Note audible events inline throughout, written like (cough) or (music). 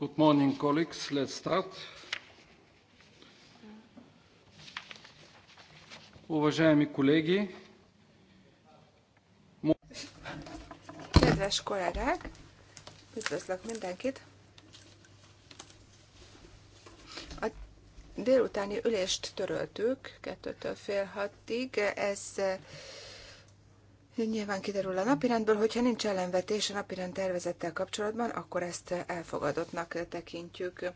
Good morning, colleagues. Let's start. Уважаеми колеги, Kedves kollégák, üdvözlök mindenkit! A délutáni ülést töröltük, kettőtől fél hatig. Ez Nyilván kiderül a napirendből, hogyha nincs ellenvetés a napirend tervezettel kapcsolatban, akkor ezt elfogadottnak tekintjük.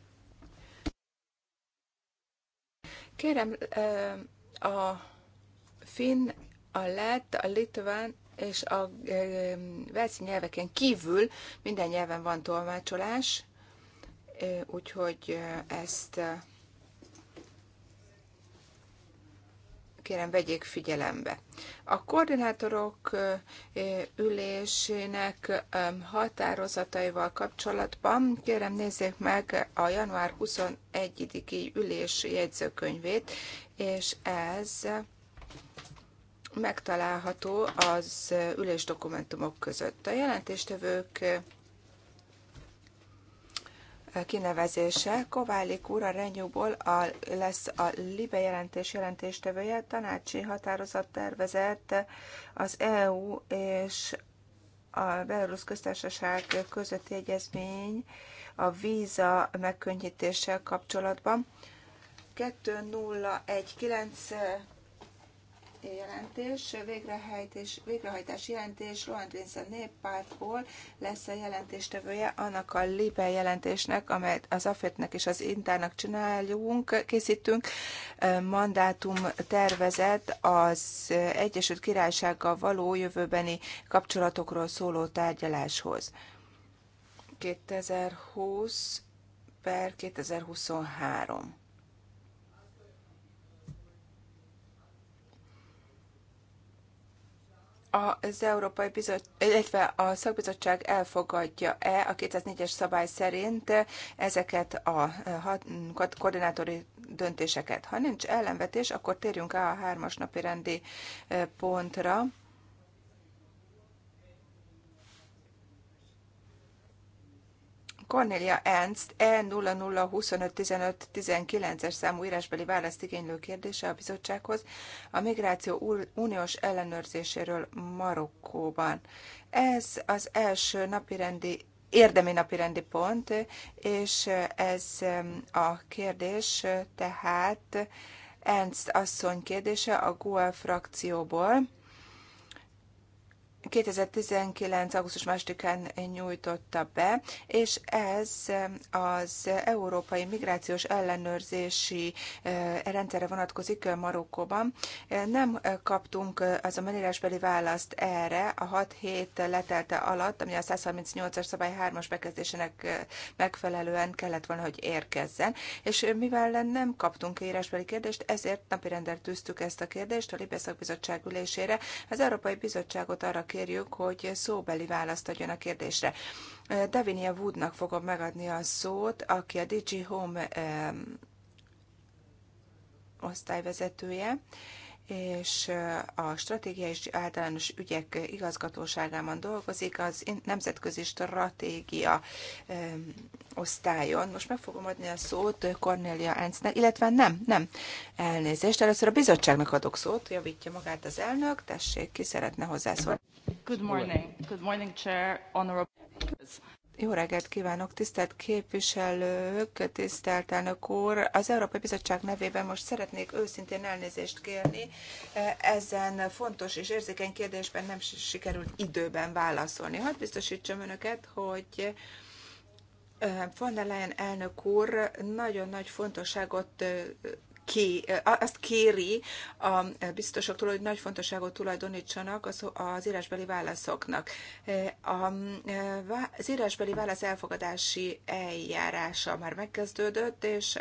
Kérem, a finn, a lett, a litván és a velszi nyelveken kívül minden nyelven van tolmácsolás, úgyhogy ezt kérem vegyék figyelembe. A koordinátorok ülésének határozataival kapcsolatban kérem nézzék meg a január 21-i ülés jegyzőkönyvét, és ez megtalálható az ülés dokumentumok között. A jelentéstevők kinevezése. Koválik úr a Renyúból lesz a Libe jelentés jelentéstevője, tanácsi határozat tervezett az EU és a Belarus köztársaság közötti egyezmény a víza megkönnyítéssel kapcsolatban. 2019 jelentés, végrehajtás, végrehajtás jelentés, Roland Vince néppártból lesz a jelentéstevője annak a Lipe jelentésnek, amelyet az AFET-nek és az Intának csináljunk, készítünk. Mandátum tervezet az Egyesült Királysággal való jövőbeni kapcsolatokról szóló tárgyaláshoz. 2020 per 2023. az Európai Bizottság, illetve a szakbizottság elfogadja-e a 204-es szabály szerint ezeket a koordinátori döntéseket. Ha nincs ellenvetés, akkor térjünk el a hármas napi rendi pontra. Cornelia Ernst E00251519-es számú írásbeli választ igénylő kérdése a bizottsághoz a migráció uniós ellenőrzéséről Marokkóban. Ez az első napirendi érdemi napirendi pont, és ez a kérdés tehát Ernst asszony kérdése a GUE frakcióból 2019. augusztus 2-án nyújtotta be, és ez az európai migrációs ellenőrzési eh, rendszerre vonatkozik Marokkóban. Eh, nem kaptunk eh, az a menírásbeli választ erre a 6 hét letelte alatt, ami a 138-as szabály 3-as bekezdésének megfelelően kellett volna, hogy érkezzen. És mivel nem kaptunk írásbeli kérdést, ezért napirendre tűztük ezt a kérdést a Libeszak Bizottság ülésére. Az Európai Bizottságot arra kérjük, hogy szóbeli választ adjon a kérdésre. Davinia Woodnak fogom megadni a szót, aki a Digi Home eh, osztályvezetője, és a stratégia és általános ügyek igazgatóságában dolgozik, az nemzetközi stratégia osztályon. Most meg fogom adni a szót Cornelia Enznek, illetve nem, nem, elnézést. Először a bizottságnak adok szót, javítja magát az elnök, tessék, ki szeretne hozzászólni. Good morning. Good morning, Chair, Honorable. Jó reggelt kívánok, tisztelt képviselők, tisztelt elnök úr! Az Európai Bizottság nevében most szeretnék őszintén elnézést kérni. Ezen fontos és érzékeny kérdésben nem sikerült időben válaszolni. Hadd biztosítsam önöket, hogy eh, von der Leyen elnök úr nagyon nagy fontosságot eh, ki, azt kéri a biztosoktól, hogy nagy fontosságot tulajdonítsanak az, az írásbeli válaszoknak. Az írásbeli válasz elfogadási eljárása már megkezdődött, és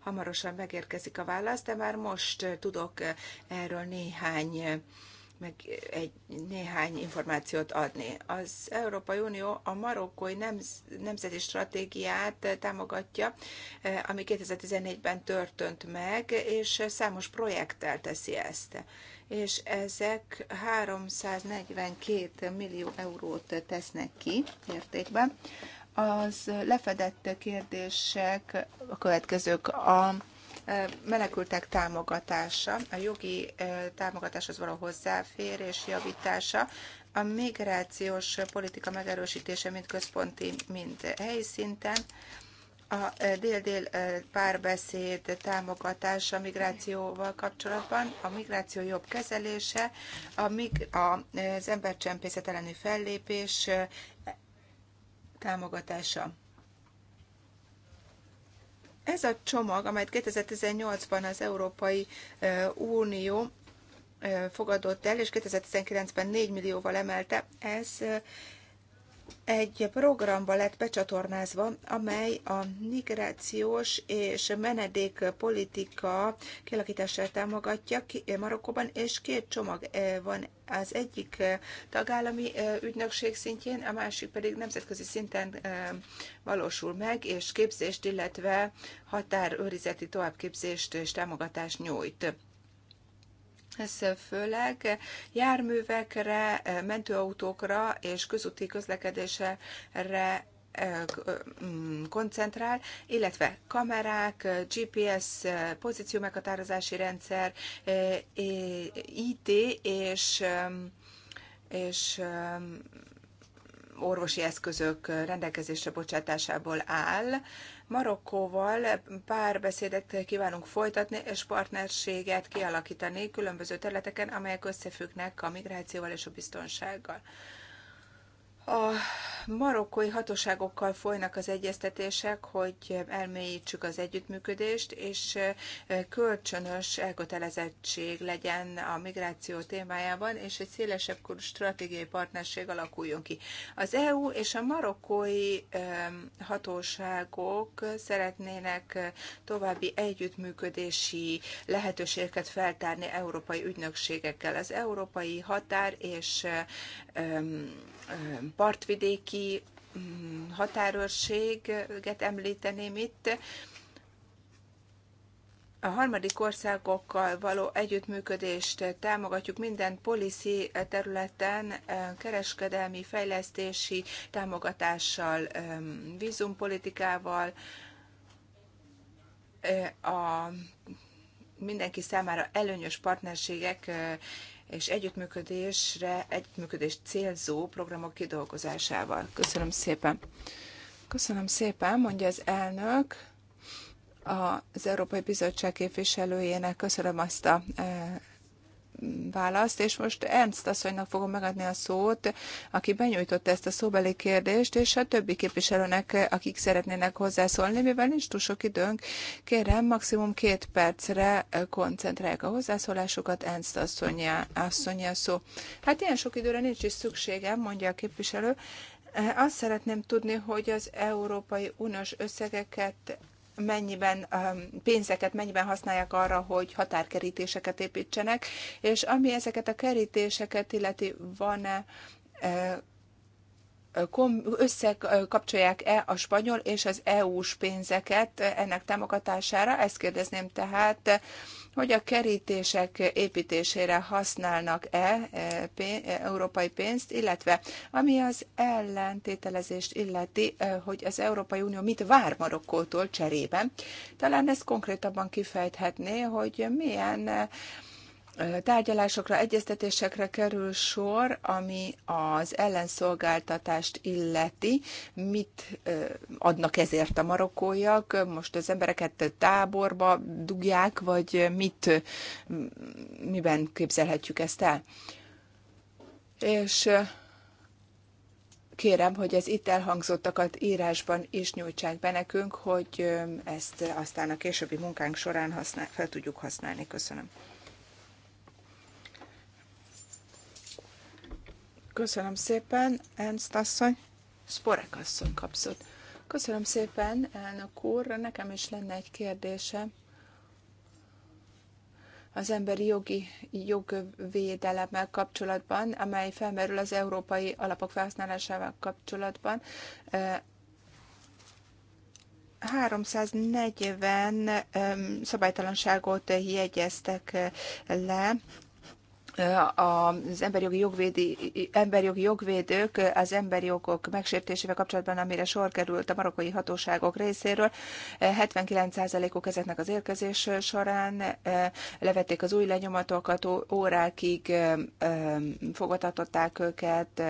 hamarosan megérkezik a válasz, de már most tudok erről néhány meg egy néhány információt adni. Az Európai Unió a marokkói nemz, nemzeti stratégiát támogatja, eh, ami 2014-ben történt meg, és számos projekttel teszi ezt. És ezek 342 millió eurót tesznek ki értékben. Az lefedett kérdések a következők. A menekültek támogatása, a jogi támogatáshoz való hozzáférés javítása, a migrációs politika megerősítése mind központi, mind helyi szinten, a dél-dél párbeszéd támogatása migrációval kapcsolatban, a migráció jobb kezelése, a mig- a, az embercsempészet elleni fellépés támogatása. Ez a csomag, amelyet 2018-ban az Európai Unió fogadott el, és 2019-ben 4 millióval emelte, ez egy programba lett becsatornázva, amely a migrációs és menedékpolitika kialakítását támogatja Marokkóban, és két csomag eh, van az egyik eh, tagállami eh, ügynökség szintjén, a másik pedig nemzetközi szinten valósul meg, és képzést, illetve határőrizeti továbbképzést és támogatást nyújt ez főleg járművekre, mentőautókra és közúti közlekedésre eh, mm, koncentrál, illetve kamerák, GPS, pozíció meghatározási rendszer, eh, IT és, és orvosi eszközök rendelkezésre bocsátásából áll Marokkóval párbeszédet kívánunk folytatni, és partnerséget kialakítani különböző területeken, amelyek összefüggnek a migrációval és a biztonsággal. A marokkói hatóságokkal folynak az egyeztetések, hogy elmélyítsük az együttműködést, és kölcsönös elkötelezettség legyen a migráció témájában, és egy szélesebb stratégiai partnerség alakuljon ki. Az EU és a marokkói hatóságok szeretnének további együttműködési lehetőségeket feltárni európai ügynökségekkel. Az európai határ és partvidéki mm, határőrséget említeném itt. A harmadik országokkal való együttműködést támogatjuk minden policy területen, eh, kereskedelmi, fejlesztési támogatással, eh, vízumpolitikával, eh, a mindenki számára előnyös partnerségek és együttműködésre, együttműködést célzó programok kidolgozásával. Köszönöm szépen. Köszönöm szépen, mondja az elnök. Az Európai Bizottság képviselőjének köszönöm azt a eh, választ, és most Ernst asszonynak fogom megadni a szót, aki benyújtotta ezt a szóbeli kérdést, és a többi képviselőnek, akik szeretnének hozzászólni, mivel nincs túl sok időnk, kérem maximum két percre koncentrálják a hozzászólásukat, Ernst asszonyja, asszonyja szó. Hát ilyen sok időre nincs is szükségem, mondja a képviselő. Azt szeretném tudni, hogy az Európai Uniós összegeket mennyiben pénzeket mennyiben használják arra, hogy határkerítéseket építsenek, és ami ezeket a kerítéseket illeti, van-e összekapcsolják-e a spanyol és az EU-s pénzeket ennek támogatására? Ezt kérdezném tehát hogy a kerítések építésére használnak-e e, e, európai pénzt, illetve ami az ellentételezést illeti, e, hogy az Európai Unió mit vár Marokkótól cserében. Talán ezt konkrétabban kifejthetné, hogy milyen tárgyalásokra, egyeztetésekre kerül sor, ami az ellenszolgáltatást illeti, mit adnak ezért a marokkóiak, most az embereket táborba dugják, vagy mit, miben képzelhetjük ezt el. És kérem, hogy az itt elhangzottakat írásban is nyújtsák be nekünk, hogy ezt aztán a későbbi munkánk során használ, fel tudjuk használni. Köszönöm. Köszönöm szépen, Ernst asszony. Sporek asszony kapszott. Köszönöm szépen, elnök úr. Nekem is lenne egy kérdésem az emberi jogi jogvédelemmel kapcsolatban, amely felmerül az európai alapok felhasználásával kapcsolatban. 340 szabálytalanságot jegyeztek le az emberjogi, jogvédi, emberjogi jogvédők az emberi jogok megsértésével kapcsolatban, amire sor került a marokkai hatóságok részéről. 79%-uk ezeknek az érkezés során levették az új lenyomatokat, órákig fogadtatották őket,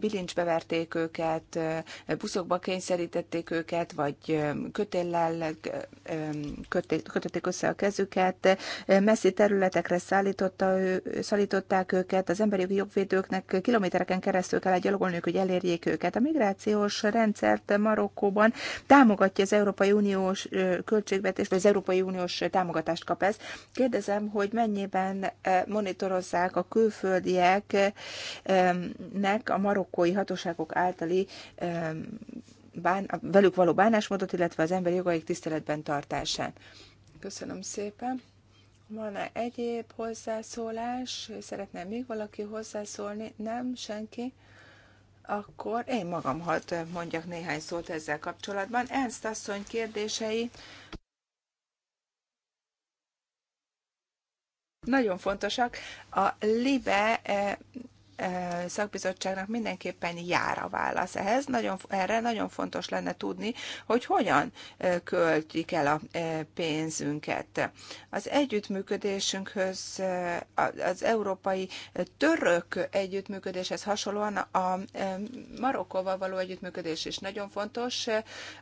bilincsbe verték őket, buszokba kényszerítették őket, vagy kötéllel kötötték össze a kezüket, messzi területekre szállította szalították őket, az emberi jogvédőknek kilométereken keresztül kell gyalogolniuk, hogy elérjék őket. A migrációs rendszert Marokkóban támogatja az Európai Uniós költségvetés, vagy az Európai Uniós támogatást kap ez. Kérdezem, hogy mennyiben monitorozzák a külföldieknek a marokkói hatóságok általi bán, velük való bánásmódot, illetve az emberi jogaik tiszteletben tartásán. Köszönöm szépen. Van-e egyéb hozzászólás? Szeretne még valaki hozzászólni? Nem, senki. Akkor én magam hadd mondjak néhány szót ezzel kapcsolatban. Ernst asszony kérdései nagyon fontosak. A LIBE eh, szakbizottságnak mindenképpen jár a válasz ehhez. Nagyon, erre nagyon fontos lenne tudni, hogy hogyan költik el a pénzünket. Az együttműködésünkhöz, az európai török együttműködéshez hasonlóan a Marokkóval való együttműködés is nagyon fontos.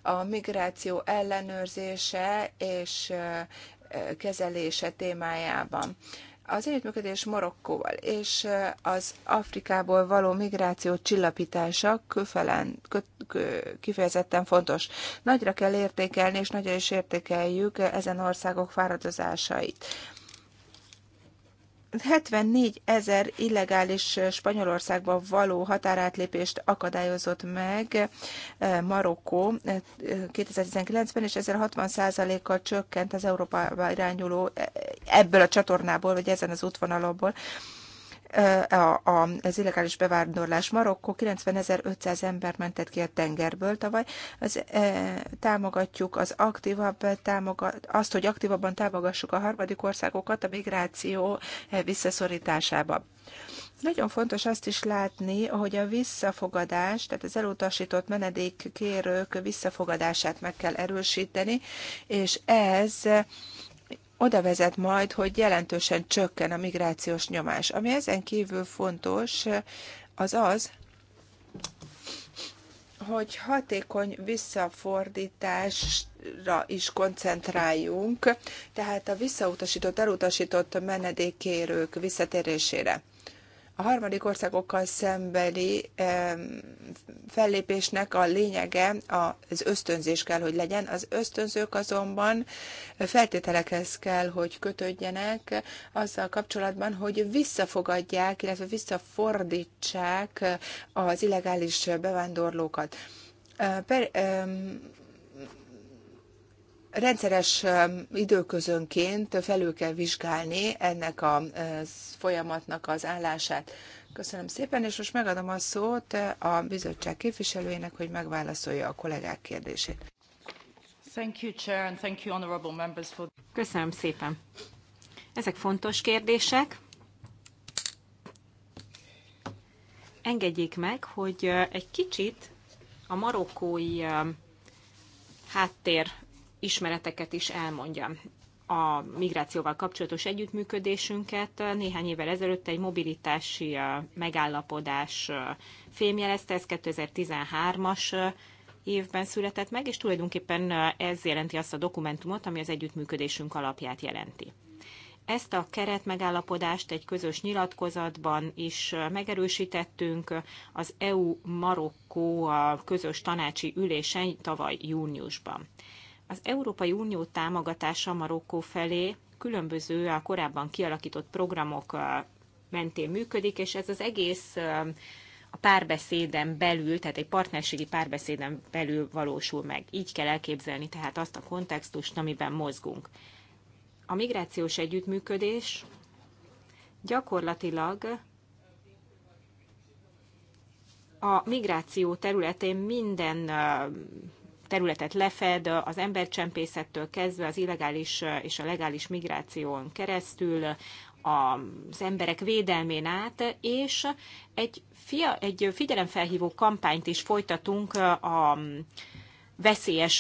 A migráció ellenőrzése és kezelése témájában. Az együttműködés Marokkóval és az Afrikából való migráció csillapítása köfelen, kö, kö, kifejezetten fontos. Nagyra kell értékelni, és nagyra is értékeljük ezen országok fáradozásait. 74 ezer illegális Spanyolországba való határátlépést akadályozott meg eh, Marokkó 2019-ben, eh, és ezzel 60 kal csökkent az Európába irányuló eh, ebből a csatornából, vagy ezen az útvonalból az illegális bevándorlás. Marokkó 90.500 ember mentett ki a tengerből tavaly. Az, támogatjuk az aktívabb, támogat, azt, hogy aktívabban támogassuk a harmadik országokat a migráció visszaszorításába. Nagyon fontos azt is látni, hogy a visszafogadás, tehát az elutasított menedékkérők visszafogadását meg kell erősíteni, és ez oda vezet majd, hogy jelentősen csökken a migrációs nyomás. Ami ezen kívül fontos, az az, hogy hatékony visszafordításra is koncentráljunk, tehát a visszautasított, elutasított menedékkérők visszatérésére a harmadik országokkal szembeli fellépésnek a lényege az ösztönzés kell, hogy legyen. Az ösztönzők azonban feltételekhez kell, hogy kötődjenek azzal kapcsolatban, hogy visszafogadják, illetve visszafordítsák az illegális bevándorlókat. Per, rendszeres um, időközönként felül kell vizsgálni ennek a uh, folyamatnak az állását. Köszönöm szépen, és most megadom a szót a bizottság képviselőjének, hogy megválaszolja a kollégák kérdését. Köszönöm szépen. Ezek fontos kérdések. Engedjék meg, hogy uh, egy kicsit a marokkói um, háttér ismereteket is elmondjam. A migrációval kapcsolatos együttműködésünket néhány évvel ezelőtt egy mobilitási megállapodás fémjelezte, ez 2013-as évben született meg, és tulajdonképpen ez jelenti azt a dokumentumot, ami az együttműködésünk alapját jelenti. Ezt a keretmegállapodást egy közös nyilatkozatban is megerősítettünk az EU-Marokkó közös tanácsi ülésen tavaly júniusban. Az Európai Unió támogatása Marokkó felé különböző a korábban kialakított programok mentén működik, és ez az egész a párbeszéden belül, tehát egy partnerségi párbeszéden belül valósul meg. Így kell elképzelni tehát azt a kontextust, amiben mozgunk. A migrációs együttműködés gyakorlatilag a migráció területén minden területet lefed az embercsempészettől kezdve az illegális és a legális migráción keresztül, az emberek védelmén át, és egy, fia, egy figyelemfelhívó kampányt is folytatunk a veszélyes,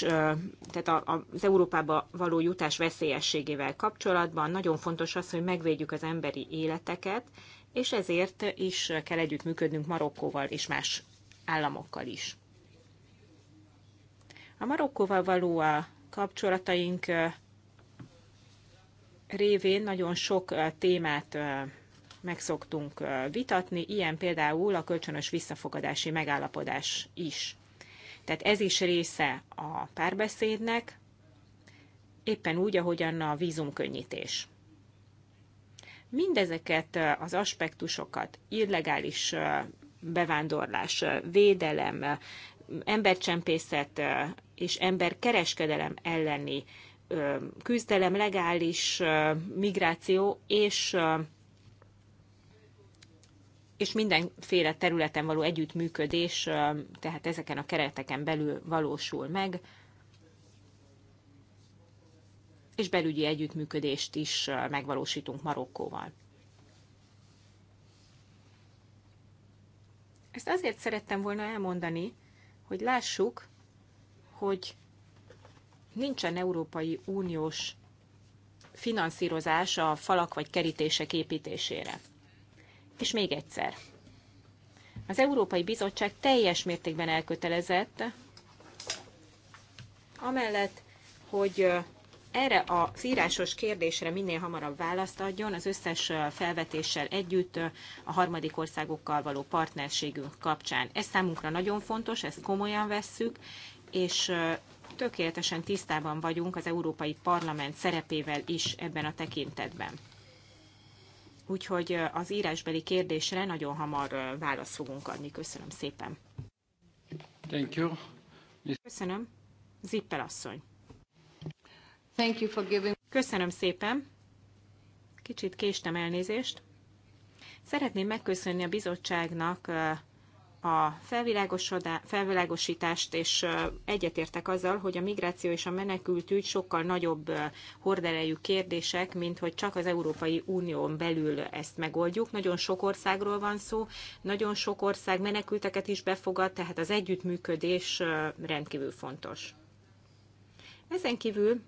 tehát az Európába való jutás veszélyességével kapcsolatban. Nagyon fontos az, hogy megvédjük az emberi életeket, és ezért is kell együttműködnünk Marokkóval és más államokkal is. A Marokkóval való a kapcsolataink révén nagyon sok témát meg szoktunk vitatni, ilyen például a kölcsönös visszafogadási megállapodás is. Tehát ez is része a párbeszédnek, éppen úgy, ahogyan a vízumkönnyítés. Mindezeket az aspektusokat, illegális bevándorlás, védelem, embercsempészet és emberkereskedelem elleni küzdelem, legális migráció és és mindenféle területen való együttműködés, tehát ezeken a kereteken belül valósul meg, és belügyi együttműködést is megvalósítunk Marokkóval. Ezt azért szerettem volna elmondani, hogy lássuk, hogy nincsen Európai Uniós finanszírozás a falak vagy kerítések építésére. És még egyszer. Az Európai Bizottság teljes mértékben elkötelezett amellett, hogy erre a írásos kérdésre minél hamarabb választ adjon az összes felvetéssel együtt a harmadik országokkal való partnerségünk kapcsán. Ez számunkra nagyon fontos, ezt komolyan vesszük, és tökéletesen tisztában vagyunk az Európai Parlament szerepével is ebben a tekintetben. Úgyhogy az írásbeli kérdésre nagyon hamar választ fogunk adni. Köszönöm szépen. Thank you. Köszönöm. Zippel asszony. Thank you for giving... Köszönöm szépen. Kicsit késtem elnézést. Szeretném megköszönni a bizottságnak a felvilágosítást, és egyetértek azzal, hogy a migráció és a menekültügy sokkal nagyobb horderejű kérdések, mint hogy csak az Európai Unión belül ezt megoldjuk. Nagyon sok országról van szó, nagyon sok ország menekülteket is befogad, tehát az együttműködés rendkívül fontos. Ezen kívül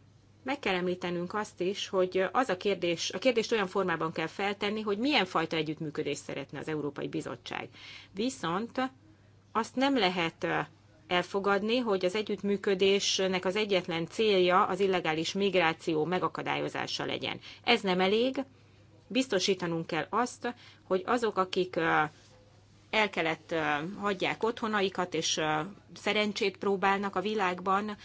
meg kell említenünk azt is, hogy az a kérdés, a kérdést olyan formában kell feltenni, hogy milyen fajta együttműködést szeretne az Európai Bizottság. Viszont azt nem lehet elfogadni, hogy az együttműködésnek az egyetlen célja az illegális migráció megakadályozása legyen. Ez nem elég. Biztosítanunk kell azt, hogy azok, akik el kellett hagyják otthonaikat, és szerencsét próbálnak a világban,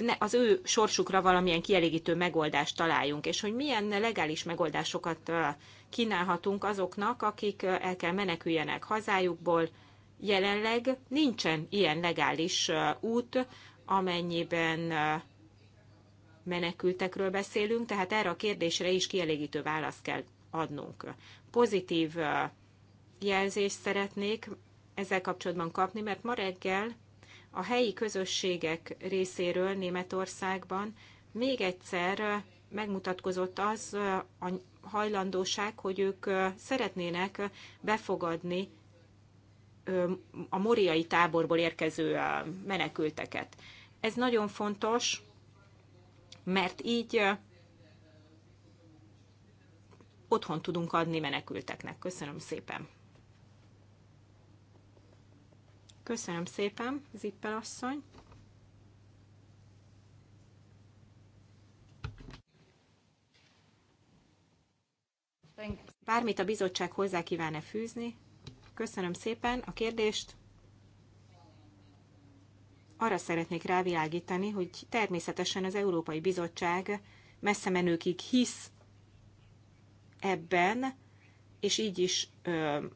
ne, az ő sorsukra valamilyen kielégítő megoldást találjunk, és hogy milyen legális megoldásokat kínálhatunk azoknak, akik el kell meneküljenek hazájukból. Jelenleg nincsen ilyen legális út, amennyiben menekültekről beszélünk, tehát erre a kérdésre is kielégítő választ kell adnunk. Pozitív jelzést szeretnék ezzel kapcsolatban kapni, mert ma reggel a helyi közösségek részéről Németországban még egyszer megmutatkozott az a hajlandóság, hogy ők szeretnének befogadni a moriai táborból érkező menekülteket. Ez nagyon fontos, mert így otthon tudunk adni menekülteknek. Köszönöm szépen! Köszönöm szépen, Zippel asszony. Bármit a bizottság hozzá kíván-e fűzni? Köszönöm szépen a kérdést. Arra szeretnék rávilágítani, hogy természetesen az Európai Bizottság messze menőkig hisz ebben, és így is ö,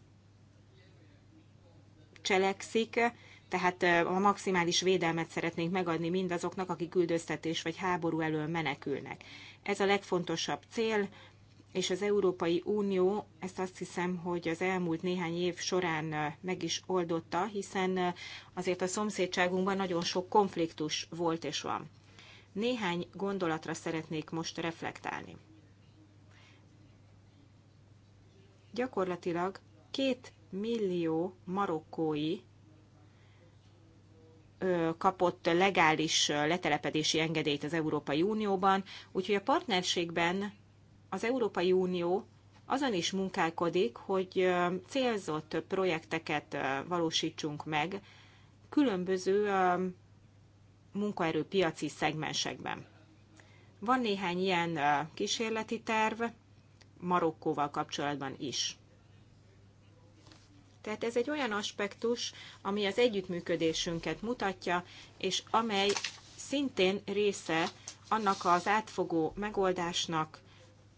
cselekszik, tehát a maximális védelmet szeretnénk megadni mindazoknak, akik üldöztetés vagy háború elől menekülnek. Ez a legfontosabb cél, és az Európai Unió ezt azt hiszem, hogy az elmúlt néhány év során meg is oldotta, hiszen azért a szomszédságunkban nagyon sok konfliktus volt és van. Néhány gondolatra szeretnék most reflektálni. Gyakorlatilag két millió marokkói kapott legális letelepedési engedélyt az Európai Unióban, úgyhogy a partnerségben az Európai Unió azon is munkálkodik, hogy célzott projekteket valósítsunk meg különböző munkaerőpiaci szegmensekben. Van néhány ilyen kísérleti terv Marokkóval kapcsolatban is. Tehát ez egy olyan aspektus, ami az együttműködésünket mutatja, és amely szintén része annak az átfogó megoldásnak,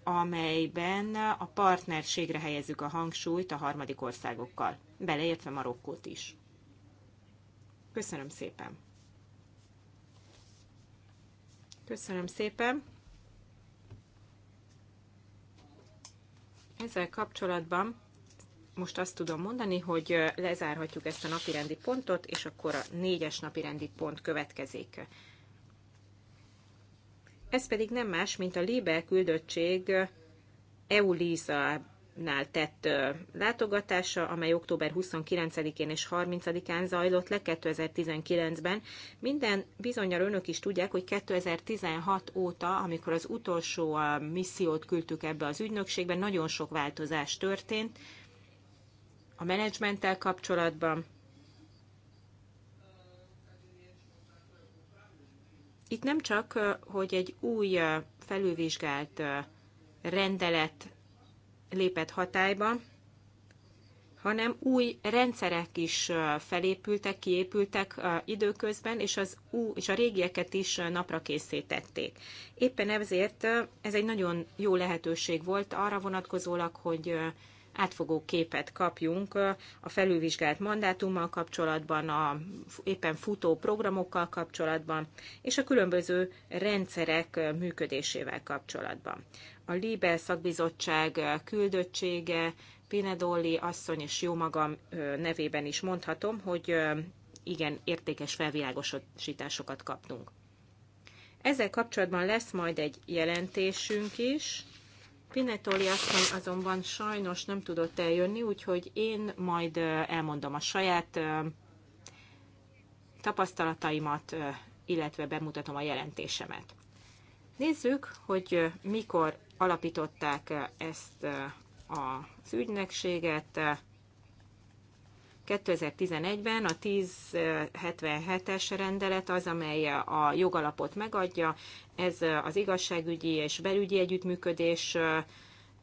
amelyben a partnerségre helyezzük a hangsúlyt a harmadik országokkal, beleértve Marokkót is. Köszönöm szépen! Köszönöm szépen! Ezzel kapcsolatban most azt tudom mondani, hogy lezárhatjuk ezt a napirendi pontot, és akkor a négyes napirendi pont következik. Ez pedig nem más, mint a Libe küldöttség EULISA-nál tett látogatása, amely október 29-én és 30-án zajlott le 2019-ben. Minden bizonyal önök is tudják, hogy 2016 óta, amikor az utolsó missziót küldtük ebbe az ügynökségbe, nagyon sok változás történt a menedzsmenttel kapcsolatban. Itt nem csak, hogy egy új felülvizsgált rendelet lépett hatályba, hanem új rendszerek is felépültek, kiépültek időközben, és, az új és a régieket is napra készítették. Éppen ezért ez egy nagyon jó lehetőség volt arra vonatkozólag, hogy átfogó képet kapjunk a felülvizsgált mandátummal kapcsolatban, a éppen futó programokkal kapcsolatban, és a különböző rendszerek működésével kapcsolatban. A Libe szakbizottság küldöttsége, Pinedolli asszony és jó magam nevében is mondhatom, hogy igen értékes felvilágosításokat kaptunk. Ezzel kapcsolatban lesz majd egy jelentésünk is, Pinetoli asszony azonban sajnos nem tudott eljönni, úgyhogy én majd elmondom a saját tapasztalataimat, illetve bemutatom a jelentésemet. Nézzük, hogy mikor alapították ezt az ügynökséget. 2011-ben a 1077-es rendelet az, amely a jogalapot megadja. Ez az igazságügyi és belügyi együttműködés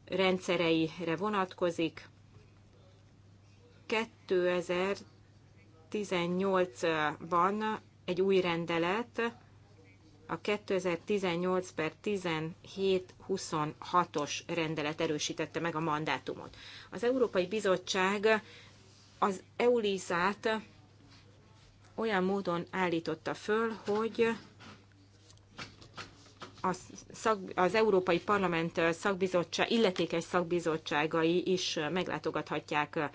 rendszereire vonatkozik. 2018-ban egy új rendelet, a 2018 per 1726-os rendelet erősítette meg a mandátumot. Az Európai Bizottság az EULISÁT olyan módon állította föl, hogy az, szak, az Európai Parlament szakbizottság, illetékes szakbizottságai is meglátogathatják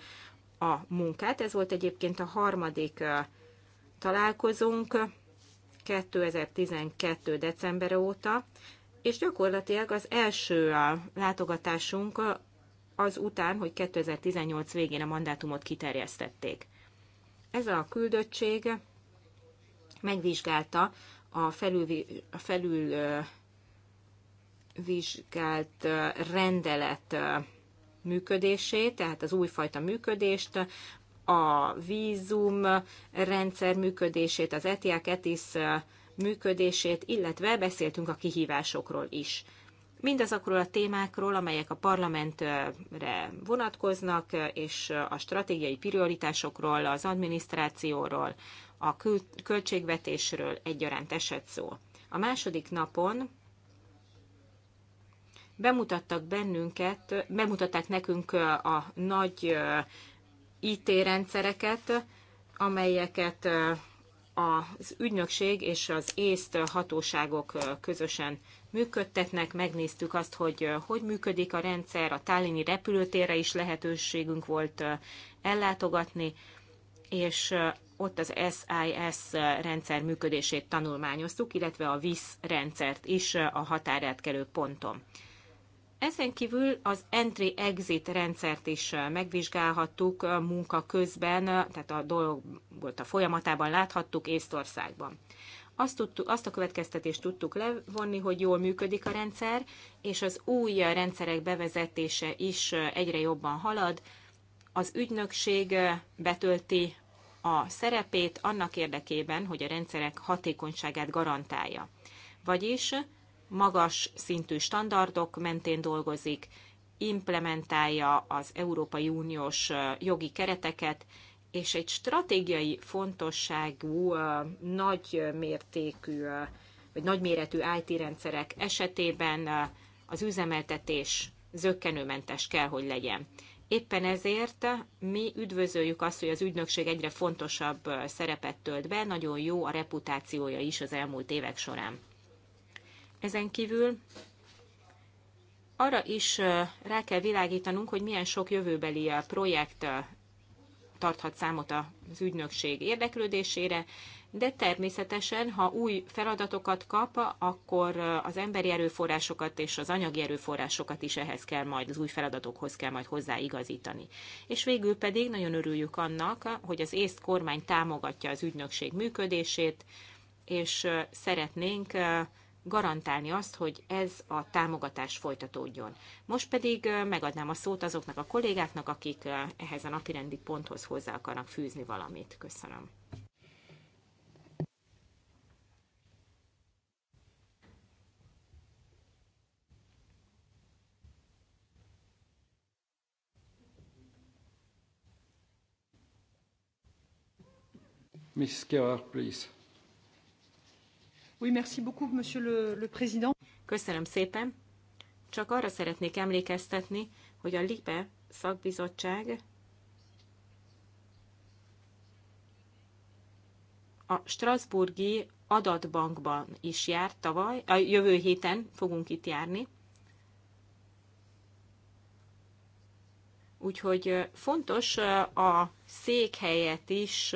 a munkát. Ez volt egyébként a harmadik találkozónk 2012. december óta, és gyakorlatilag az első látogatásunk az után, hogy 2018 végén a mandátumot kiterjesztették. Ez a küldöttség megvizsgálta a felül, felül rendelet működését, tehát az újfajta működést, a vízum rendszer működését, az ETIAC ETIS működését, illetve beszéltünk a kihívásokról is mindazokról a témákról, amelyek a parlamentre vonatkoznak, és a stratégiai prioritásokról, az adminisztrációról, a költségvetésről egyaránt esett szó. A második napon bemutattak bennünket, bemutatták nekünk a nagy IT rendszereket, amelyeket az ügynökség és az észt hatóságok közösen működtetnek. Megnéztük azt, hogy hogy működik a rendszer, a tálini repülőtérre is lehetőségünk volt ellátogatni, és ott az SIS rendszer működését tanulmányoztuk, illetve a VIS rendszert is a határátkelő ponton. Ezen kívül az entry-exit rendszert is megvizsgálhattuk munka közben, tehát a dolgot a folyamatában láthattuk Észtországban. Azt, tudtuk, azt a következtetést tudtuk levonni, hogy jól működik a rendszer, és az új rendszerek bevezetése is egyre jobban halad. Az ügynökség betölti a szerepét annak érdekében, hogy a rendszerek hatékonyságát garantálja. Vagyis magas szintű standardok mentén dolgozik, implementálja az Európai Uniós jogi kereteket, és egy stratégiai fontosságú, nagy mértékű, vagy nagyméretű IT-rendszerek esetében az üzemeltetés zöggenőmentes kell, hogy legyen. Éppen ezért mi üdvözöljük azt, hogy az ügynökség egyre fontosabb szerepet tölt be, nagyon jó a reputációja is az elmúlt évek során. Ezen kívül arra is rá kell világítanunk, hogy milyen sok jövőbeli projekt tarthat számot az ügynökség érdeklődésére, de természetesen, ha új feladatokat kap, akkor az emberi erőforrásokat és az anyagi erőforrásokat is ehhez kell majd, az új feladatokhoz kell majd hozzáigazítani. És végül pedig nagyon örüljük annak, hogy az észt kormány támogatja az ügynökség működését, és szeretnénk garantálni azt, hogy ez a támogatás folytatódjon. Most pedig megadnám a szót azoknak a kollégáknak, akik ehhez a napirendi ponthoz hozzá akarnak fűzni valamit. Köszönöm. Miss Gerard, please. Oui, merci beaucoup, monsieur le, le président. Köszönöm szépen. Csak arra szeretnék emlékeztetni, hogy a LIPE szakbizottság a Strasburgi adatbankban is járt tavaly, a jövő héten fogunk itt járni. Úgyhogy fontos a székhelyet is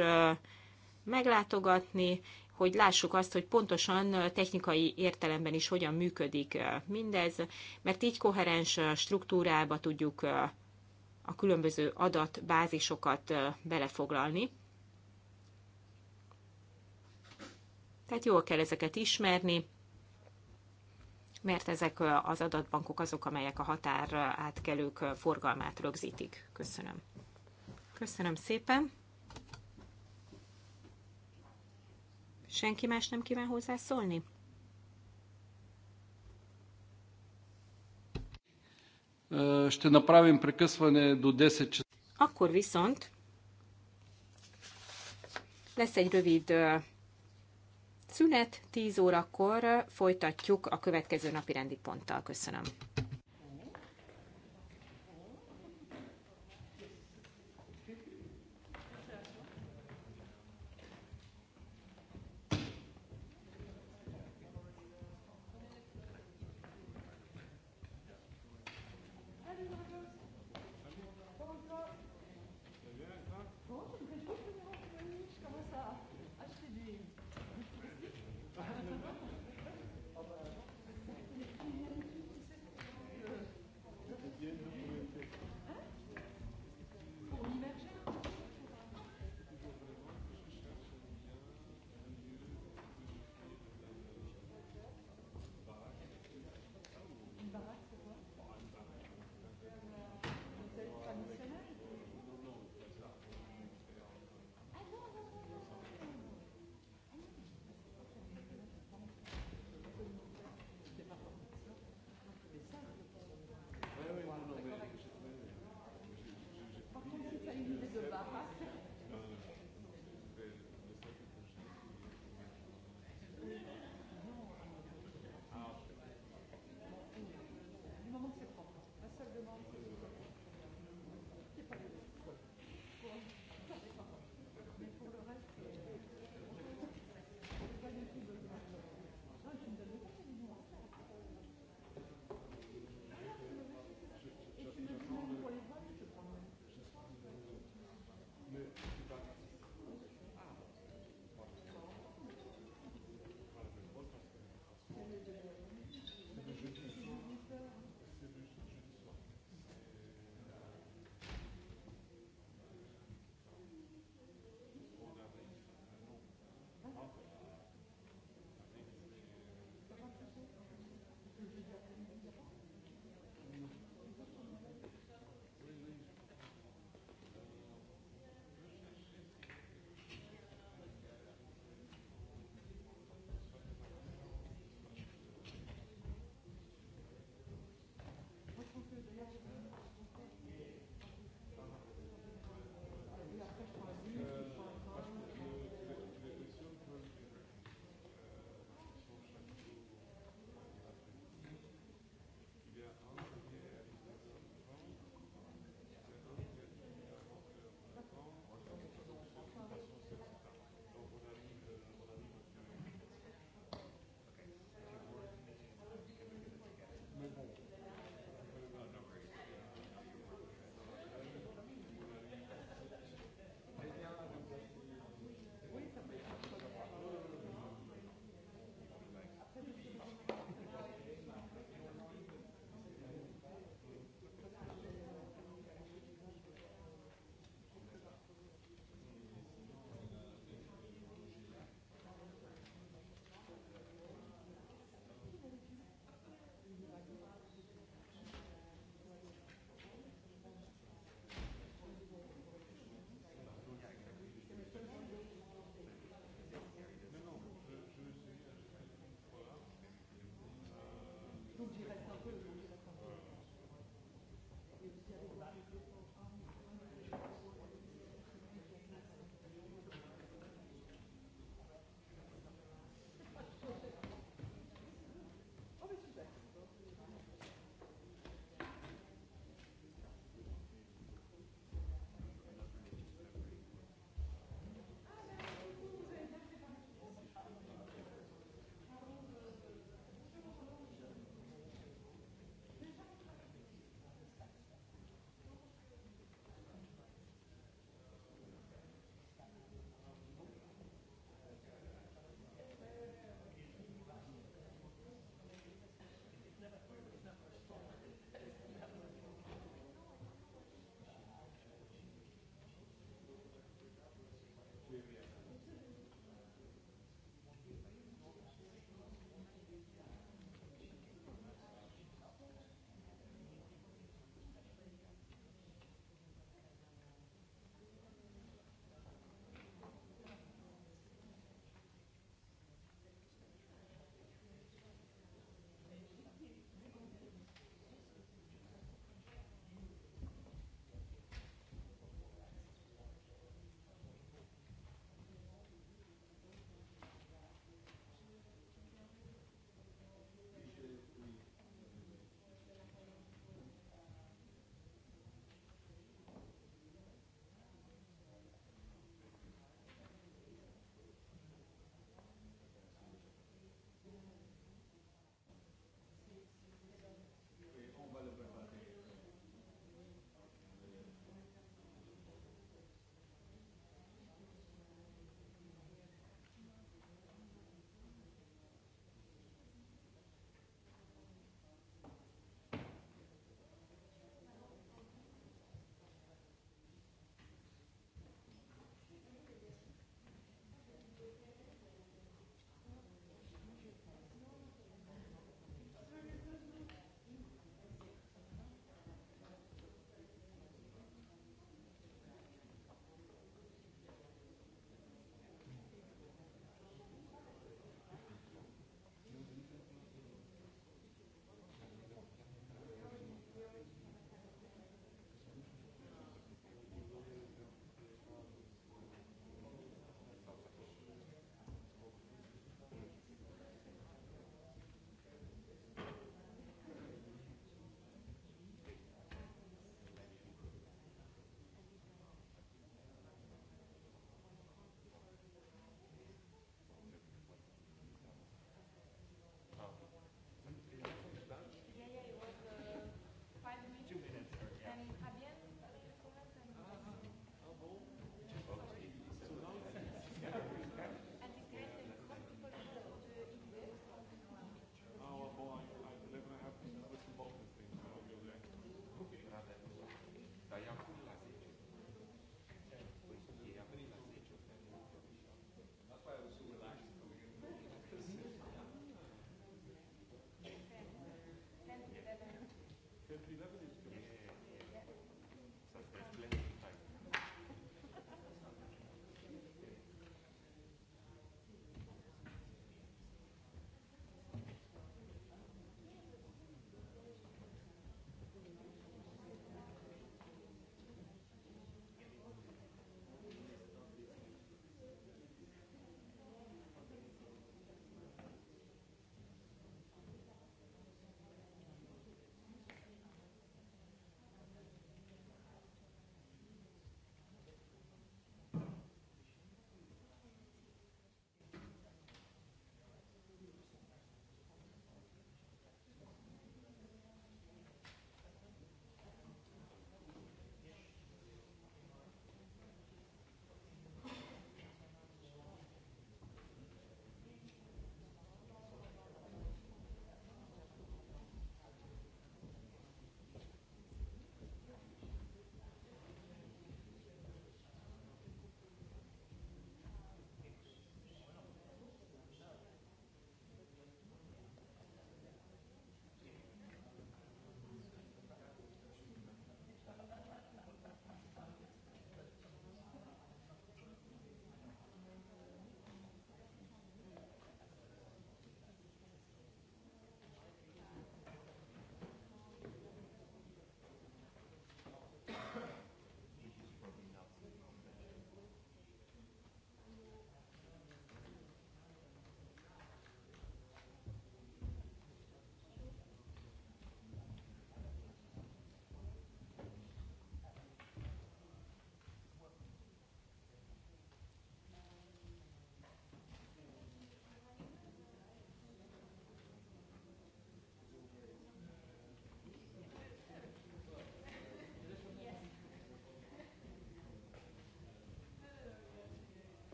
meglátogatni, hogy lássuk azt, hogy pontosan technikai értelemben is hogyan működik mindez, mert így koherens struktúrába tudjuk a különböző adatbázisokat belefoglalni. Tehát jól kell ezeket ismerni, mert ezek az adatbankok azok, amelyek a határ átkelők forgalmát rögzítik. Köszönöm. Köszönöm szépen. Senki más nem kíván hozzászólni? Ще 10 Akkor viszont lesz egy rövid szünet, 10 órakor folytatjuk a következő napi rendi ponttal. Köszönöm.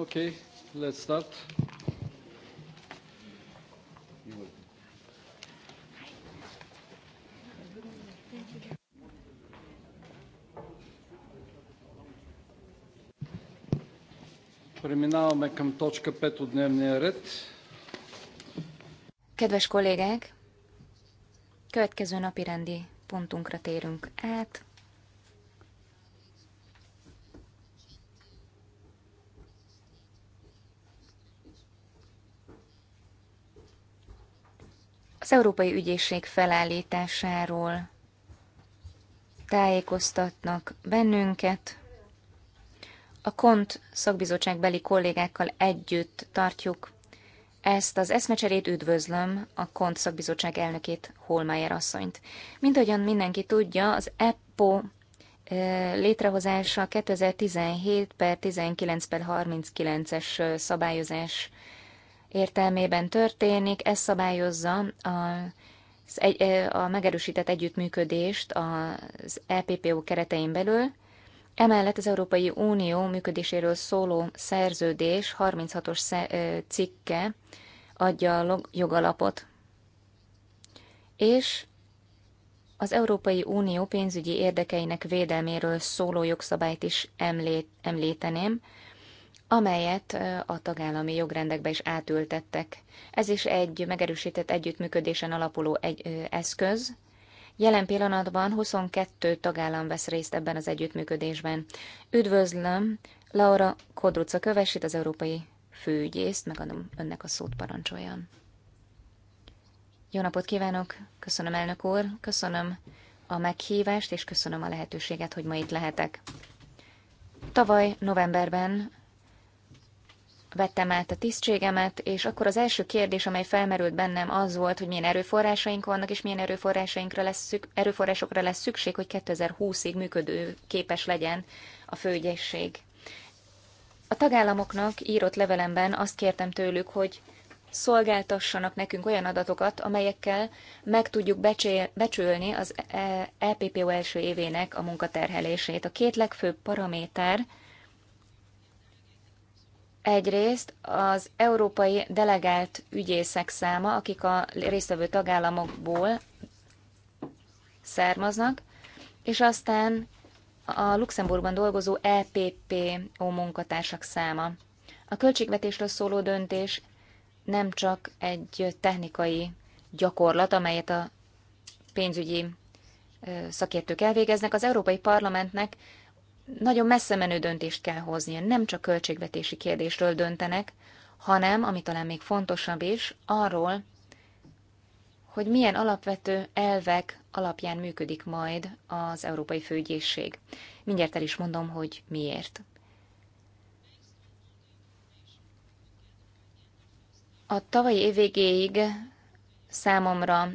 Okay, let's start. Преминаваме към точка 5 от дневния ред. Kedves kollégák, következő napi rendi pontunkra térünk át. Európai Ügyészség felállításáról tájékoztatnak bennünket. A KONT szakbizottságbeli kollégákkal együtt tartjuk ezt az eszmecserét üdvözlöm a KONT szakbizottság elnökét, Holmeier asszonyt. Mint ahogyan mindenki tudja, az EPPO eh, létrehozása 2017 per 19 per 39-es eh, szabályozás értelmében történik, ez szabályozza a a megerősített együttműködést az EPPO keretein belül, Emellett az Európai Unió működéséről szóló szerződés 36-os cikke adja a jogalapot. És az Európai Unió pénzügyi érdekeinek védelméről szóló jogszabályt is emlé- említeném, amelyet a tagállami jogrendekbe is átültettek. Ez is egy megerősített együttműködésen alapuló egy, ö, eszköz. Jelen pillanatban 22 tagállam vesz részt ebben az együttműködésben. Üdvözlöm Laura Kodruca kövesit, az Európai Főügyészt, megadom önnek a szót parancsoljon. Jó napot kívánok, köszönöm elnök úr, köszönöm a meghívást, és köszönöm a lehetőséget, hogy ma itt lehetek. Tavaly novemberben vettem át a tisztségemet, és akkor az első kérdés, amely felmerült bennem, az volt, hogy milyen erőforrásaink vannak, és milyen erőforrásainkra lesz szük, erőforrásokra lesz szükség, hogy 2020-ig működő képes legyen a főügyészség. A tagállamoknak írott levelemben azt kértem tőlük, hogy szolgáltassanak nekünk olyan adatokat, amelyekkel meg tudjuk becsülni az EPPO e első évének a munkaterhelését. A két legfőbb paraméter – Egyrészt az európai delegált ügyészek száma, akik a résztvevő tagállamokból származnak, és aztán a Luxemburgban dolgozó EPPO munkatársak száma. A költségvetésről szóló döntés nem csak egy technikai gyakorlat, amelyet a pénzügyi szakértők elvégeznek, az Európai Parlamentnek nagyon messze menő döntést kell hoznia. Nem csak költségvetési kérdésről döntenek, hanem, ami talán még fontosabb is, arról, hogy milyen alapvető elvek alapján működik majd az Európai Főügyészség. Mindjárt el is mondom, hogy miért. A tavalyi év végéig számomra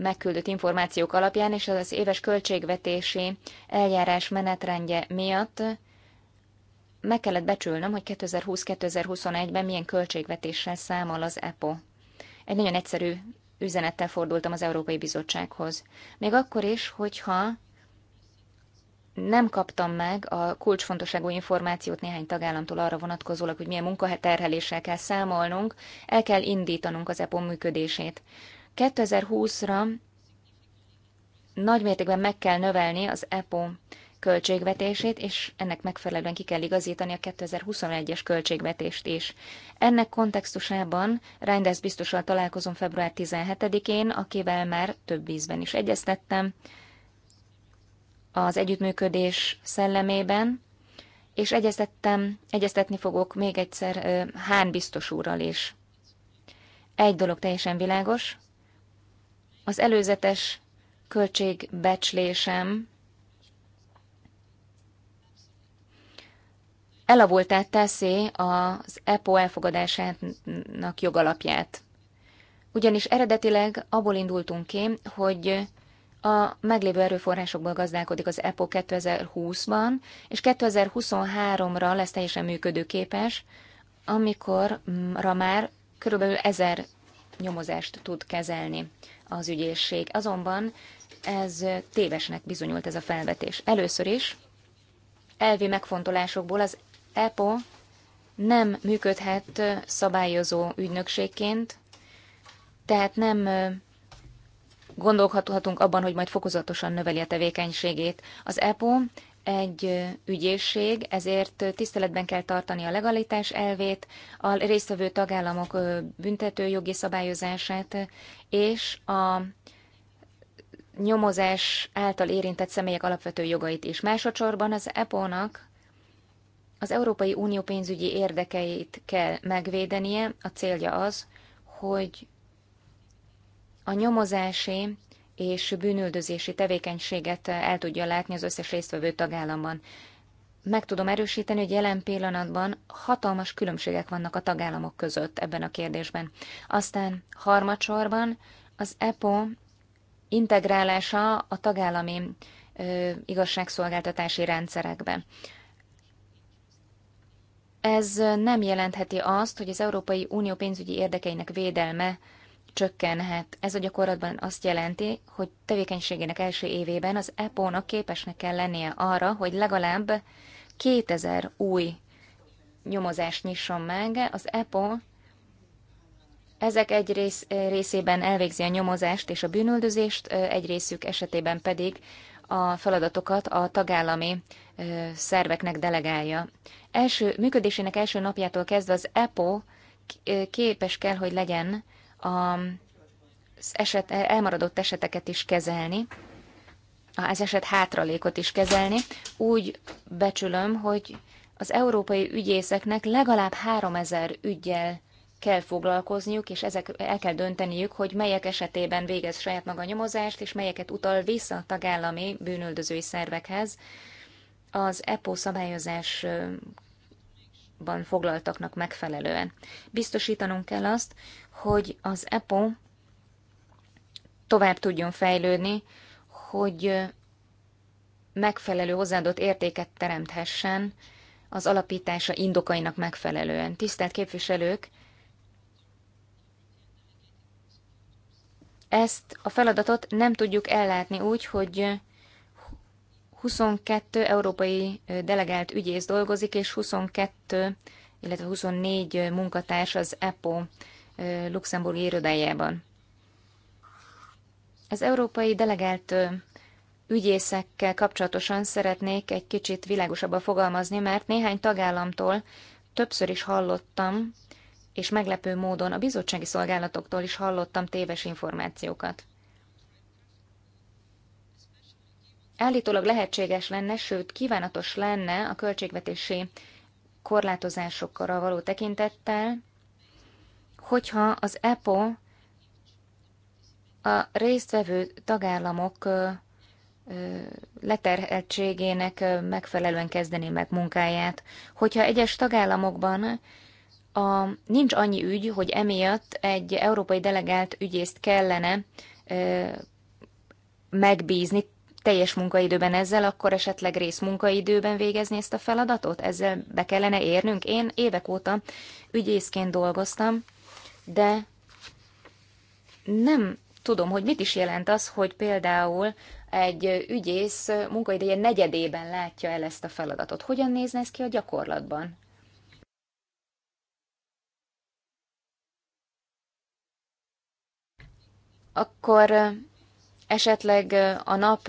megküldött információk alapján és az éves költségvetési eljárás menetrendje miatt meg kellett becsülnöm, hogy 2020-2021-ben milyen költségvetéssel számol az EPO. Egy nagyon egyszerű üzenettel fordultam az Európai Bizottsághoz. Még akkor is, hogyha nem kaptam meg a kulcsfontosságú információt néhány tagállamtól arra vonatkozólag, hogy milyen munkaterheléssel kell számolnunk, el kell indítanunk az EPO működését. 2020-ra nagymértékben meg kell növelni az EPO költségvetését, és ennek megfelelően ki kell igazítani a 2021-es költségvetést is. Ennek kontextusában Reinders biztosan találkozom február 17-én, akivel már több vízben is egyeztettem az együttműködés szellemében, és egyeztettem, egyeztetni fogok még egyszer Hán biztos úrral is. Egy dolog teljesen világos, az előzetes költségbecslésem elavultát teszi az EPO elfogadásának jogalapját. Ugyanis eredetileg abból indultunk ki, hogy a meglévő erőforrásokból gazdálkodik az EPO 2020-ban, és 2023-ra lesz teljesen működőképes, amikorra már körülbelül ezer nyomozást tud kezelni az ügyészség. Azonban ez tévesnek bizonyult ez a felvetés. Először is elvi megfontolásokból az EPO nem működhet szabályozó ügynökségként, tehát nem gondolhatunk abban, hogy majd fokozatosan növeli a tevékenységét. Az EPO egy ügyészség, ezért tiszteletben kell tartani a legalitás elvét, a résztvevő tagállamok büntetőjogi szabályozását, és a nyomozás által érintett személyek alapvető jogait is. Másodszorban az EPO-nak az Európai Unió pénzügyi érdekeit kell megvédenie. A célja az, hogy a nyomozási és bűnöldözési tevékenységet el tudja látni az összes résztvevő tagállamban. Meg tudom erősíteni, hogy jelen pillanatban hatalmas különbségek vannak a tagállamok között ebben a kérdésben. Aztán harmadsorban az EPO integrálása a tagállami ö, igazságszolgáltatási rendszerekbe. Ez nem jelentheti azt, hogy az Európai Unió pénzügyi érdekeinek védelme csökkenhet. Ez a gyakorlatban azt jelenti, hogy tevékenységének első évében az EPO-nak képesnek kell lennie arra, hogy legalább 2000 új nyomozást nyisson meg. Az EPO ezek egy rész, részében elvégzi a nyomozást és a bűnöldözést, egy részük esetében pedig a feladatokat a tagállami szerveknek delegálja. Első, működésének első napjától kezdve az EPO képes kell, hogy legyen az eset, elmaradott eseteket is kezelni, az eset hátralékot is kezelni. Úgy becsülöm, hogy az európai ügyészeknek legalább 3000 ügyel kell foglalkozniuk, és ezek, el kell dönteniük, hogy melyek esetében végez saját maga nyomozást, és melyeket utal vissza a tagállami bűnöldözői szervekhez. Az EPO szabályozás ban foglaltaknak megfelelően. Biztosítanunk kell azt, hogy az EPO tovább tudjon fejlődni, hogy megfelelő hozzáadott értéket teremthessen az alapítása indokainak megfelelően. Tisztelt képviselők, ezt a feladatot nem tudjuk ellátni úgy, hogy 22 európai delegált ügyész dolgozik, és 22, illetve 24 munkatárs az EPO luxemburgi irodájában. Az európai delegált ügyészekkel kapcsolatosan szeretnék egy kicsit világosabban fogalmazni, mert néhány tagállamtól többször is hallottam, és meglepő módon a bizottsági szolgálatoktól is hallottam téves információkat. Állítólag lehetséges lenne, sőt kívánatos lenne a költségvetési korlátozásokra való tekintettel, hogyha az EPO a résztvevő tagállamok leterheltségének megfelelően kezdené meg munkáját. Hogyha egyes tagállamokban a, nincs annyi ügy, hogy emiatt egy európai delegált ügyészt kellene ö, megbízni teljes munkaidőben ezzel, akkor esetleg rész munkaidőben végezni ezt a feladatot? Ezzel be kellene érnünk? Én évek óta ügyészként dolgoztam, de nem tudom, hogy mit is jelent az, hogy például egy ügyész munkaideje negyedében látja el ezt a feladatot. Hogyan nézne ez ki a gyakorlatban? Akkor esetleg a nap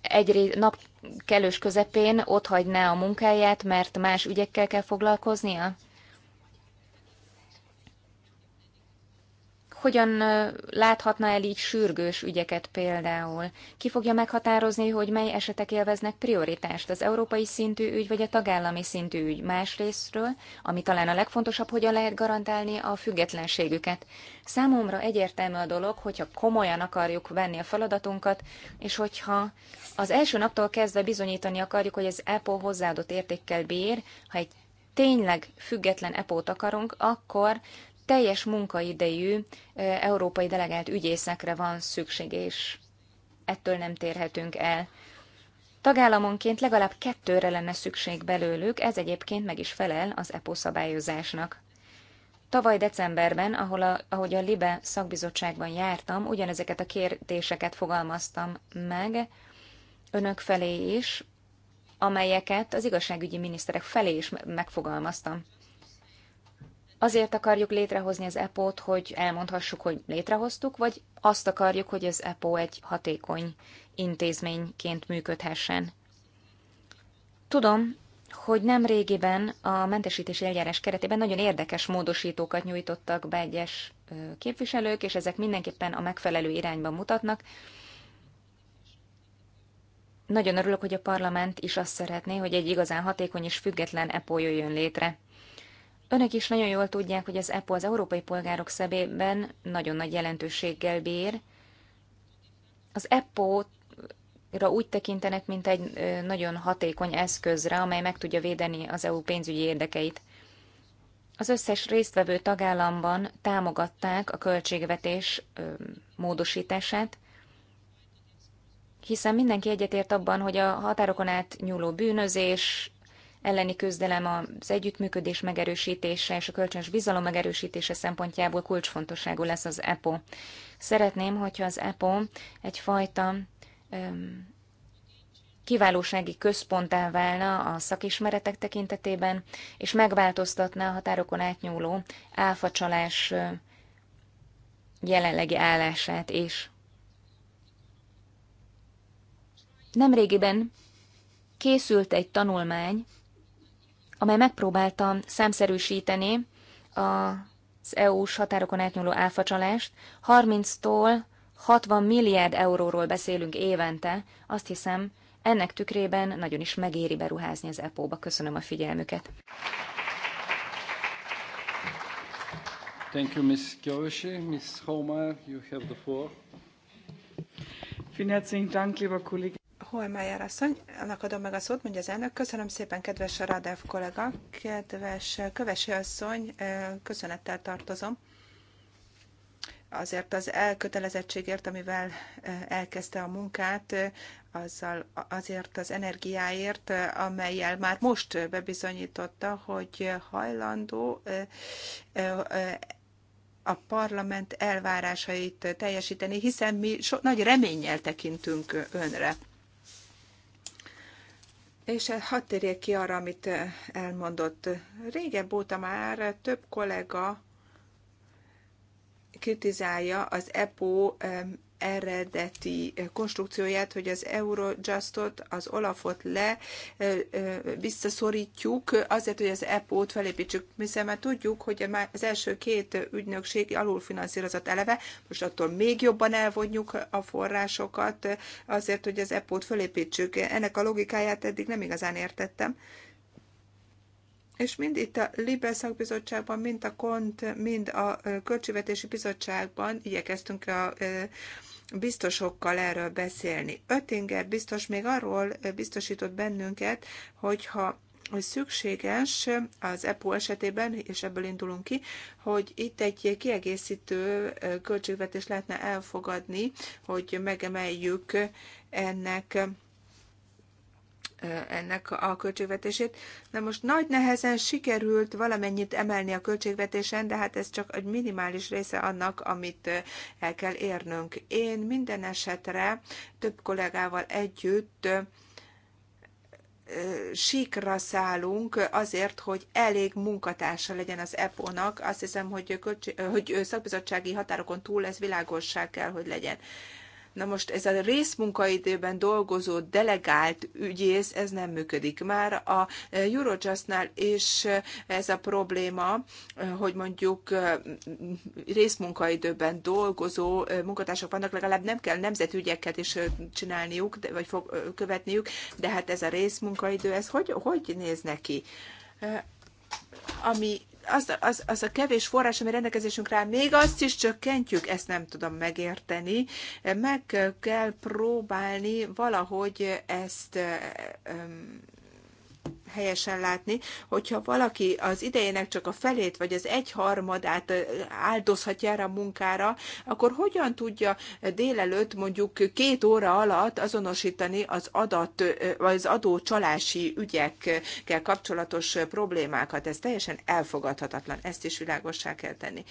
egy nap kellős közepén otthagyná a munkáját, mert más ügyekkel kell foglalkoznia? Hogyan láthatna el így sürgős ügyeket például? Ki fogja meghatározni, hogy mely esetek élveznek prioritást, az európai szintű ügy vagy a tagállami szintű ügy másrésztről, ami talán a legfontosabb, hogyan lehet garantálni a függetlenségüket. Számomra egyértelmű a dolog, hogyha komolyan akarjuk venni a feladatunkat, és hogyha az első naptól kezdve bizonyítani akarjuk, hogy az EPO hozzáadott értékkel bír, ha egy tényleg független epót akarunk, akkor teljes munkaidejű európai delegált ügyészekre van szükség, és ettől nem térhetünk el. Tagállamonként legalább kettőre lenne szükség belőlük, ez egyébként meg is felel az EPO szabályozásnak. Tavaly decemberben, ahol a, ahogy a LIBE szakbizottságban jártam, ugyanezeket a kérdéseket fogalmaztam meg önök felé is, amelyeket az igazságügyi miniszterek felé is megfogalmaztam azért akarjuk létrehozni az EPO-t, hogy elmondhassuk, hogy létrehoztuk, vagy azt akarjuk, hogy az EPO egy hatékony intézményként működhessen. Tudom, hogy nem régiben a mentesítési eljárás keretében nagyon érdekes módosítókat nyújtottak be egyes képviselők, és ezek mindenképpen a megfelelő irányba mutatnak. Nagyon örülök, hogy a parlament is azt szeretné, hogy egy igazán hatékony és független EPO jöjjön létre. Önök is nagyon jól tudják, hogy az EPO az európai polgárok szemében nagyon nagy jelentőséggel bír. Az EPO úgy tekintenek, mint egy nagyon hatékony eszközre, amely meg tudja védeni az EU pénzügyi érdekeit. Az összes résztvevő tagállamban támogatták a költségvetés módosítását, hiszen mindenki egyetért abban, hogy a határokon át nyúló bűnözés, elleni küzdelem az együttműködés megerősítése és a kölcsönös bizalom megerősítése szempontjából kulcsfontosságú lesz az EPO. Szeretném, hogyha az EPO egyfajta öm, kiválósági központtá válna a szakismeretek tekintetében, és megváltoztatná a határokon átnyúló áfacsalás jelenlegi állását is. Nemrégiben készült egy tanulmány amely megpróbálta számszerűsíteni az EU-s határokon átnyúló áfacsalást. 30-tól 60 milliárd euróról beszélünk évente. Azt hiszem, ennek tükrében nagyon is megéri beruházni az EPO-ba. Köszönöm a figyelmüket. Thank you, Ms. Kioshi. Ms. Homer, you have the floor. Vielen herzlichen Dank, lieber Kollege. Holmeyer asszony, annak adom meg a szót, mondja az elnök. Köszönöm szépen, kedves Radev kollega, kedves eh, Kövesi asszony, eh, köszönettel tartozom azért az elkötelezettségért, amivel eh, elkezdte a munkát, azzal azért az energiáért, amelyel már most bebizonyította, hogy hajlandó a parlament elvárásait teljesíteni, hiszen mi so- nagy reménnyel tekintünk önre. És hadd térjek ki arra, amit eh, elmondott. Régebb óta már több kollega kritizálja az EPO eh, eredeti konstrukcióját, hogy az Eurojustot, az Olafot le visszaszorítjuk, azért, hogy az EPO-t felépítsük, hiszen már tudjuk, hogy az első két ügynökség alulfinanszírozott eleve, most attól még jobban elvonjuk a forrásokat azért, hogy az EPO-t felépítsük. Ennek a logikáját eddig nem igazán értettem és mind itt a Libel szakbizottságban, mind a KONT, mind a Költségvetési Bizottságban igyekeztünk a biztosokkal erről beszélni. Öttinger biztos még arról biztosított bennünket, hogyha hogy szükséges az EPO esetében, és ebből indulunk ki, hogy itt egy kiegészítő költségvetés lehetne elfogadni, hogy megemeljük ennek ennek a költségvetését. Na most nagy nehezen sikerült valamennyit emelni a költségvetésen, de hát ez csak egy minimális része annak, amit el kell érnünk. Én minden esetre több kollégával együtt síkra szállunk azért, hogy elég munkatársa legyen az EPO-nak. Azt hiszem, hogy, költség, hogy szakbizottsági határokon túl ez világosság kell, hogy legyen. Na most ez a részmunkaidőben dolgozó delegált ügyész, ez nem működik. Már a e, Eurojustnál is e, ez a probléma, e, hogy mondjuk részmunkaidőben dolgozó munkatársak vannak, legalább nem kell nemzetügyeket is csinálniuk, vagy fog, követniük, de hát ez a részmunkaidő, ez hogy, hogy néz neki? Ami az, az, az a kevés forrás, ami rendelkezésünk rá, még azt is csökkentjük, ezt nem tudom megérteni. Meg kell próbálni valahogy ezt helyesen látni, hogyha valaki az idejének csak a felét vagy az egyharmadát áldozhatja erre a munkára, akkor hogyan tudja délelőtt mondjuk két óra alatt azonosítani az adat, vagy az adó csalási ügyekkel kapcsolatos problémákat. Ez teljesen elfogadhatatlan, ezt is világossá kell tenni.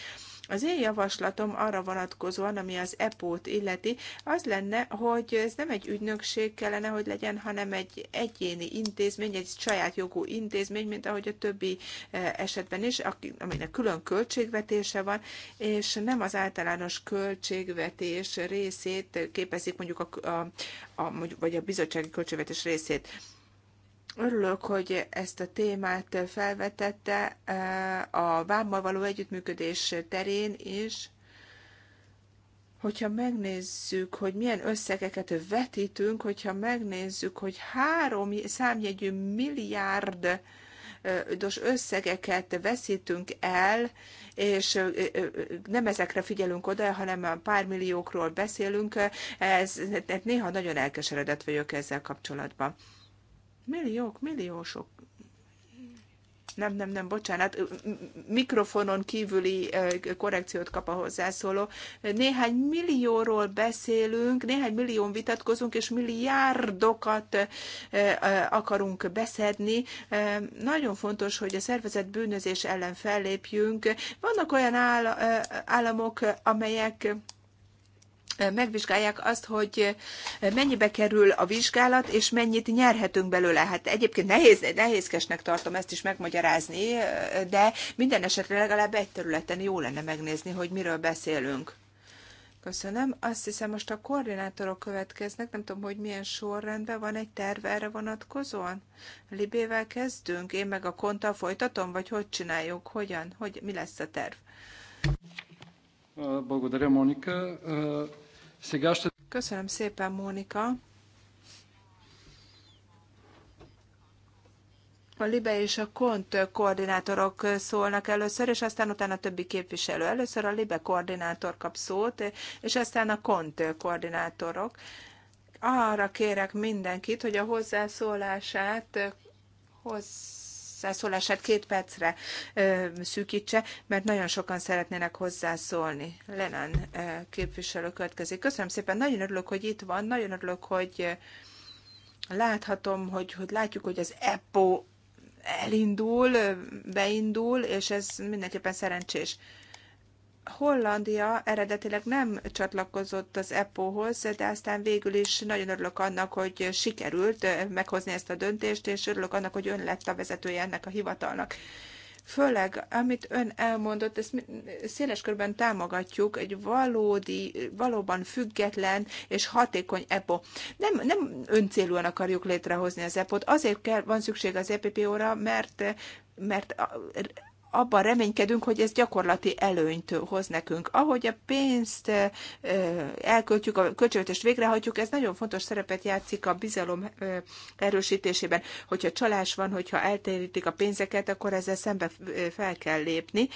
Az én javaslatom arra vonatkozóan, ami az EPO-t illeti, az lenne, hogy ez nem egy ügynökség kellene, hogy legyen, hanem egy egyéni intézmény, egy saját jogú intézmény, mint ahogy a többi e, esetben is, aminek külön költségvetése van, és nem az általános költségvetés részét képezik mondjuk a, a, a vagy a bizottsági költségvetés részét Örülök, hogy ezt a témát felvetette eh, a vámmal való együttműködés terén is. Hogyha megnézzük, hogy milyen összegeket vetítünk, hogyha megnézzük, hogy három számjegyű milliárd eh, dos összegeket veszítünk el, és eh, nem ezekre figyelünk oda, hanem a pár milliókról beszélünk, ez, hát néha nagyon elkeseredett vagyok ezzel kapcsolatban. Milliók, milliósok. Nem, nem, nem, bocsánat, mikrofonon kívüli korrekciót kap a hozzászóló. Néhány millióról beszélünk, néhány millión vitatkozunk, és milliárdokat akarunk beszedni. Nagyon fontos, hogy a szervezet bűnözés ellen fellépjünk. Vannak olyan államok, amelyek megvizsgálják azt, hogy mennyibe kerül a vizsgálat, és mennyit nyerhetünk belőle. Hát egyébként nehéz, nehézkesnek tartom ezt is megmagyarázni, de minden esetre legalább egy területen jó lenne megnézni, hogy miről beszélünk. Köszönöm. Azt hiszem, most a koordinátorok következnek. Nem tudom, hogy milyen sorrendben van egy terv erre vonatkozóan. Libével kezdünk? Én meg a konta folytatom? Vagy hogy csináljuk? Hogyan? Hogy, mi lesz a terv? Благодаря, Моника. Köszönöm szépen, Mónika. A LIBE és a KONT koordinátorok szólnak először, és aztán utána a többi képviselő. Először a LIBE koordinátor kap szót, és aztán a KONT koordinátorok. Arra kérek mindenkit, hogy a hozzászólását hozzá hozzászólását két percre szűkítse, mert nagyon sokan szeretnének hozzászólni. Lenan képviselő következik. Köszönöm szépen, nagyon örülök, hogy itt van, nagyon örülök, hogy láthatom, hogy, hogy látjuk, hogy az EPO elindul, beindul, és ez mindenképpen szerencsés. Hollandia eredetileg nem csatlakozott az EPO-hoz, de aztán végül is nagyon örülök annak, hogy sikerült meghozni ezt a döntést, és örülök annak, hogy ön lett a vezetője ennek a hivatalnak. Főleg, amit ön elmondott, ezt széles körben támogatjuk, egy valódi, valóban független és hatékony EPO. Nem, nem öncélúan akarjuk létrehozni az EPO-t, azért kell, van szükség az EPPO-ra, mert, mert abban reménykedünk, hogy ez gyakorlati előnyt hoz nekünk. Ahogy a pénzt elköltjük, a költségvetést végrehajtjuk, ez nagyon fontos szerepet játszik a bizalom erősítésében. Hogyha csalás van, hogyha eltérítik a pénzeket, akkor ezzel szembe fel kell lépni,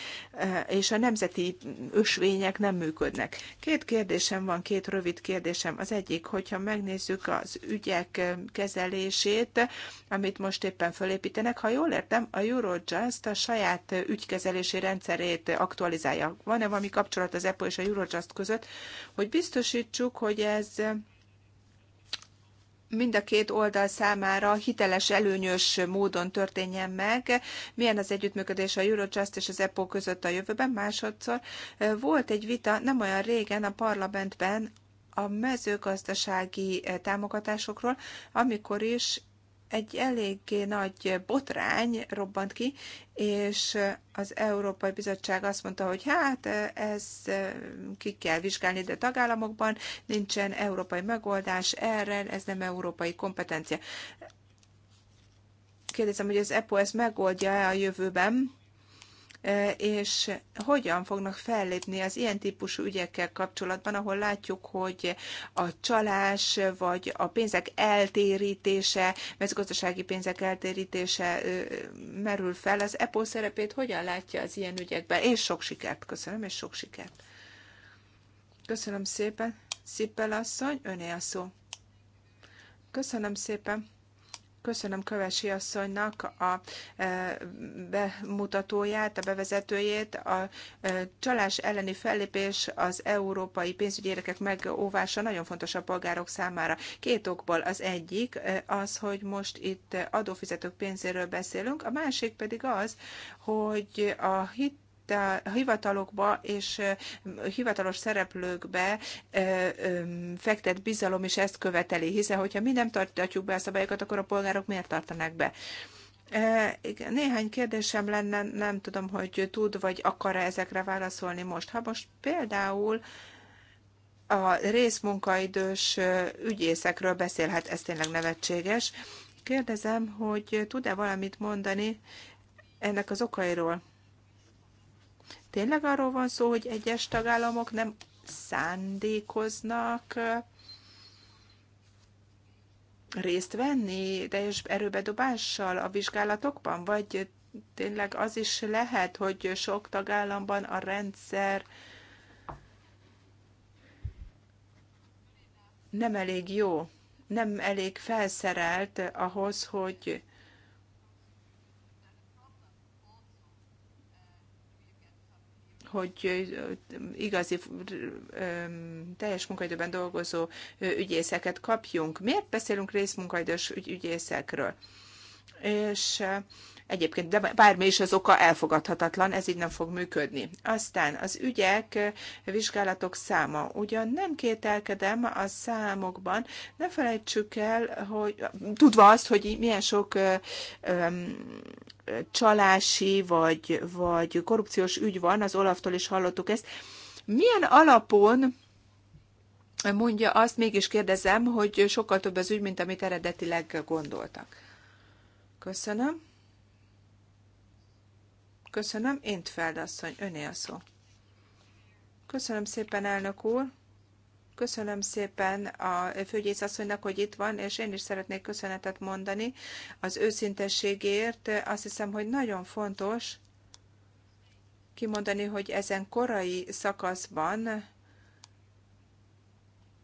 és a nemzeti ösvények nem működnek. Két kérdésem van, két rövid kérdésem. Az egyik, hogyha megnézzük az ügyek kezelését, amit most éppen fölépítenek, ha jól értem, a Eurojust a saját ügykezelési rendszerét aktualizálja. Van-e valami kapcsolat az EPO és a Eurojust között, hogy biztosítsuk, hogy ez mind a két oldal számára hiteles, előnyös módon történjen meg. Milyen az együttműködés a Eurojust és az EPO között a jövőben? Másodszor volt egy vita nem olyan régen a parlamentben a mezőgazdasági támogatásokról, amikor is egy eléggé nagy botrány robbant ki, és az Európai Bizottság azt mondta, hogy hát ez ki kell vizsgálni, de tagállamokban nincsen európai megoldás erre, ez nem európai kompetencia. Kérdezem, hogy az EPO ezt megoldja-e a jövőben? E, és hogyan fognak fellépni az ilyen típusú ügyekkel kapcsolatban, ahol látjuk, hogy a csalás vagy a pénzek eltérítése, mezőgazdasági pénzek eltérítése merül fel. Az EPO szerepét hogyan látja az ilyen ügyekben? És sok sikert köszönöm, és sok sikert. Köszönöm szépen. Szippel asszony, öné a szó. Köszönöm szépen. Köszönöm Kövesi asszonynak a e, bemutatóját, a bevezetőjét. A e, csalás elleni fellépés az európai pénzügyi érdekek megóvása nagyon fontos a polgárok számára. Két okból az egyik e, az, hogy most itt adófizetők pénzéről beszélünk, a másik pedig az, hogy a hit a hivatalokba és hivatalos szereplőkbe fektet bizalom is ezt követeli, hiszen hogyha mi nem tartatjuk be a szabályokat, akkor a polgárok miért tartanak be? Néhány kérdésem lenne, nem tudom, hogy tud vagy akar -e ezekre válaszolni most. Ha most például a részmunkaidős ügyészekről beszélhet, ez tényleg nevetséges. Kérdezem, hogy tud-e valamit mondani ennek az okairól? Tényleg arról van szó, hogy egyes tagállamok nem szándékoznak részt venni teljes erőbedobással a vizsgálatokban, vagy tényleg az is lehet, hogy sok tagállamban a rendszer nem elég jó, nem elég felszerelt ahhoz, hogy hogy igazi teljes munkaidőben dolgozó ügyészeket kapjunk. Miért beszélünk részmunkaidős ügyészekről? És Egyébként, de bármi is az oka elfogadhatatlan, ez így nem fog működni. Aztán az ügyek, vizsgálatok száma. Ugyan nem kételkedem a számokban, ne felejtsük el, hogy tudva azt, hogy milyen sok csalási vagy, vagy korrupciós ügy van, az Olaftól is hallottuk ezt. Milyen alapon mondja azt, mégis kérdezem, hogy sokkal több az ügy, mint amit eredetileg gondoltak. Köszönöm. Köszönöm, Intfeld asszony, öné a szó. Köszönöm szépen, elnök úr. Köszönöm szépen a főgyészasszonynak, hogy itt van, és én is szeretnék köszönetet mondani az őszintességért. Azt hiszem, hogy nagyon fontos kimondani, hogy ezen korai szakaszban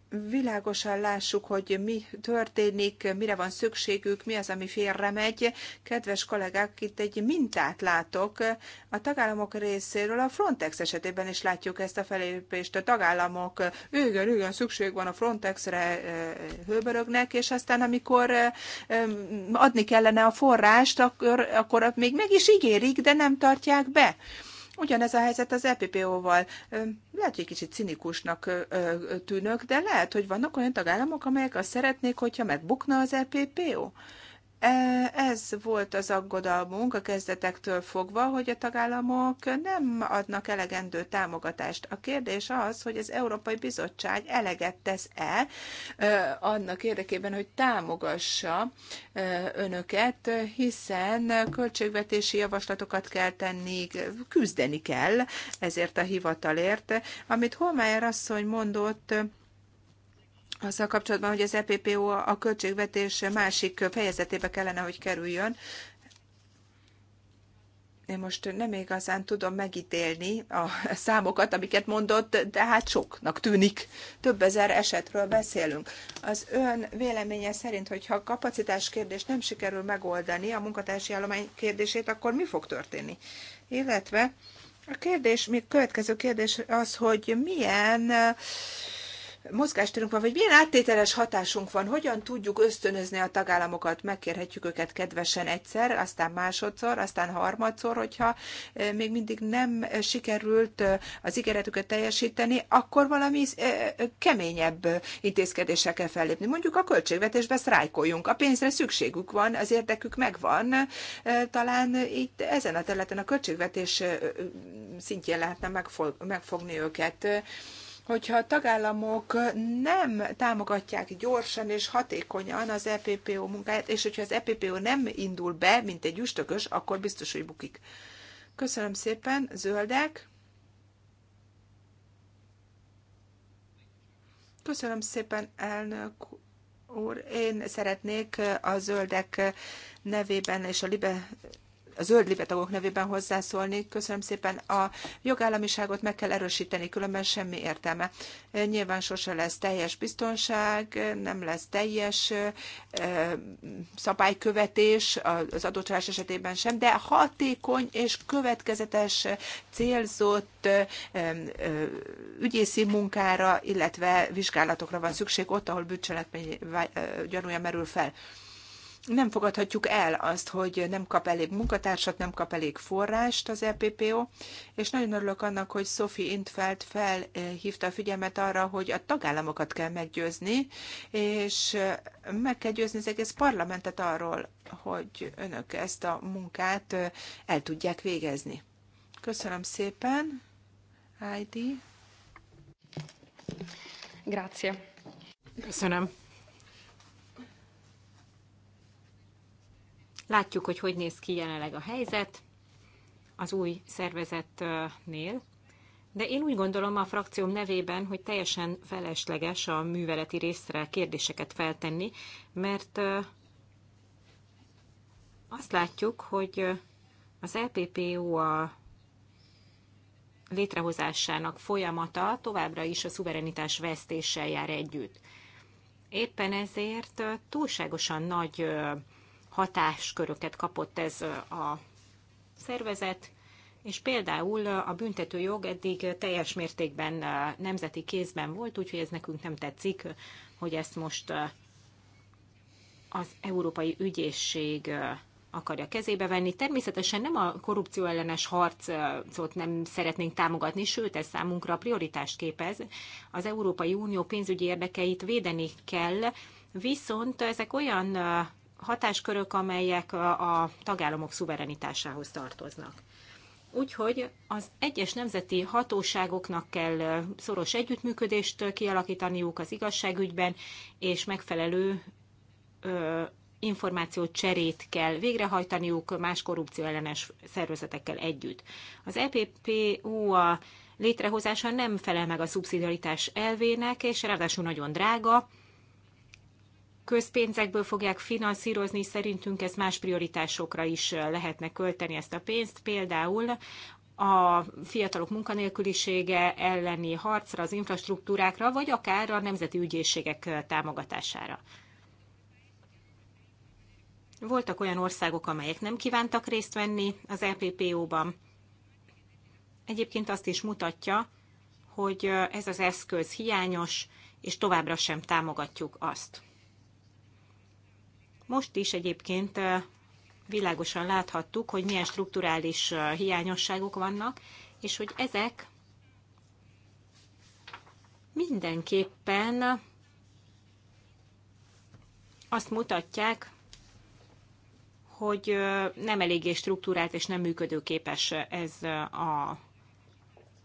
világosan lássuk, hogy mi történik, mire van szükségük, mi az, ami megy. Kedves kollégák, itt egy mintát látok a tagállamok részéről, a Frontex esetében is látjuk ezt a felépést. A tagállamok, igen, igen, szükség van a Frontexre hőbörögnek, és aztán amikor adni kellene a forrást, akkor, akkor még meg is ígérik, de nem tartják be. Ugyanez a helyzet az EPPO-val. Lehet, hogy kicsit cinikusnak tűnök, de lehet, hogy vannak olyan tagállamok, amelyek azt szeretnék, hogyha megbukna az EPPO. E, ez volt az aggodalmunk a kezdetektől fogva, hogy a tagállamok nem adnak elegendő támogatást. A kérdés az, hogy az Európai Bizottság eleget tesz-e e, annak érdekében, hogy támogassa e, önöket, hiszen költségvetési javaslatokat kell tenni, küzdeni kell ezért a hivatalért. Amit Holmeyer asszony mondott, azzal kapcsolatban, hogy az EPPO a költségvetés másik fejezetébe kellene, hogy kerüljön. Én most nem igazán tudom megítélni a számokat, amiket mondott, de hát soknak tűnik. Több ezer esetről beszélünk. Az ön véleménye szerint, hogyha a kapacitás kérdés nem sikerül megoldani, a munkatársi állomány kérdését, akkor mi fog történni? Illetve a kérdés, még következő kérdés az, hogy milyen uh, mozgástérünk van, vagy milyen áttételes hatásunk van, hogyan tudjuk ösztönözni a tagállamokat, megkérhetjük őket kedvesen egyszer, aztán másodszor, aztán harmadszor, hogyha még mindig nem sikerült az ígéretüket teljesíteni, akkor valami keményebb intézkedéssel kell fellépni. Mondjuk a költségvetésbe szrájkoljunk, a pénzre szükségük van, az érdekük megvan, talán itt ezen a területen a költségvetés szintjén lehetne megfogni őket hogyha a tagállamok nem támogatják gyorsan és hatékonyan az EPPO munkáját, és hogyha az EPPO nem indul be, mint egy üstökös, akkor biztos, hogy bukik. Köszönöm szépen, zöldek! Köszönöm szépen, elnök úr. Én szeretnék a zöldek nevében és a Libe a zöld libetagok nevében hozzászólni. Köszönöm szépen. A jogállamiságot meg kell erősíteni, különben semmi értelme. Eh, nyilván sose lesz teljes biztonság, nem lesz teljes eh, szabálykövetés az adócsalás esetében sem, de hatékony és következetes célzott eh, ügyészi munkára, illetve vizsgálatokra van szükség ott, ahol bűncselekmény gyanúja merül fel nem fogadhatjuk el azt, hogy nem kap elég munkatársat, nem kap elég forrást az EPPO, és nagyon örülök annak, hogy Sophie Intfeld felhívta a figyelmet arra, hogy a tagállamokat kell meggyőzni, és meg kell győzni az egész parlamentet arról, hogy önök ezt a munkát el tudják végezni. Köszönöm szépen, Heidi. Grazie. Köszönöm. Látjuk, hogy hogy néz ki jelenleg a helyzet az új szervezetnél, de én úgy gondolom a frakcióm nevében, hogy teljesen felesleges a műveleti részre kérdéseket feltenni, mert azt látjuk, hogy az LPPO a létrehozásának folyamata továbbra is a szuverenitás vesztéssel jár együtt. Éppen ezért túlságosan nagy hatásköröket kapott ez a szervezet, és például a büntetőjog eddig teljes mértékben nemzeti kézben volt, úgyhogy ez nekünk nem tetszik, hogy ezt most az Európai Ügyészség akarja kezébe venni. Természetesen nem a korrupció ellenes harcot nem szeretnénk támogatni, sőt, ez számunkra prioritást képez. Az Európai Unió pénzügyi érdekeit védeni kell, viszont ezek olyan hatáskörök, amelyek a a tagállamok szuverenitásához tartoznak. Úgyhogy az egyes nemzeti hatóságoknak kell szoros együttműködést kialakítaniuk az igazságügyben, és megfelelő cserét kell végrehajtaniuk más korrupcióellenes szervezetekkel együtt. Az EPPU a létrehozása nem felel meg a szubszidiaritás elvének, és ráadásul nagyon drága, közpénzekből fogják finanszírozni, szerintünk ez más prioritásokra is lehetne költeni ezt a pénzt, például a fiatalok munkanélkülisége elleni harcra, az infrastruktúrákra, vagy akár a nemzeti ügyészségek támogatására. Voltak olyan országok, amelyek nem kívántak részt venni az lppo e ban Egyébként azt is mutatja, hogy ez az eszköz hiányos, és továbbra sem támogatjuk azt. Most is egyébként világosan láthattuk, hogy milyen strukturális hiányosságok vannak, és hogy ezek mindenképpen azt mutatják, hogy nem eléggé struktúrált és nem működőképes ez a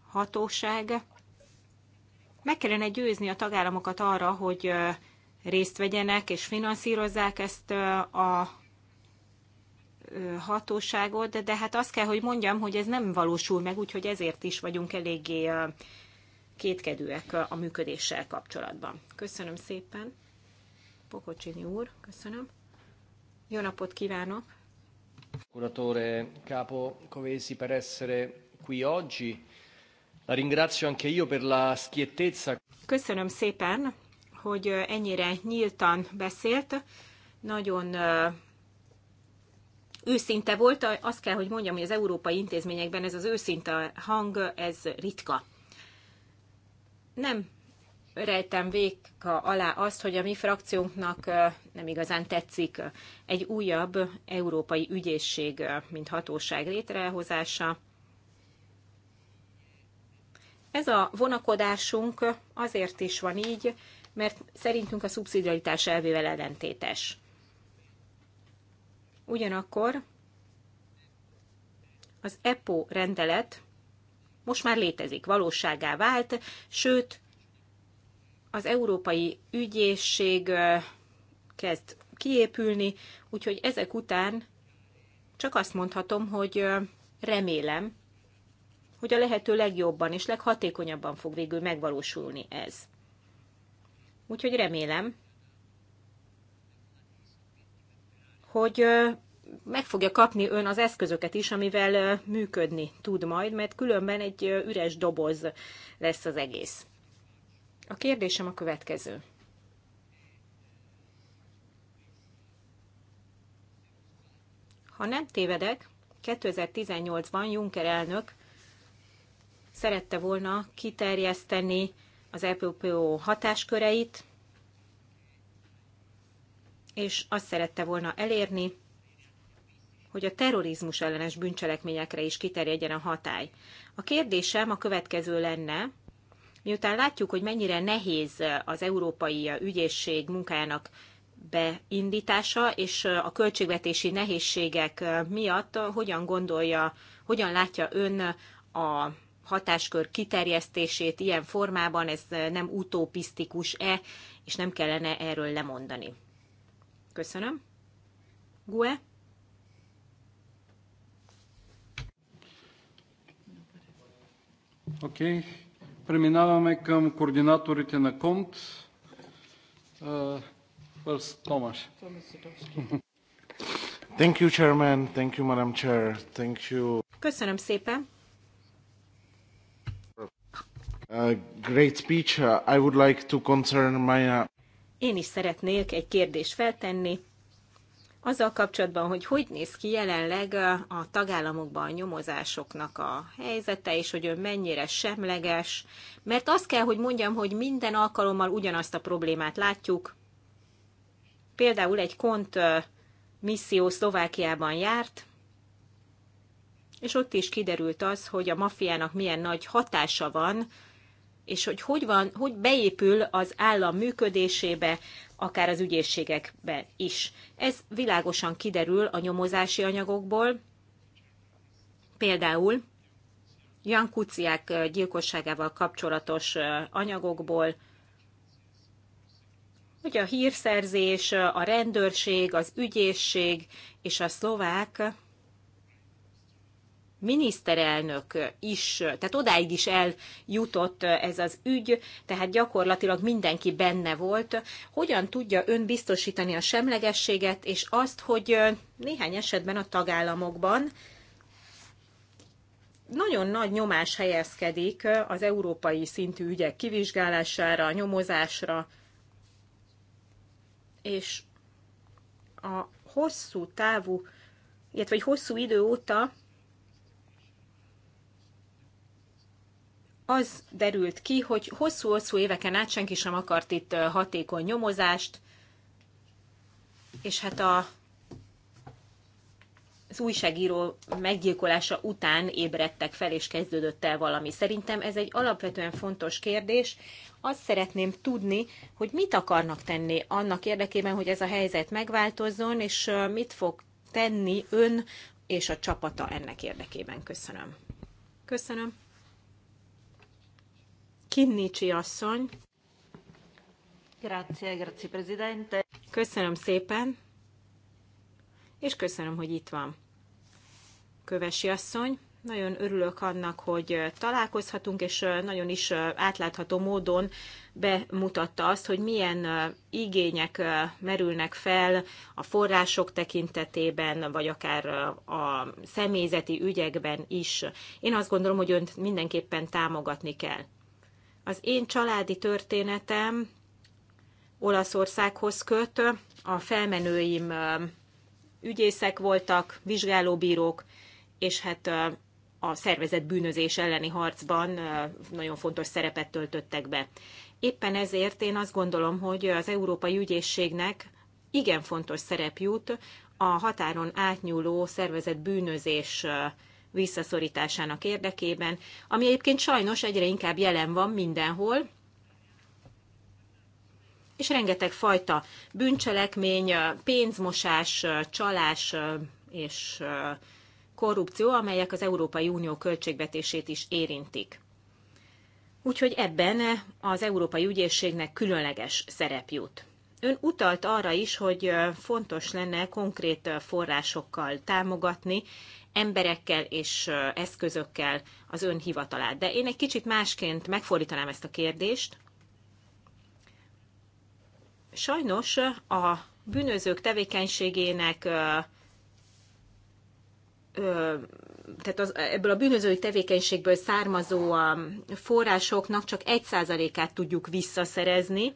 hatóság. Meg kellene győzni a tagállamokat arra, hogy részt vegyenek és finanszírozzák ezt a hatóságot, de hát azt kell, hogy mondjam, hogy ez nem valósul meg, úgyhogy ezért is vagyunk eléggé kétkedőek a működéssel kapcsolatban. Köszönöm szépen. Pokocsini úr, köszönöm. Jó napot kívánok! Curatore Capo Covesi per essere qui oggi. La ringrazio anche io per la schiettezza. Köszönöm szépen hogy ennyire nyíltan beszélt, nagyon őszinte volt, azt kell, hogy mondjam, hogy az európai intézményekben ez az őszinte hang, ez ritka. Nem rejtem véka alá azt, hogy a mi frakciónknak nem igazán tetszik egy újabb európai ügyészség, mint hatóság létrehozása. Ez a vonakodásunk azért is van így, mert szerintünk a szubszidiaritás elvével ellentétes. Ugyanakkor az EPO rendelet most már létezik, valóságá vált, sőt, az Európai Ügyészség kezd kiépülni, úgyhogy ezek után csak azt mondhatom, hogy remélem, hogy a lehető legjobban és leghatékonyabban fog végül megvalósulni ez. Úgyhogy remélem, hogy meg fogja kapni ön az eszközöket is, amivel működni tud majd, mert különben egy üres doboz lesz az egész. A kérdésem a következő. Ha nem tévedek, 2018-ban Juncker elnök szerette volna kiterjeszteni az EPPO hatásköreit, és azt szerette volna elérni, hogy a terrorizmus ellenes bűncselekményekre is kiterjedjen a hatály. A kérdésem a következő lenne, miután látjuk, hogy mennyire nehéz az Európai Ügyészség munkájának beindítása, és a költségvetési nehézségek miatt hogyan gondolja, hogyan látja ön a hatáskör kiterjesztését ilyen formában, ez eh, nem utopisztikus-e, és nem kellene erről lemondani. Köszönöm. Gue? Oké, Okay. Преминаваме към координаторите на КОМТ. Пърс Томаш. Thank you, Chairman. Thank you, Madam Chair. Thank you. Köszönöm szépen great speech. Uh, I would like to concern my... Uh, Én is szeretnék egy kérdést feltenni. Azzal kapcsolatban, hogy hogy néz ki jelenleg uh, a tagállamokban a nyomozásoknak a helyzete, és hogy ön mennyire semleges. Mert azt kell, hogy mondjam, hogy minden alkalommal ugyanazt a problémát látjuk. Például egy kont misszió Szlovákiában járt, és ott is kiderült az, hogy a mafiának milyen nagy hatása van és hogy hogy, van, hogy beépül az állam működésébe, akár az ügyészségekbe is. Ez világosan kiderül a nyomozási anyagokból. Például Jan Kuciák gyilkosságával kapcsolatos anyagokból, hogy a hírszerzés, a rendőrség, az ügyészség és a szlovák miniszterelnök is, tehát odáig is eljutott ez az ügy, tehát gyakorlatilag mindenki benne volt. Hogyan tudja ön biztosítani a semlegességet, és azt, hogy néhány esetben a tagállamokban nagyon nagy nyomás helyezkedik az európai szintű ügyek kivizsgálására, nyomozásra, és a hosszú távú, illetve egy hosszú idő óta az derült ki, hogy hosszú-hosszú éveken át senki sem akart itt hatékony nyomozást, és hát a, az újságíró meggyilkolása után ébredtek fel, és kezdődött el valami. Szerintem ez egy alapvetően fontos kérdés. Azt szeretném tudni, hogy mit akarnak tenni annak érdekében, hogy ez a helyzet megváltozzon, és mit fog tenni ön és a csapata ennek érdekében. Köszönöm. Köszönöm. Kinnicsi asszony. Grazie, grazie, presidente. Köszönöm szépen, és köszönöm, hogy itt van. Kövesi asszony, nagyon örülök annak, hogy találkozhatunk, és nagyon is átlátható módon bemutatta azt, hogy milyen igények merülnek fel a források tekintetében, vagy akár a személyzeti ügyekben is. Én azt gondolom, hogy önt mindenképpen támogatni kell. Az én családi történetem Olaszországhoz köt, a felmenőim ügyészek voltak, vizsgálóbírók, és hát a szervezet bűnözés elleni harcban nagyon fontos szerepet töltöttek be. Éppen ezért én azt gondolom, hogy az Európai Ügyészségnek igen fontos szerep jut a határon átnyúló szervezet bűnözés visszaszorításának érdekében, ami egyébként sajnos egyre inkább jelen van mindenhol, és rengeteg fajta bűncselekmény, pénzmosás, csalás és korrupció, amelyek az Európai Unió költségvetését is érintik. Úgyhogy ebben az Európai Ügyészségnek különleges szerep jut. Ön utalt arra is, hogy fontos lenne konkrét forrásokkal támogatni emberekkel és eszközökkel az ön hivatalát. De én egy kicsit másként megfordítanám ezt a kérdést. Sajnos a bűnözők tevékenységének tehát az, ebből a bűnözői tevékenységből származó forrásoknak csak 1%-át tudjuk visszaszerezni,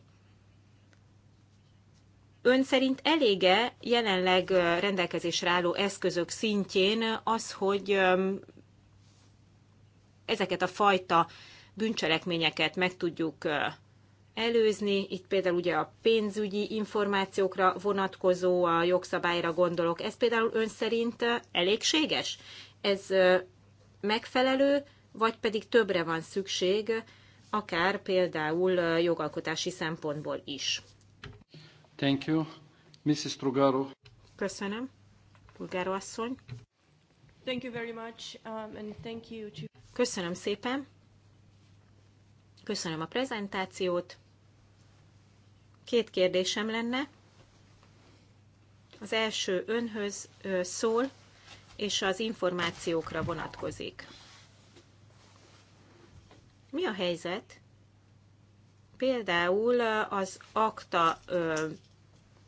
Ön szerint elége jelenleg rendelkezésre álló eszközök szintjén az, hogy ezeket a fajta bűncselekményeket meg tudjuk előzni. Itt például ugye a pénzügyi információkra vonatkozó a jogszabályra gondolok. Ez például ön szerint elégséges? Ez megfelelő, vagy pedig többre van szükség, akár például jogalkotási szempontból is? Thank you. Mrs. Trugaro. Köszönöm. Trugaro asszony. Thank you very much, um, and thank you to... Köszönöm szépen. Köszönöm a prezentációt. Két kérdésem lenne. Az első önhöz szól, és az információkra vonatkozik. Mi a helyzet? Például az akta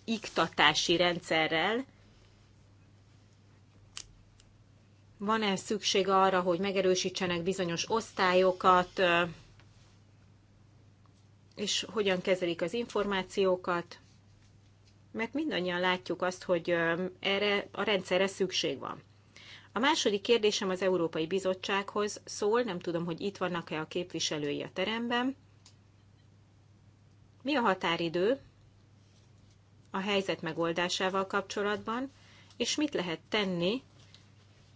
iktatási rendszerrel. Van-e szükség arra, hogy megerősítsenek bizonyos osztályokat, és hogyan kezelik az információkat? Mert mindannyian látjuk azt, hogy erre a rendszerre szükség van. A második kérdésem az Európai Bizottsághoz szól, nem tudom, hogy itt vannak-e a képviselői a teremben. Mi a határidő a helyzet megoldásával kapcsolatban, és mit lehet tenni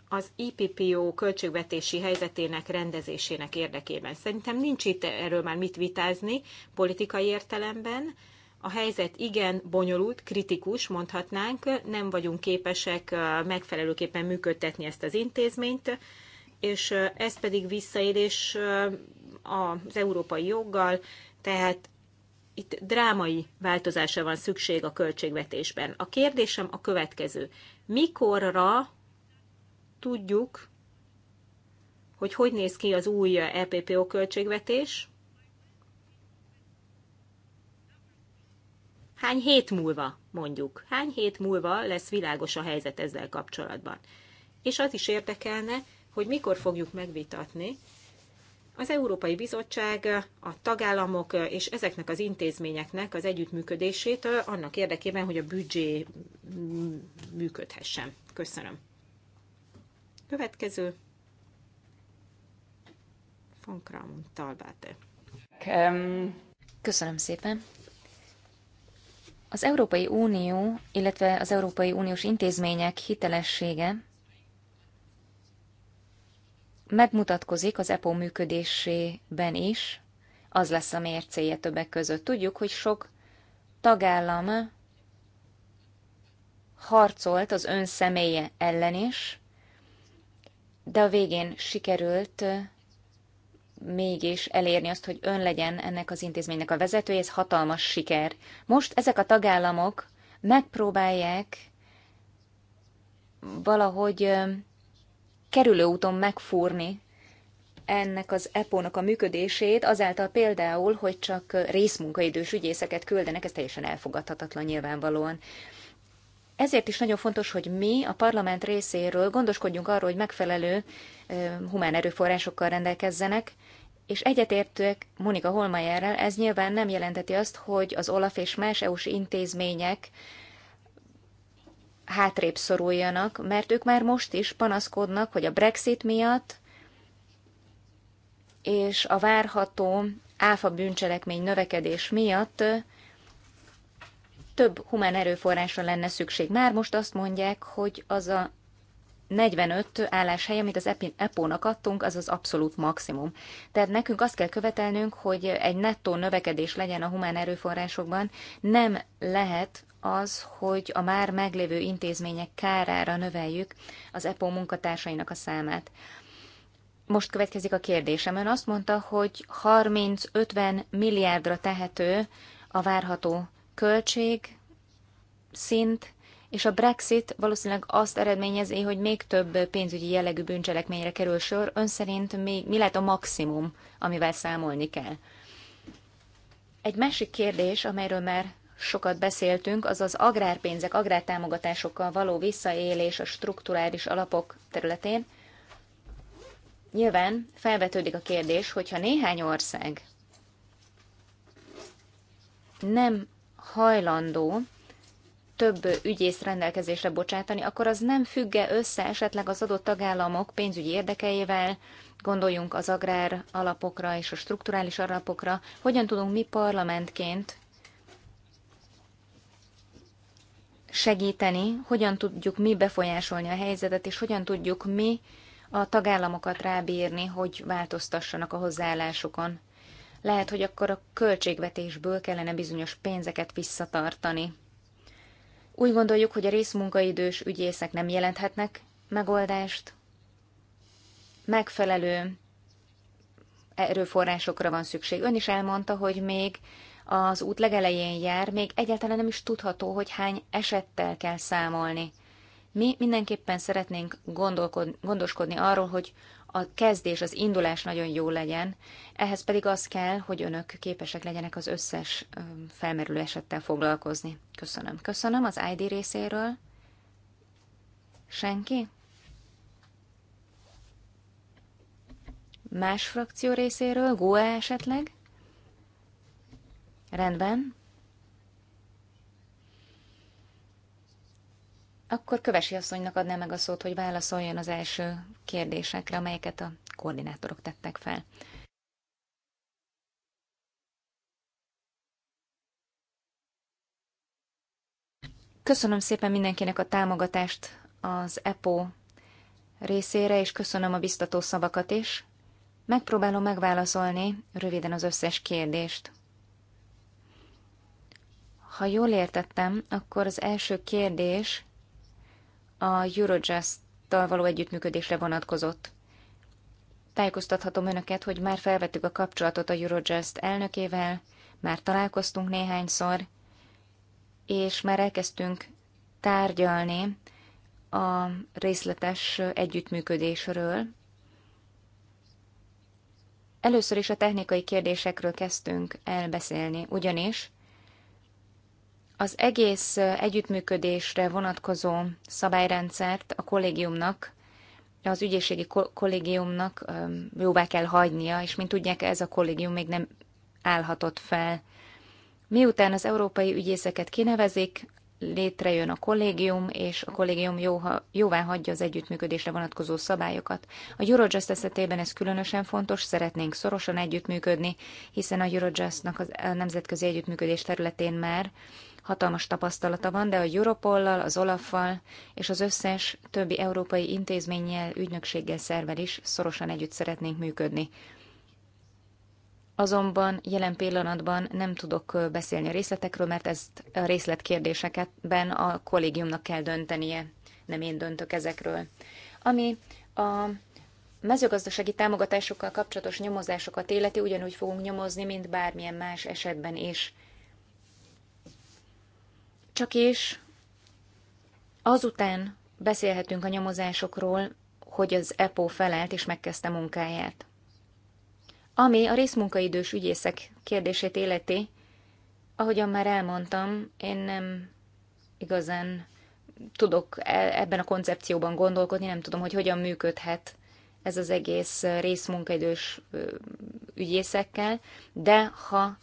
az IPPO költségvetési helyzetének rendezésének érdekében. Szerintem nincs itt erről már mit vitázni politikai értelemben. A helyzet igen bonyolult, kritikus, mondhatnánk, nem vagyunk képesek megfelelőképpen működtetni ezt az intézményt, és ez pedig visszaélés az európai joggal, tehát itt drámai változása van szükség a költségvetésben. A kérdésem a következő. Mikorra tudjuk, hogy hogy néz ki az új EPPO költségvetés? Hány hét múlva, mondjuk? Hány hét múlva lesz világos a helyzet ezzel kapcsolatban? És az is érdekelne, hogy mikor fogjuk megvitatni az Európai Bizottság a tagállamok és ezeknek az intézményeknek az együttműködését annak érdekében, hogy a büdzsé működhessen. Köszönöm. Következő. Von Kramon Talbáte. Köszönöm szépen. Az Európai Unió, illetve az Európai Uniós intézmények hitelessége megmutatkozik az EPO működésében is, az lesz a mércéje többek között. Tudjuk, hogy sok tagállam harcolt az ön személye ellen is, de a végén sikerült mégis elérni azt, hogy ön legyen ennek az intézménynek a vezetője, ez hatalmas siker. Most ezek a tagállamok megpróbálják valahogy kerülő úton megfúrni ennek az EPO-nak a működését, azáltal például, hogy csak részmunkaidős ügyészeket küldenek, ez teljesen elfogadhatatlan nyilvánvalóan. Ezért is nagyon fontos, hogy mi a parlament részéről gondoskodjunk arról, hogy megfelelő humán erőforrásokkal rendelkezzenek, és egyetértőek Monika Holmajerrel, ez nyilván nem jelenteti azt, hogy az OLAF és más EU-s intézmények hátrébb szoruljanak, mert ők már most is panaszkodnak, hogy a Brexit miatt és a várható áfa bűncselekmény növekedés miatt több humán erőforrásra lenne szükség. Már most azt mondják, hogy az a 45 álláshely, amit az EPO-nak adtunk, az az abszolút maximum. Tehát nekünk azt kell követelnünk, hogy egy nettó növekedés legyen a humán erőforrásokban. Nem lehet az, hogy a már meglévő intézmények kárára növeljük az EPO munkatársainak a számát. Most következik a kérdésem. Ön azt mondta, hogy 30-50 milliárdra tehető a várható költség szint, és a Brexit valószínűleg azt eredményezi, hogy még több pénzügyi jellegű bűncselekményre kerül sor. Ön szerint mi, mi lehet a maximum, amivel számolni kell? Egy másik kérdés, amelyről már sokat beszéltünk, az az agrárpénzek, agrártámogatásokkal való visszaélés a strukturális alapok területén, nyilván felvetődik a kérdés, hogyha néhány ország nem hajlandó több ügyész rendelkezésre bocsátani, akkor az nem függe össze esetleg az adott tagállamok pénzügyi érdekeivel, gondoljunk az agrár alapokra és a strukturális alapokra, hogyan tudunk mi parlamentként segíteni, hogyan tudjuk mi befolyásolni a helyzetet, és hogyan tudjuk mi a tagállamokat rábírni, hogy változtassanak a hozzáállásukon. Lehet, hogy akkor a költségvetésből kellene bizonyos pénzeket visszatartani. Úgy gondoljuk, hogy a részmunkaidős ügyészek nem jelenthetnek megoldást. Megfelelő erőforrásokra van szükség. Ön is elmondta, hogy még az út legelején jár, még egyáltalán nem is tudható, hogy hány esettel kell számolni. Mi mindenképpen szeretnénk gondoskodni arról, hogy a kezdés, az indulás nagyon jó legyen, ehhez pedig az kell, hogy önök képesek legyenek az összes felmerülő esettel foglalkozni. Köszönöm. Köszönöm az ID részéről. Senki? Más frakció részéről? GUE esetleg? Rendben. Akkor Kövesi asszonynak adná meg a szót, hogy válaszoljon az első kérdésekre, amelyeket a koordinátorok tettek fel. Köszönöm szépen mindenkinek a támogatást az EPO részére, és köszönöm a biztató szavakat is. Megpróbálom megválaszolni röviden az összes kérdést. Ha jól értettem, akkor az első kérdés a Eurojust-tal való együttműködésre vonatkozott. Tájékoztathatom önöket, hogy már felvettük a kapcsolatot a Eurojust elnökével, már találkoztunk néhányszor, és már elkezdtünk tárgyalni a részletes együttműködésről. Először is a technikai kérdésekről kezdtünk elbeszélni, ugyanis az egész együttműködésre vonatkozó szabályrendszert a kollégiumnak, az ügyészségi kollégiumnak jóvá kell hagynia, és mint tudják, ez a kollégium még nem állhatott fel. Miután az európai ügyészeket kinevezik, létrejön a kollégium, és a kollégium jóha, jóvá hagyja az együttműködésre vonatkozó szabályokat. A Eurojust esetében ez különösen fontos, szeretnénk szorosan együttműködni, hiszen a Eurojustnak a nemzetközi együttműködés területén már hatalmas tapasztalata van, de a Europollal, az Olaffal és az összes többi európai intézménnyel, ügynökséggel, szervel is szorosan együtt szeretnénk működni. Azonban jelen pillanatban nem tudok beszélni a részletekről, mert ezt a részletkérdéseketben a kollégiumnak kell döntenie, nem én döntök ezekről. Ami a mezőgazdasági támogatásokkal kapcsolatos nyomozásokat életi ugyanúgy fogunk nyomozni, mint bármilyen más esetben is. Csak és azután beszélhetünk a nyomozásokról, hogy az EPO felelt és megkezdte munkáját. Ami a részmunkaidős ügyészek kérdését életi, ahogyan már elmondtam, én nem igazán tudok e- ebben a koncepcióban gondolkodni, nem tudom, hogy hogyan működhet ez az egész részmunkaidős ügyészekkel, de ha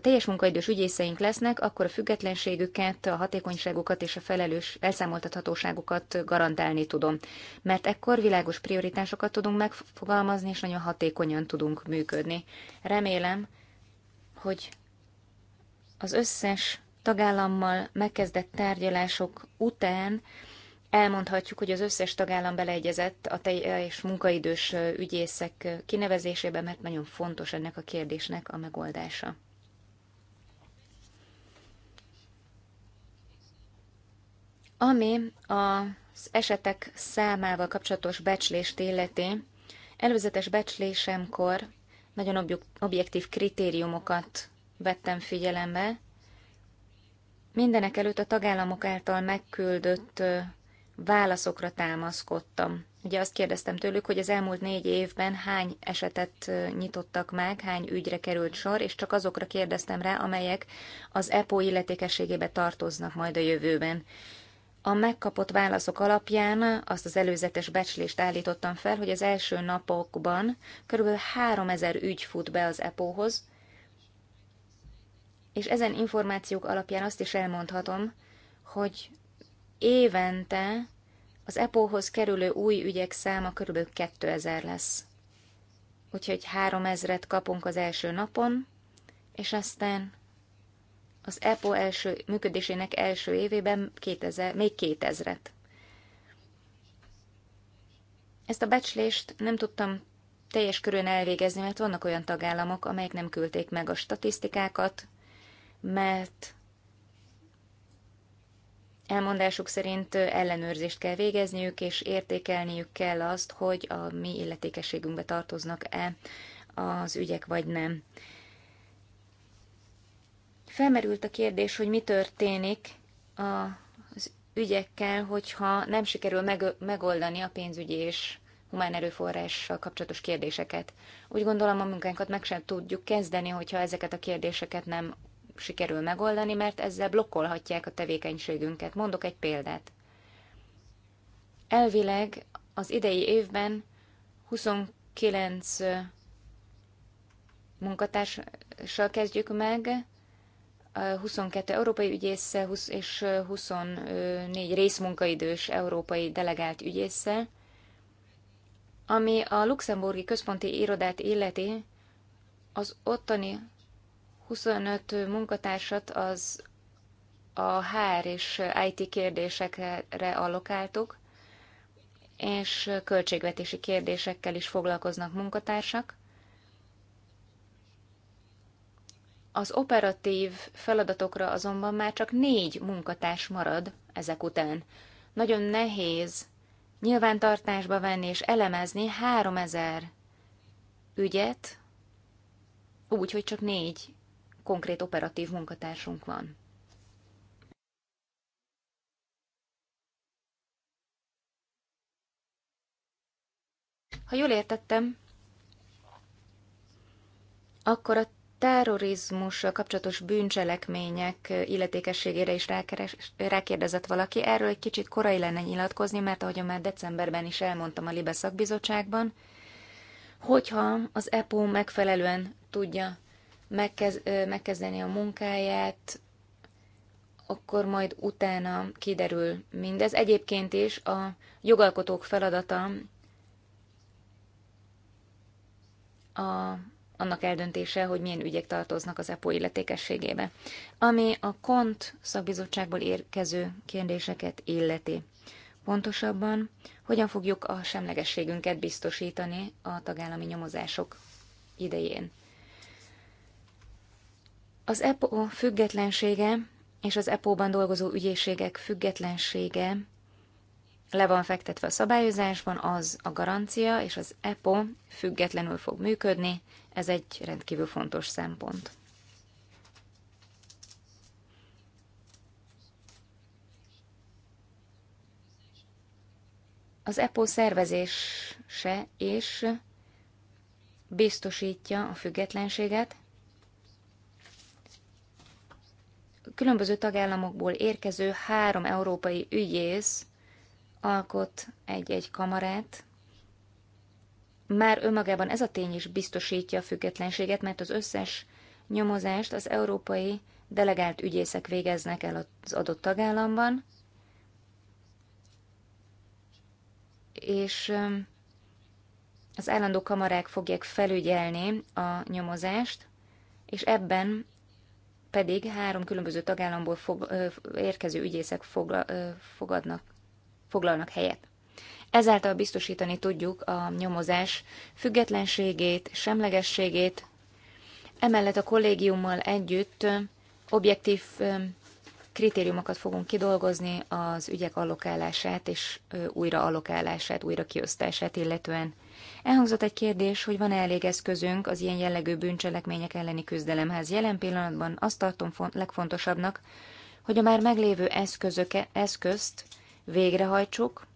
teljes munkaidős ügyészeink lesznek, akkor a függetlenségüket, a hatékonyságukat és a felelős elszámoltathatóságukat garantálni tudom. Mert ekkor világos prioritásokat tudunk megfogalmazni, és nagyon hatékonyan tudunk működni. Remélem, hogy az összes tagállammal megkezdett tárgyalások után elmondhatjuk, hogy az összes tagállam beleegyezett a teljes munkaidős ügyészek kinevezésébe, mert nagyon fontos ennek a kérdésnek a megoldása. Ami az esetek számával kapcsolatos becslést illeti, előzetes becslésemkor nagyon objektív kritériumokat vettem figyelembe. Mindenek előtt a tagállamok által megküldött válaszokra támaszkodtam. Ugye azt kérdeztem tőlük, hogy az elmúlt négy évben hány esetet nyitottak meg, hány ügyre került sor, és csak azokra kérdeztem rá, amelyek az EPO illetékességébe tartoznak majd a jövőben. A megkapott válaszok alapján azt az előzetes becslést állítottam fel, hogy az első napokban kb. 3000 ügy fut be az EPO-hoz, és ezen információk alapján azt is elmondhatom, hogy évente az EPO-hoz kerülő új ügyek száma kb. 2000 lesz. Úgyhogy 3000-et kapunk az első napon, és aztán az EPO első, működésének első évében 2000, még 2000-et. Ezt a becslést nem tudtam teljes körön elvégezni, mert vannak olyan tagállamok, amelyek nem küldték meg a statisztikákat, mert elmondásuk szerint ellenőrzést kell végezniük, és értékelniük kell azt, hogy a mi illetékességünkbe tartoznak-e az ügyek, vagy nem. Felmerült a kérdés, hogy mi történik az ügyekkel, hogyha nem sikerül megoldani a pénzügyi és humán erőforrással kapcsolatos kérdéseket. Úgy gondolom, a munkánkat meg sem tudjuk kezdeni, hogyha ezeket a kérdéseket nem sikerül megoldani, mert ezzel blokkolhatják a tevékenységünket. Mondok egy példát. Elvileg az idei évben 29 munkatárssal kezdjük meg, 22 európai ügyésze és 24 részmunkaidős európai delegált ügyésze, ami a luxemburgi központi irodát illeti, az ottani 25 munkatársat az a HR és IT kérdésekre allokáltuk, és költségvetési kérdésekkel is foglalkoznak munkatársak. Az operatív feladatokra azonban már csak négy munkatárs marad ezek után. Nagyon nehéz nyilvántartásba venni és elemezni 3000 ügyet, úgy, hogy csak négy konkrét operatív munkatársunk van. Ha jól értettem, akkor a terrorizmussal kapcsolatos bűncselekmények illetékességére is rákeres, rákérdezett valaki. Erről egy kicsit korai lenne nyilatkozni, mert ahogy már decemberben is elmondtam a Libe szakbizottságban, hogyha az EPO megfelelően tudja megkez, megkezdeni a munkáját, akkor majd utána kiderül mindez. Egyébként is a jogalkotók feladata a annak eldöntése, hogy milyen ügyek tartoznak az EPO illetékességébe, ami a KONT szakbizottságból érkező kérdéseket illeti. Pontosabban, hogyan fogjuk a semlegességünket biztosítani a tagállami nyomozások idején. Az EPO függetlensége és az EPO-ban dolgozó ügyészségek függetlensége le van fektetve a szabályozásban, az a garancia, és az EPO függetlenül fog működni, ez egy rendkívül fontos szempont. Az EPO szervezése és biztosítja a függetlenséget, különböző tagállamokból érkező három európai ügyész alkot egy-egy kamarát. Már önmagában ez a tény is biztosítja a függetlenséget, mert az összes nyomozást az európai delegált ügyészek végeznek el az adott tagállamban, és az állandó kamarák fogják felügyelni a nyomozást, és ebben pedig három különböző tagállamból fog, érkező ügyészek fogla, fogadnak foglalnak helyet. Ezáltal biztosítani tudjuk a nyomozás függetlenségét, semlegességét, emellett a kollégiummal együtt objektív kritériumokat fogunk kidolgozni az ügyek allokálását és újra allokálását, újra kiosztását illetően. Elhangzott egy kérdés, hogy van-e elég eszközünk az ilyen jellegű bűncselekmények elleni küzdelemhez. Jelen pillanatban azt tartom legfontosabbnak, hogy a már meglévő eszközöke, eszközt végrehajtsuk,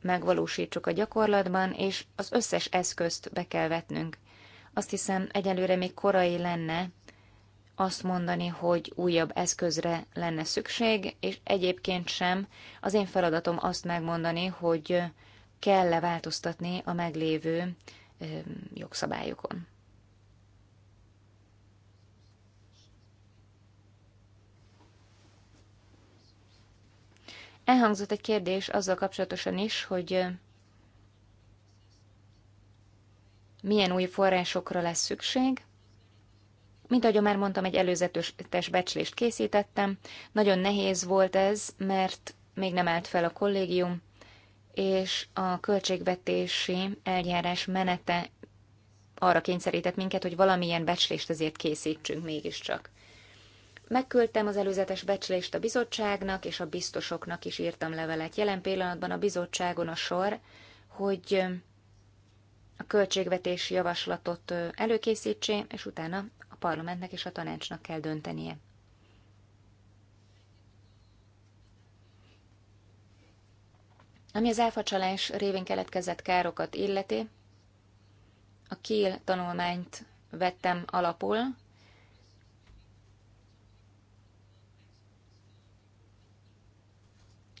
megvalósítsuk a gyakorlatban, és az összes eszközt be kell vetnünk. Azt hiszem, egyelőre még korai lenne azt mondani, hogy újabb eszközre lenne szükség, és egyébként sem az én feladatom azt megmondani, hogy kell-e változtatni a meglévő jogszabályokon. Elhangzott egy kérdés azzal kapcsolatosan is, hogy milyen új forrásokra lesz szükség. Mint ahogy már mondtam, egy előzetes becslést készítettem. Nagyon nehéz volt ez, mert még nem állt fel a kollégium, és a költségvetési eljárás menete arra kényszerített minket, hogy valamilyen becslést azért készítsünk mégiscsak. Megküldtem az előzetes becslést a bizottságnak, és a biztosoknak is írtam levelet. Jelen pillanatban a bizottságon a sor, hogy a költségvetési javaslatot előkészítsé, és utána a parlamentnek és a tanácsnak kell döntenie. Ami az elfacsalás révén keletkezett károkat illeti, a Kiel tanulmányt vettem alapul,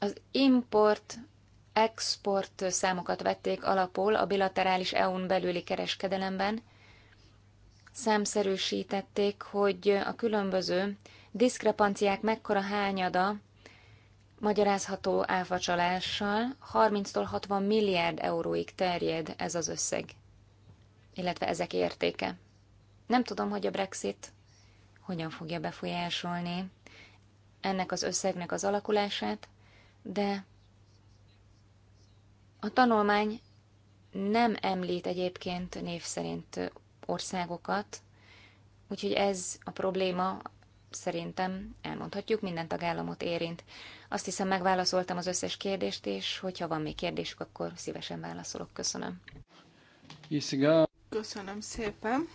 Az import export számokat vették alapul a bilaterális EU-n belüli kereskedelemben, számszerűsítették, hogy a különböző diszkrepanciák mekkora hányada magyarázható áfacsalással 30-tól 60 milliárd euróig terjed ez az összeg, illetve ezek értéke. Nem tudom, hogy a Brexit hogyan fogja befolyásolni ennek az összegnek az alakulását, de a tanulmány nem említ egyébként név szerint országokat, úgyhogy ez a probléma szerintem elmondhatjuk, minden tagállamot érint. Azt hiszem megválaszoltam az összes kérdést, és hogyha van még kérdésük, akkor szívesen válaszolok. Köszönöm. Köszönöm szépen.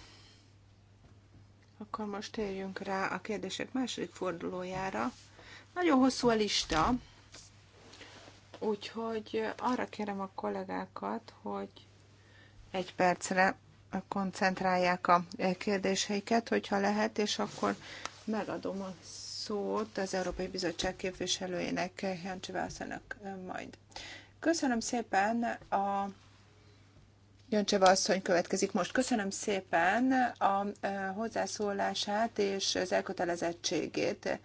Akkor most térjünk rá a kérdések második fordulójára. Nagyon hosszú a lista, Úgyhogy arra kérem a kollégákat, hogy egy percre koncentrálják a kérdéseiket, hogyha lehet, és akkor megadom a szót az Európai Bizottság képviselőjének, Jancsi Vászának majd. Köszönöm szépen a Jöncseva asszony következik most. Köszönöm szépen a hozzászólását és az elkötelezettségét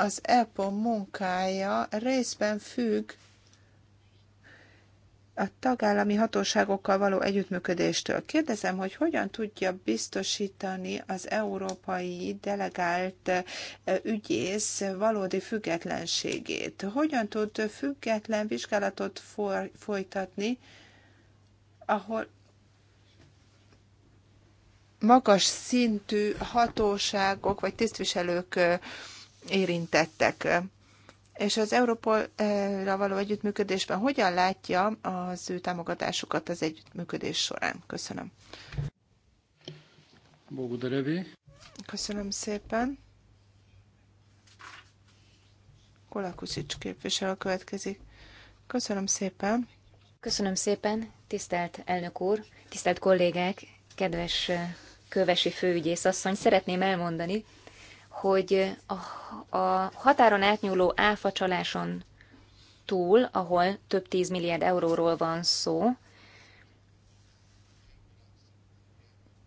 az EPO munkája részben függ a tagállami hatóságokkal való együttműködéstől. Kérdezem, hogy hogyan tudja biztosítani az európai delegált ügyész valódi függetlenségét? Hogyan tud független vizsgálatot folytatni, ahol magas szintű hatóságok vagy tisztviselők érintettek. És az Europolra való együttműködésben hogyan látja az ő támogatásukat az együttműködés során? Köszönöm. Köszönöm szépen. Kolakusics képviselő következik. Köszönöm szépen. Köszönöm szépen, tisztelt elnök úr, tisztelt kollégák, kedves eh, kövesi főügyész asszony. Szeretném elmondani, hogy a, a határon átnyúló áfacsaláson túl, ahol több 10 milliárd euróról van szó,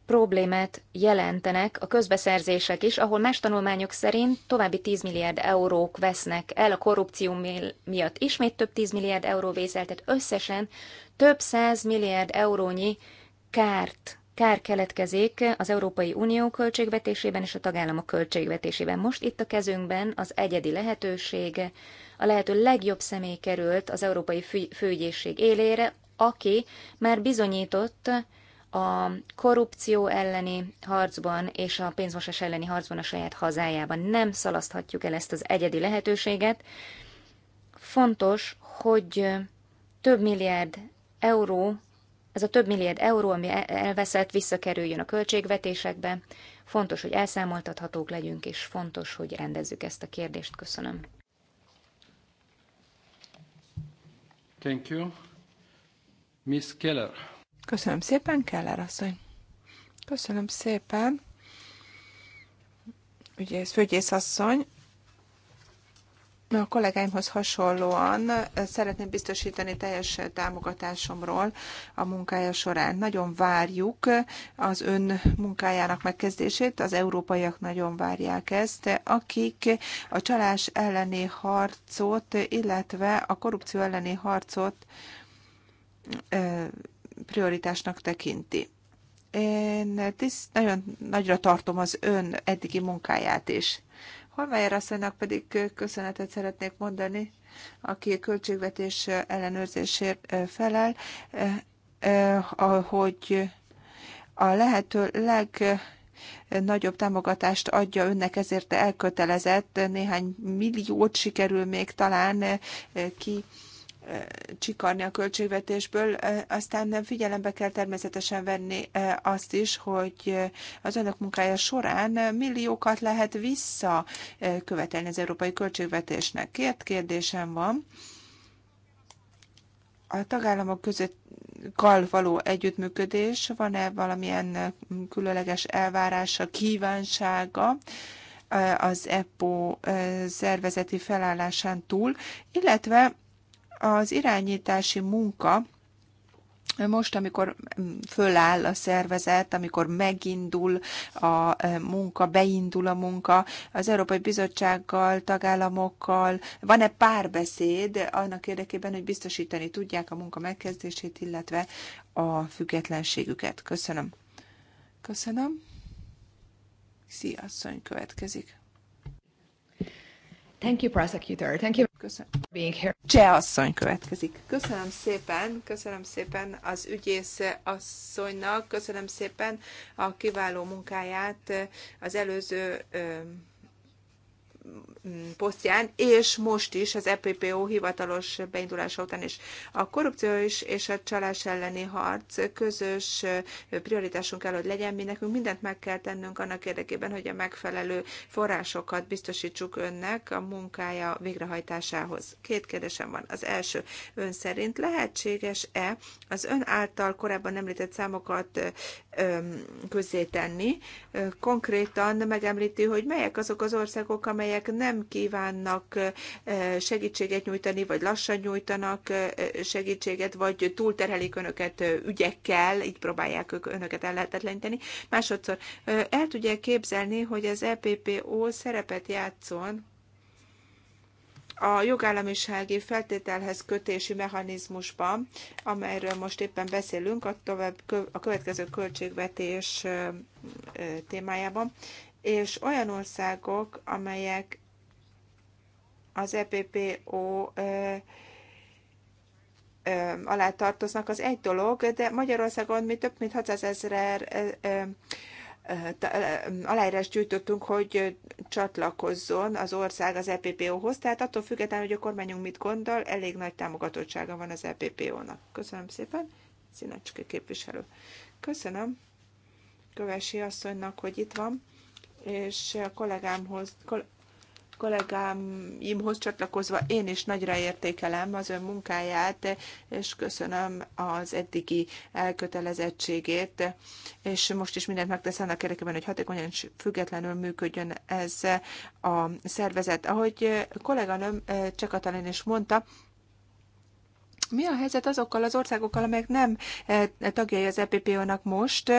problémát jelentenek a közbeszerzések is, ahol más tanulmányok szerint további 10 milliárd eurók vesznek el a korrupció miatt ismét több 10 milliárd euró vészel, tehát összesen több 100 milliárd eurónyi kárt kár keletkezik az Európai Unió költségvetésében és a tagállamok költségvetésében. Most itt a kezünkben az egyedi lehetőség, a lehető legjobb személy került az Európai Főügyészség élére, aki már bizonyított a korrupció elleni harcban és a pénzmosás elleni harcban a saját hazájában. Nem szalaszthatjuk el ezt az egyedi lehetőséget. Fontos, hogy több milliárd euró ez a több milliárd euró, ami e- elveszett, visszakerüljön a költségvetésekbe. Fontos, hogy elszámoltathatók legyünk, és fontos, hogy rendezzük ezt a kérdést. Köszönöm. Thank you. Miss Keller. Köszönöm szépen, Keller asszony. Köszönöm szépen. Ügyész, főgyész asszony, a kollégáimhoz hasonlóan szeretném biztosítani teljes támogatásomról a munkája során. Nagyon várjuk az ön munkájának megkezdését, az európaiak nagyon várják ezt, akik a csalás elleni harcot, illetve a korrupció elleni harcot prioritásnak tekinti. Én tiszt, nagyon nagyra tartom az ön eddigi munkáját is Holmeyer asszonynak pedig köszönetet szeretnék mondani, aki a költségvetés ellenőrzésért eh, felel, eh, eh, hogy a lehető leg nagyobb támogatást adja önnek, ezért elkötelezett, néhány milliót sikerül még talán ki csikarni a költségvetésből, aztán figyelembe kell természetesen venni azt is, hogy az önök munkája során milliókat lehet visszakövetelni az európai költségvetésnek. Két kérdésem van. A tagállamok között kal való együttműködés, van-e valamilyen különleges elvárása, kívánsága az EPO szervezeti felállásán túl, illetve az irányítási munka most, amikor föláll a szervezet, amikor megindul a e, munka, beindul a munka, az Európai Bizottsággal, tagállamokkal, van-e párbeszéd annak érdekében, hogy biztosítani tudják a munka megkezdését, illetve a függetlenségüket? Köszönöm. Köszönöm. Sziasszony következik. Thank you, prosecutor. Thank you. Köszönöm. Being here. Cseh asszony következik. Köszönöm szépen, köszönöm szépen az ügyész asszonynak, köszönöm szépen a kiváló munkáját az előző posztján, és most is az EPPO hivatalos beindulása után is. A korrupció is és a csalás elleni harc közös prioritásunk kell, hogy legyen. Mi nekünk mindent meg kell tennünk annak érdekében, hogy a megfelelő forrásokat biztosítsuk önnek a munkája végrehajtásához. Két kérdésem van. Az első, ön szerint lehetséges-e az ön által korábban említett számokat közzétenni? Konkrétan megemlíti, hogy melyek azok az országok, amelyek amelyek nem kívánnak segítséget nyújtani, vagy lassan nyújtanak segítséget, vagy túlterhelik önöket ügyekkel, így próbálják ők önöket ellehetetleníteni. Másodszor, el tudja képzelni, hogy az EPPO szerepet játszon a jogállamisági feltételhez kötési mechanizmusban, amelyről most éppen beszélünk, a, tovább, a következő költségvetés témájában, és olyan országok, amelyek az EPPO ö, ö, alá tartoznak, az egy dolog, de Magyarországon mi több mint 600 ezer aláírás gyűjtöttünk, hogy csatlakozzon az ország az EPPO-hoz, tehát attól függetlenül, hogy a kormányunk mit gondol, elég nagy támogatottsága van az EPPO-nak. Köszönöm szépen, Színecske képviselő. Köszönöm Kövesi asszonynak, hogy itt van és a kollégámhoz, kol- kollégáimhoz csatlakozva én is nagyra értékelem az ön munkáját, és köszönöm az eddigi elkötelezettségét, és most is mindent megtesz annak érdekében, hogy hatékonyan és függetlenül működjön ez a szervezet. Ahogy kolléganőm eh, Csekatalin is mondta, mi a helyzet azokkal az országokkal, amelyek nem eh, tagjai az EPPO-nak most?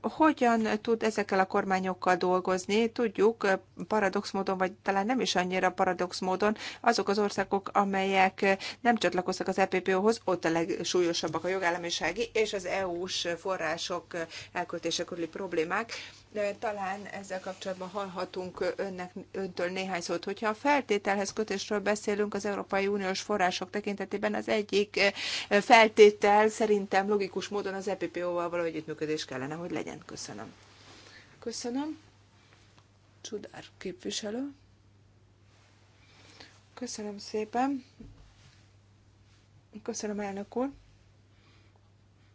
hogyan tud ezekkel a kormányokkal dolgozni? Tudjuk, paradox módon, vagy talán nem is annyira paradox módon, azok az országok, amelyek nem csatlakoztak az EPPO-hoz, ott a legsúlyosabbak a jogállamisági és az EU-s források elköltése körüli problémák. De talán ezzel kapcsolatban hallhatunk önnek, öntől néhány szót. Hogyha a feltételhez kötésről beszélünk az Európai Uniós források tekintetében, az egyik feltétel szerintem logikus módon az EPPO-val való együttműködés kellene hogy legyen. Köszönöm. Köszönöm. Csudár képviselő. Köszönöm szépen. Köszönöm, elnök úr.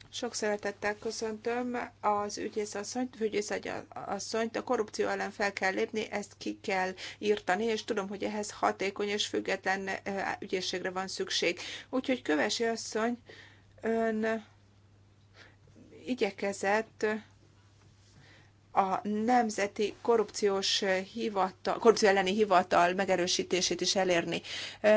Sok szeretettel köszöntöm az ügyész asszonyt, ügyész asszonyt, a korrupció ellen fel kell lépni, ezt ki kell írtani, és tudom, hogy ehhez hatékony és független eh, ügyészségre van szükség. Úgyhogy kövesi asszony, ön igyekezett a Nemzeti Korrupciós Hivatal, Korrupció elleni Hivatal megerősítését is elérni.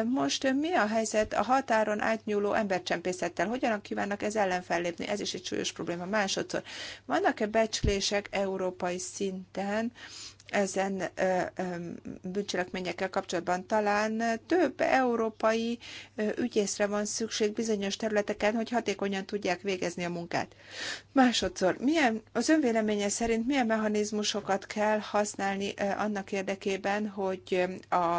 Most mi a helyzet a határon átnyúló embercsempészettel? Hogyan kívánnak ez ellen fellépni? Ez is egy súlyos probléma. Másodszor, vannak-e becslések európai szinten ezen bűncselekményekkel kapcsolatban. Talán több európai ügyészre van szükség bizonyos területeken, hogy hatékonyan tudják végezni a munkát. Másodszor, milyen, az önvéleménye szerint milyen mechanizmusokat kell használni annak érdekében, hogy a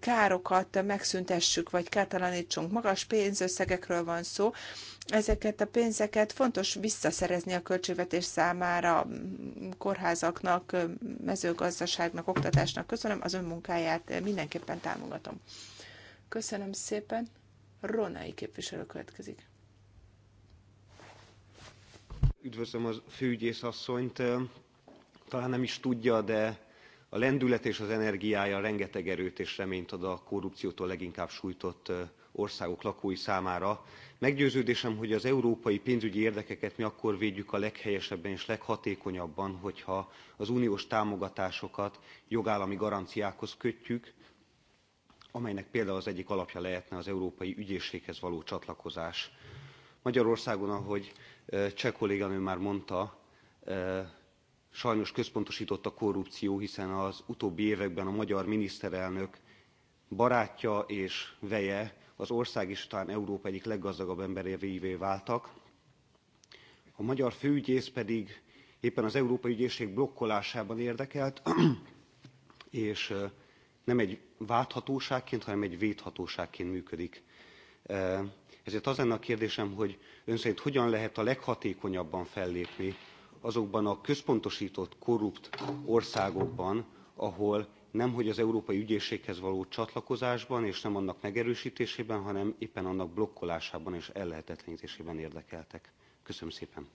károkat megszüntessük, vagy kártalanítsunk? Magas pénzösszegekről van szó, ezeket a pénzeket fontos visszaszerezni a költségvetés számára kórházaknak, mezőgazdaságnak, oktatásnak. Köszönöm az ön munkáját, mindenképpen támogatom. Köszönöm szépen. Ronai képviselő következik. Üdvözlöm a főügyészasszonyt. Talán nem is tudja, de a lendület és az energiája rengeteg erőt és reményt ad a korrupciótól leginkább sújtott országok lakói számára Meggyőződésem, hogy az európai pénzügyi érdekeket mi akkor védjük a leghelyesebben és leghatékonyabban, hogyha az uniós támogatásokat jogállami garanciákhoz kötjük, amelynek például az egyik alapja lehetne az európai ügyészséghez való csatlakozás. Magyarországon, ahogy cseh kolléganő már mondta, sajnos központosított a korrupció, hiszen az utóbbi években a magyar miniszterelnök barátja és veje az ország is után Európa egyik leggazdagabb emberévé váltak. A magyar főügyész pedig éppen az Európai Ügyészség blokkolásában érdekelt, (clears throat) és nem egy válthatóságként, hanem egy védhatóságként működik. Ezért az lenne a kérdésem, hogy ön szerint hogyan lehet a leghatékonyabban fellépni azokban a központosított korrupt országokban, ahol nem hogy az európai ügyészséghez való csatlakozásban és nem annak megerősítésében, hanem éppen annak blokkolásában és ellehetetlenítésében érdekeltek. Köszönöm szépen.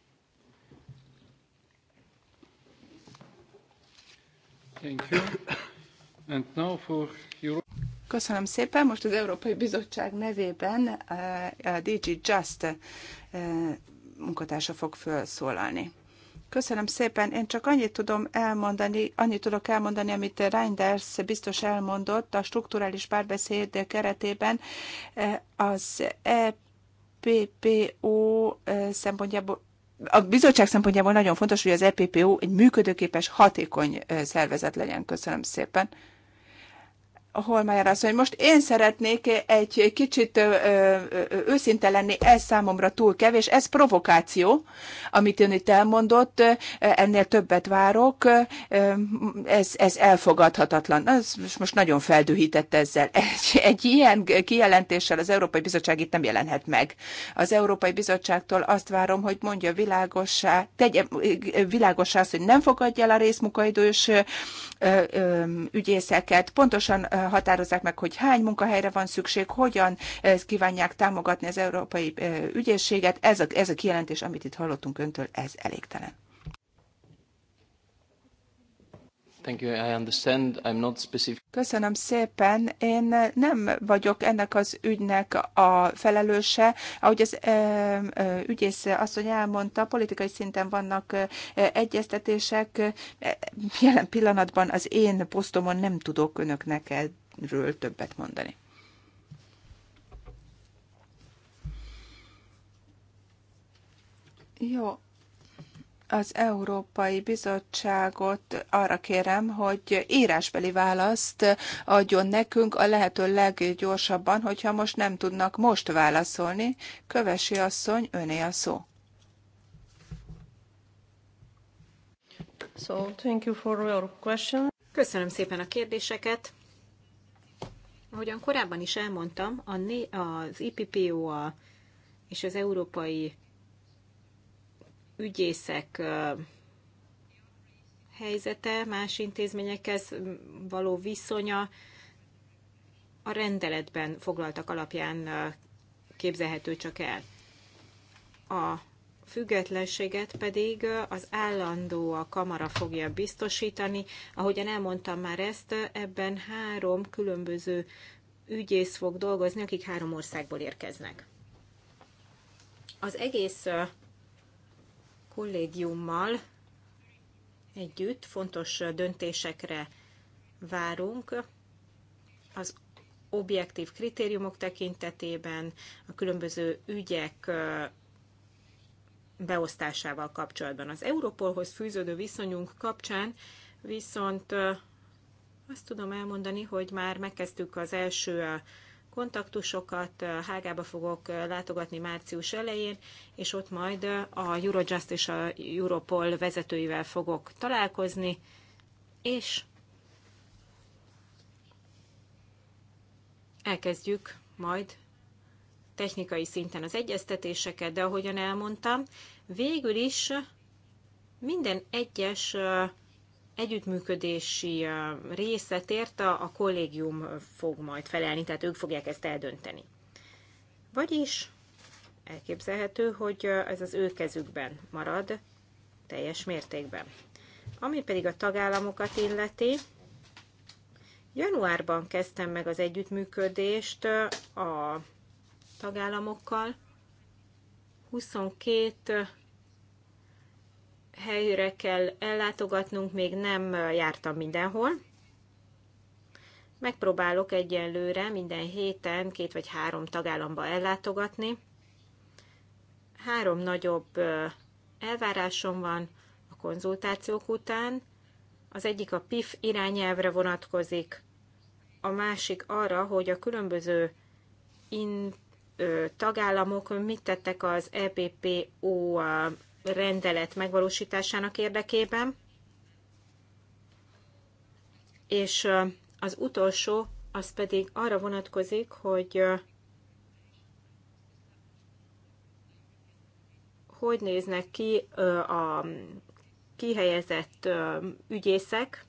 And now for Europe. Köszönöm szépen. Most az Európai Bizottság nevében eh, a DG Just eh, munkatársa fog felszólalni. Köszönöm szépen. Én csak annyit tudom elmondani, annyit tudok elmondani, amit Reinders biztos elmondott a strukturális párbeszéd keretében eh, az EPPO eh, szempontjából a bizottság szempontjából nagyon fontos, hogy az EPPO egy működőképes, hatékony eh, szervezet legyen. Köszönöm szépen. Holmájár azt mondja, hogy most én szeretnék egy kicsit őszinte lenni, ez számomra túl kevés, ez provokáció, amit ön itt elmondott, ennél többet várok, ez, ez elfogadhatatlan. Ez most nagyon feldühített ezzel. Egy, egy ilyen kijelentéssel az Európai Bizottság itt nem jelenhet meg. Az Európai Bizottságtól azt várom, hogy mondja világossá, tegye világossá azt, hogy nem fogadja el a részmunkaidős ügyészeket. Pontosan határozzák meg, hogy hány munkahelyre van szükség, hogyan eh, kívánják támogatni az európai eh, ügyészséget. Ez a, ez a kijelentés, amit itt hallottunk öntől, ez elégtelen. Thank you, I understand. I'm not specific. Köszönöm szépen. Én nem vagyok ennek az ügynek a felelőse. Ahogy az ö, ö, ügyész asszony elmondta, politikai szinten vannak egyeztetések. Jelen pillanatban az én posztomon nem tudok önöknek erről többet mondani. Jó, az Európai Bizottságot arra kérem, hogy írásbeli választ adjon nekünk a lehető leggyorsabban, hogyha most nem tudnak most válaszolni. Kövesi asszony, öné a szó. So, thank you for your question. Köszönöm szépen a kérdéseket. Ahogyan korábban is elmondtam, az IPPO és az Európai ügyészek helyzete, más intézményekhez való viszonya a rendeletben foglaltak alapján képzelhető csak el. A függetlenséget pedig az állandó a kamara fogja biztosítani. Ahogyan elmondtam már ezt, ebben három különböző ügyész fog dolgozni, akik három országból érkeznek. Az egész kollégiummal együtt fontos döntésekre várunk az objektív kritériumok tekintetében, a különböző ügyek beosztásával kapcsolatban. Az Európolhoz fűződő viszonyunk kapcsán viszont azt tudom elmondani, hogy már megkezdtük az első kontaktusokat. Hágába fogok látogatni március elején, és ott majd a Eurojust és a Europol vezetőivel fogok találkozni, és elkezdjük majd technikai szinten az egyeztetéseket, de ahogyan elmondtam, végül is minden egyes együttműködési részletért a kollégium fog majd felelni, tehát ők fogják ezt eldönteni. Vagyis elképzelhető, hogy ez az ő kezükben marad teljes mértékben. Ami pedig a tagállamokat illeti, januárban kezdtem meg az együttműködést a tagállamokkal. 22 helyre kell ellátogatnunk, még nem jártam mindenhol. Megpróbálok egyenlőre minden héten két vagy három tagállamba ellátogatni. Három nagyobb elvárásom van a konzultációk után. Az egyik a PIF irányelvre vonatkozik, a másik arra, hogy a különböző in, ö, tagállamok mit tettek az EPPO rendelet megvalósításának érdekében. És az utolsó, az pedig arra vonatkozik, hogy hogy néznek ki a kihelyezett ügyészek,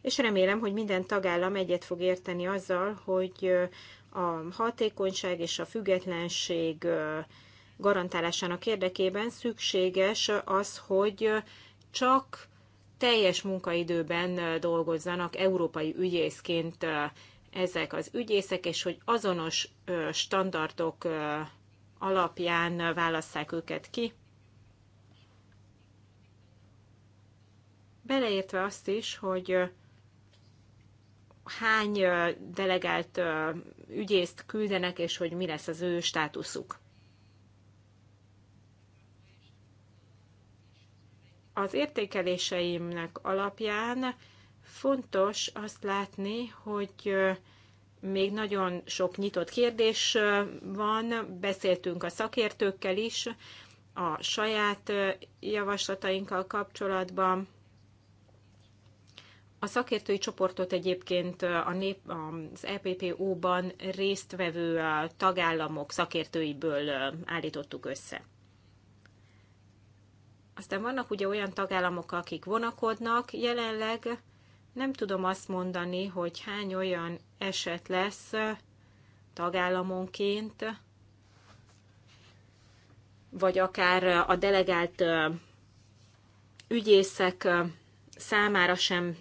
és remélem, hogy minden tagállam egyet fog érteni azzal, hogy a hatékonyság és a függetlenség garantálásának érdekében szükséges az, hogy csak teljes munkaidőben dolgozzanak európai ügyészként ezek az ügyészek, és hogy azonos standardok alapján válasszák őket ki. Beleértve azt is, hogy hány delegált ügyészt küldenek, és hogy mi lesz az ő státuszuk. Az értékeléseimnek alapján fontos azt látni, hogy még nagyon sok nyitott kérdés van, beszéltünk a szakértőkkel is, a saját javaslatainkkal kapcsolatban. A szakértői csoportot egyébként a nép, az EPPO-ban résztvevő tagállamok szakértőiből állítottuk össze. Aztán vannak ugye olyan tagállamok, akik vonakodnak. Jelenleg nem tudom azt mondani, hogy hány olyan eset lesz tagállamonként, vagy akár a delegált ügyészek számára sem,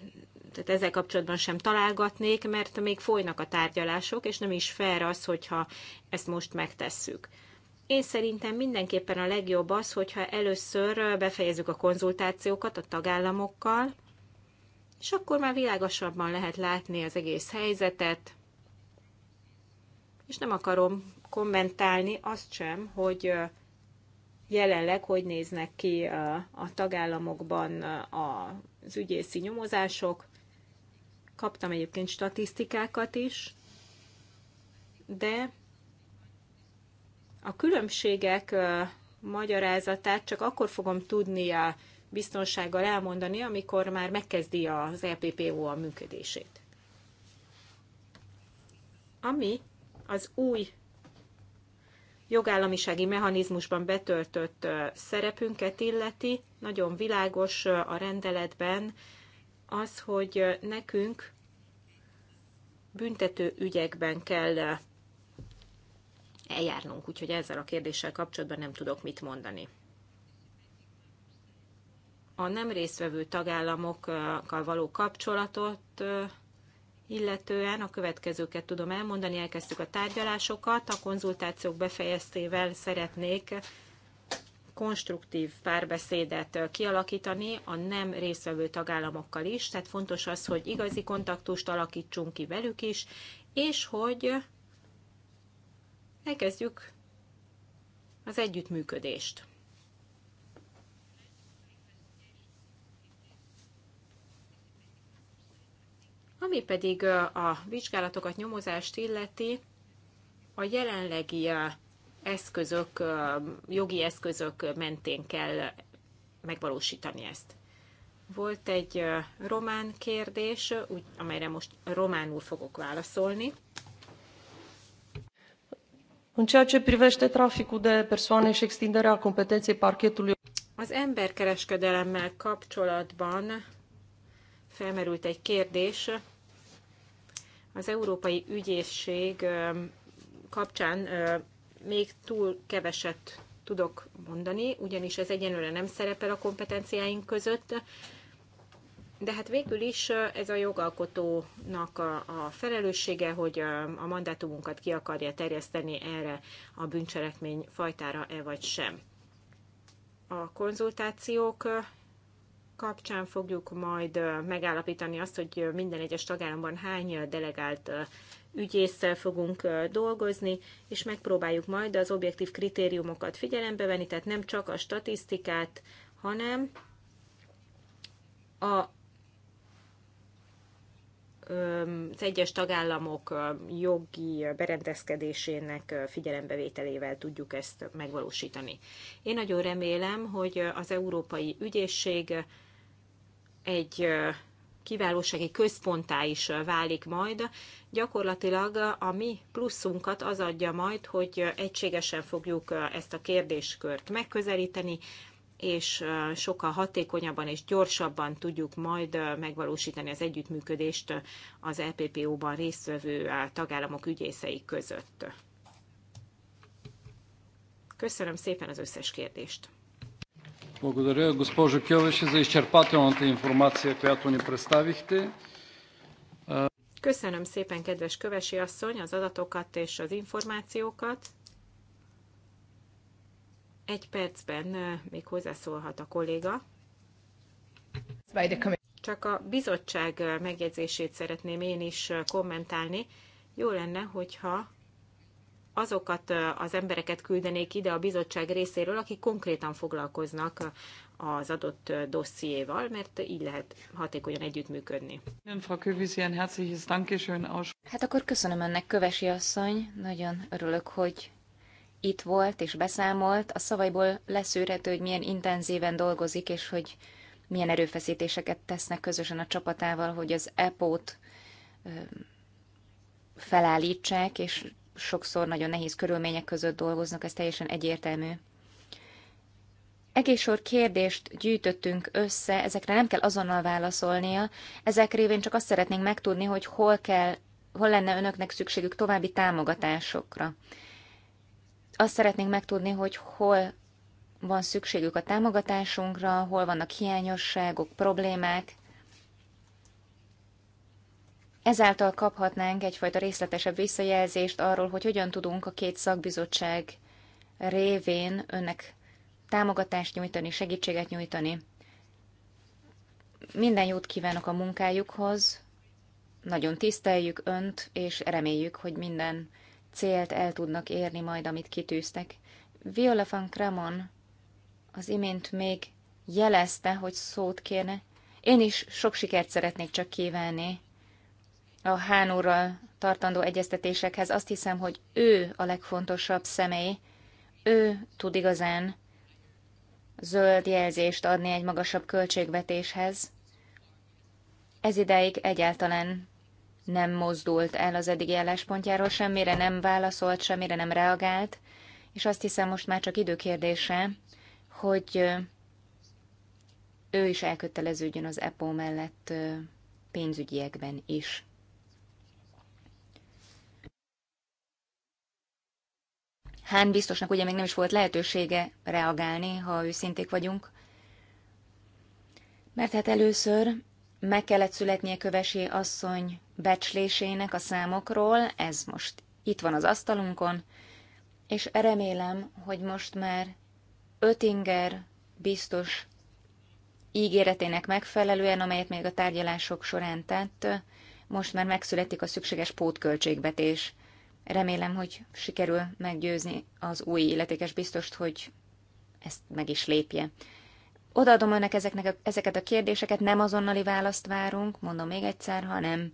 tehát ezzel kapcsolatban sem találgatnék, mert még folynak a tárgyalások, és nem is fair az, hogyha ezt most megtesszük. Én szerintem mindenképpen a legjobb az, hogyha először befejezzük a konzultációkat a tagállamokkal, és akkor már világosabban lehet látni az egész helyzetet, és nem akarom kommentálni azt sem, hogy jelenleg hogy néznek ki a tagállamokban az ügyészi nyomozások. Kaptam egyébként statisztikákat is, de a különbségek magyarázatát csak akkor fogom tudni a biztonsággal elmondani, amikor már megkezdi az LPPO e a működését. Ami az új jogállamisági mechanizmusban betöltött szerepünket illeti, nagyon világos a rendeletben az, hogy nekünk büntető ügyekben kell eljárnunk, úgyhogy ezzel a kérdéssel kapcsolatban nem tudok mit mondani. A nem résztvevő tagállamokkal való kapcsolatot illetően a következőket tudom elmondani. Elkezdtük a tárgyalásokat, a konzultációk befejeztével szeretnék konstruktív párbeszédet kialakítani a nem résztvevő tagállamokkal is, tehát fontos az, hogy igazi kontaktust alakítsunk ki velük is, és hogy Elkezdjük az együttműködést. Ami pedig a vizsgálatokat, nyomozást illeti, a jelenlegi eszközök, jogi eszközök mentén kell megvalósítani ezt. Volt egy román kérdés, amelyre most románul fogok válaszolni. În ceea ce privește traficul de persoane și extinderea competenței parchetului... Az emberkereskedelemmel kapcsolatban felmerült egy kérdés. Az Európai Ügyészség kapcsán még túl keveset tudok mondani, ugyanis ez egyenlőre nem szerepel a kompetenciáink között, de hát végül is ez a jogalkotónak a, a felelőssége, hogy a mandátumunkat ki akarja terjeszteni erre a bűncselekmény fajtára-e vagy sem. A konzultációk kapcsán fogjuk majd megállapítani azt, hogy minden egyes tagállamban hány delegált ügyésszel fogunk dolgozni, és megpróbáljuk majd az objektív kritériumokat figyelembe venni, tehát nem csak a statisztikát, hanem a az egyes tagállamok jogi berendezkedésének figyelembevételével tudjuk ezt megvalósítani. Én nagyon remélem, hogy az Európai Ügyészség egy kiválósági központá is válik majd. Gyakorlatilag a mi pluszunkat az adja majd, hogy egységesen fogjuk ezt a kérdéskört megközelíteni, és sokkal hatékonyabban és gyorsabban tudjuk majd megvalósítani az együttműködést az lppo e ban résztvevő tagállamok ügyészei között. Köszönöm szépen az összes kérdést. Благодаря, госпожо Кьовеше, за изчерпателната информация, която ни представихте. Köszönöm szépen, kedves Kövesi asszony, az adatokat és az információkat. Egy percben még hozzászólhat a kolléga. Csak a bizottság megjegyzését szeretném én is kommentálni. Jó lenne, hogyha azokat az embereket küldenék ide a bizottság részéről, akik konkrétan foglalkoznak az adott dossziéval, mert így lehet hatékonyan együttműködni. Hát akkor köszönöm ennek, Kövesi asszony. Nagyon örülök, hogy itt volt és beszámolt, a szavaiból leszűrhető, hogy milyen intenzíven dolgozik, és hogy milyen erőfeszítéseket tesznek közösen a csapatával, hogy az EPO-t felállítsák, és sokszor nagyon nehéz körülmények között dolgoznak, ez teljesen egyértelmű. Egész sor kérdést gyűjtöttünk össze, ezekre nem kell azonnal válaszolnia, ezek révén csak azt szeretnénk megtudni, hogy hol kell, hol lenne önöknek szükségük további támogatásokra. Azt szeretnénk megtudni, hogy hol van szükségük a támogatásunkra, hol vannak hiányosságok, problémák. Ezáltal kaphatnánk egyfajta részletesebb visszajelzést arról, hogy hogyan tudunk a két szakbizottság révén önnek támogatást nyújtani, segítséget nyújtani. Minden jót kívánok a munkájukhoz, nagyon tiszteljük önt, és reméljük, hogy minden célt el tudnak érni majd, amit kitűztek. Viola van Kramon az imént még jelezte, hogy szót kérne. Én is sok sikert szeretnék csak kívánni a hánúrral tartandó egyeztetésekhez. Azt hiszem, hogy ő a legfontosabb személy. Ő tud igazán zöld jelzést adni egy magasabb költségvetéshez. Ez ideig egyáltalán nem mozdult el az eddigi álláspontjáról, semmire nem válaszolt, semmire nem reagált, és azt hiszem most már csak időkérdése, hogy ő is elköteleződjön az EPO mellett pénzügyiekben is. Hán biztosnak ugye még nem is volt lehetősége reagálni, ha őszinték vagyunk. Mert hát először meg kellett születnie Kövesi asszony becslésének a számokról, ez most itt van az asztalunkon, és remélem, hogy most már Ötinger biztos ígéretének megfelelően, amelyet még a tárgyalások során tett, most már megszületik a szükséges pótköltségvetés. Remélem, hogy sikerül meggyőzni az új illetékes biztost, hogy ezt meg is lépje. Odaadom önnek ezeknek a, ezeket a kérdéseket, nem azonnali választ várunk, mondom még egyszer, hanem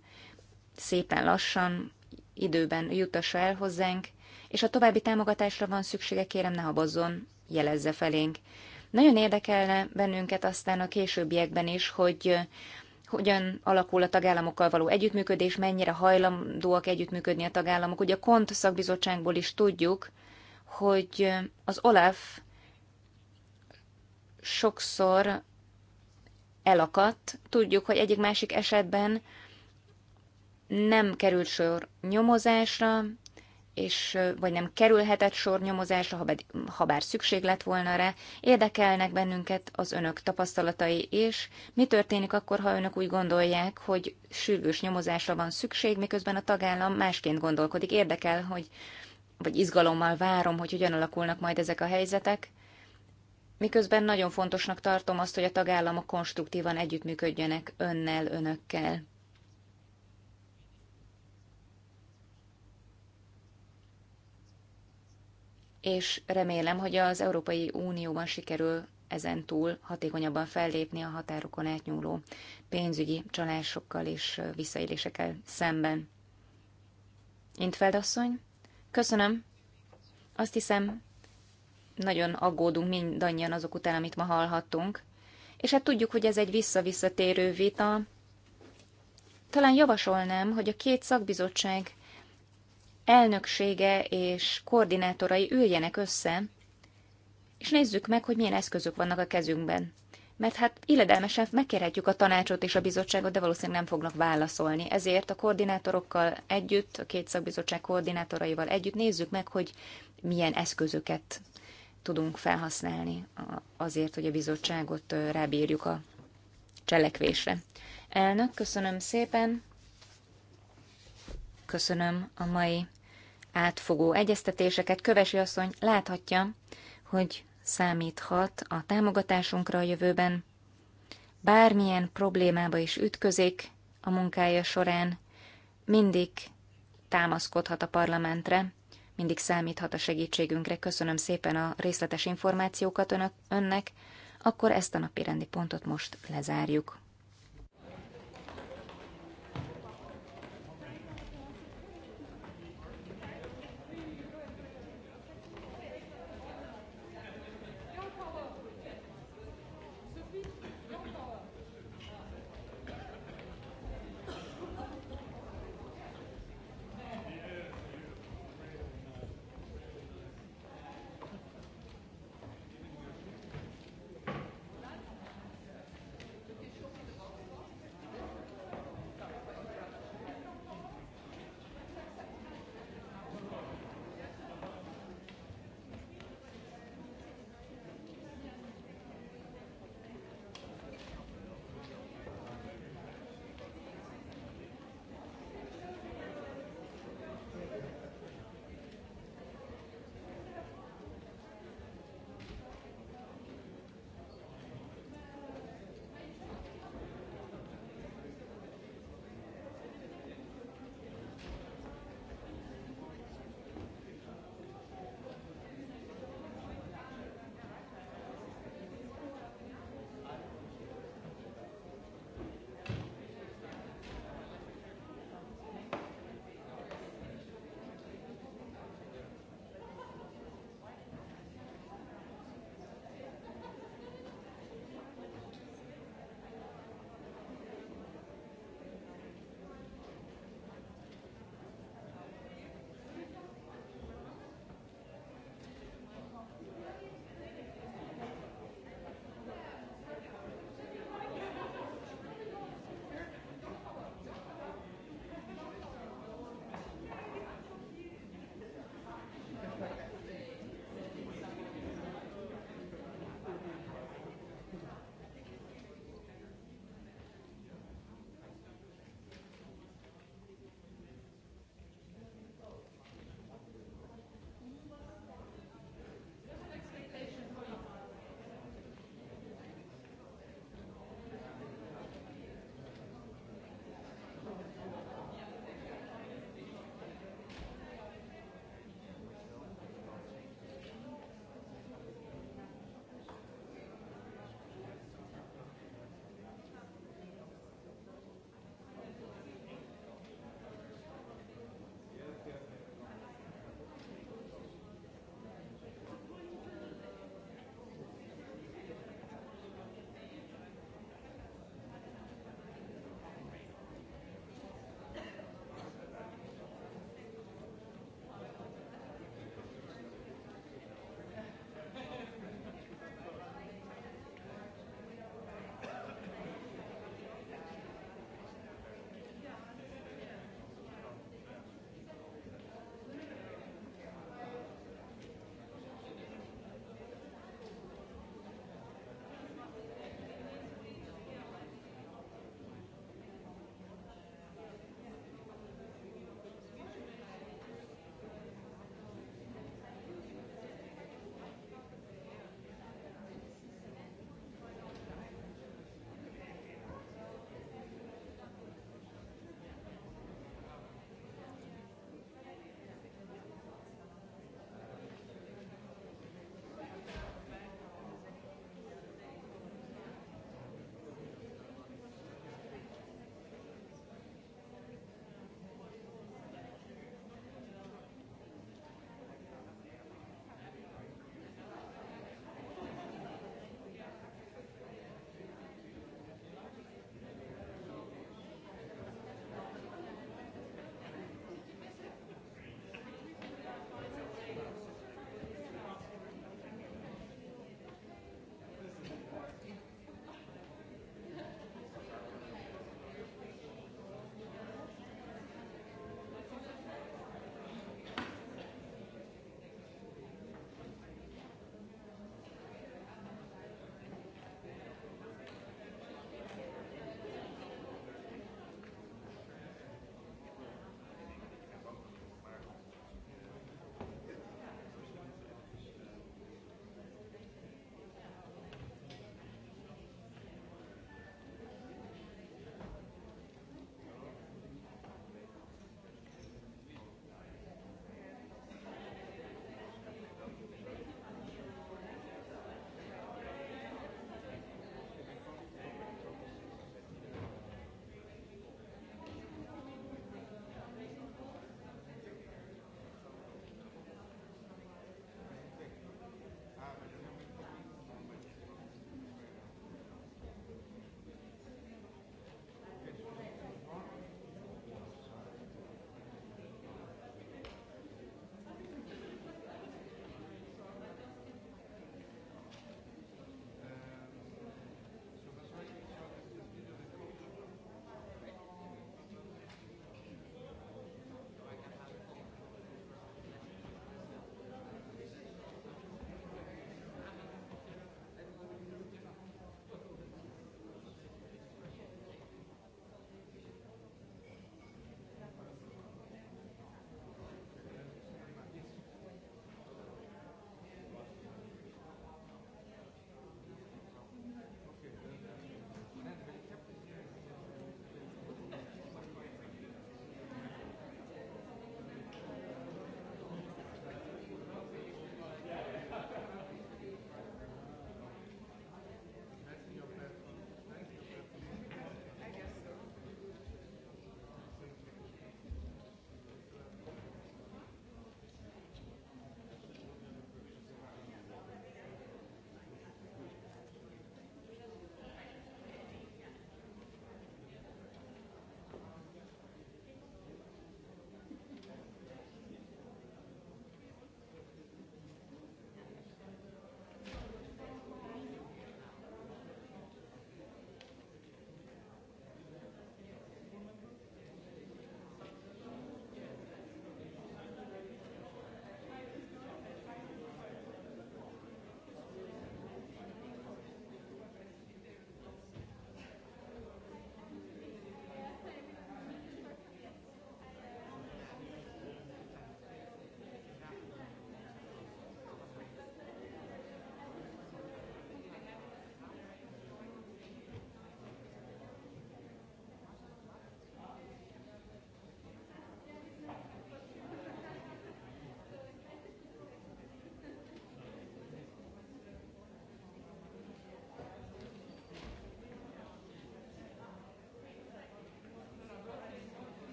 szépen lassan, időben jutassa el hozzánk, és a további támogatásra van szüksége, kérem ne habozzon, jelezze felénk. Nagyon érdekelne bennünket aztán a későbbiekben is, hogy hogyan alakul a tagállamokkal való együttműködés, mennyire hajlandóak együttműködni a tagállamok. Ugye a KONT szakbizottságból is tudjuk, hogy az OLAF sokszor elakadt. Tudjuk, hogy egyik-másik esetben nem került sor nyomozásra, és, vagy nem kerülhetett sor nyomozásra, ha, bed, ha bár szükség lett volna rá, érdekelnek bennünket az önök tapasztalatai és Mi történik akkor, ha önök úgy gondolják, hogy sürgős nyomozásra van szükség, miközben a tagállam másként gondolkodik? Érdekel, hogy vagy izgalommal várom, hogy hogyan alakulnak majd ezek a helyzetek. Miközben nagyon fontosnak tartom azt, hogy a tagállamok konstruktívan együttműködjenek önnel, önökkel. és remélem, hogy az Európai Unióban sikerül ezen túl hatékonyabban fellépni a határokon átnyúló pénzügyi csalásokkal és visszaélésekkel szemben. Intfeldasszony, köszönöm. Azt hiszem, nagyon aggódunk mindannyian azok után, amit ma hallhattunk. És hát tudjuk, hogy ez egy vissza-visszatérő vita. Talán javasolnám, hogy a két szakbizottság elnöksége és koordinátorai üljenek össze, és nézzük meg, hogy milyen eszközök vannak a kezünkben. Mert hát illedelmesen megkérhetjük a tanácsot és a bizottságot, de valószínűleg nem fognak válaszolni. Ezért a koordinátorokkal együtt, a két szakbizottság koordinátoraival együtt nézzük meg, hogy milyen eszközöket tudunk felhasználni azért, hogy a bizottságot rábírjuk a cselekvésre. Elnök, köszönöm szépen! köszönöm a mai átfogó egyeztetéseket. Kövesi asszony láthatja, hogy számíthat a támogatásunkra a jövőben. Bármilyen problémába is ütközik a munkája során, mindig támaszkodhat a parlamentre, mindig számíthat a segítségünkre. Köszönöm szépen a részletes információkat önök, önnek, akkor ezt a napi rendi pontot most lezárjuk.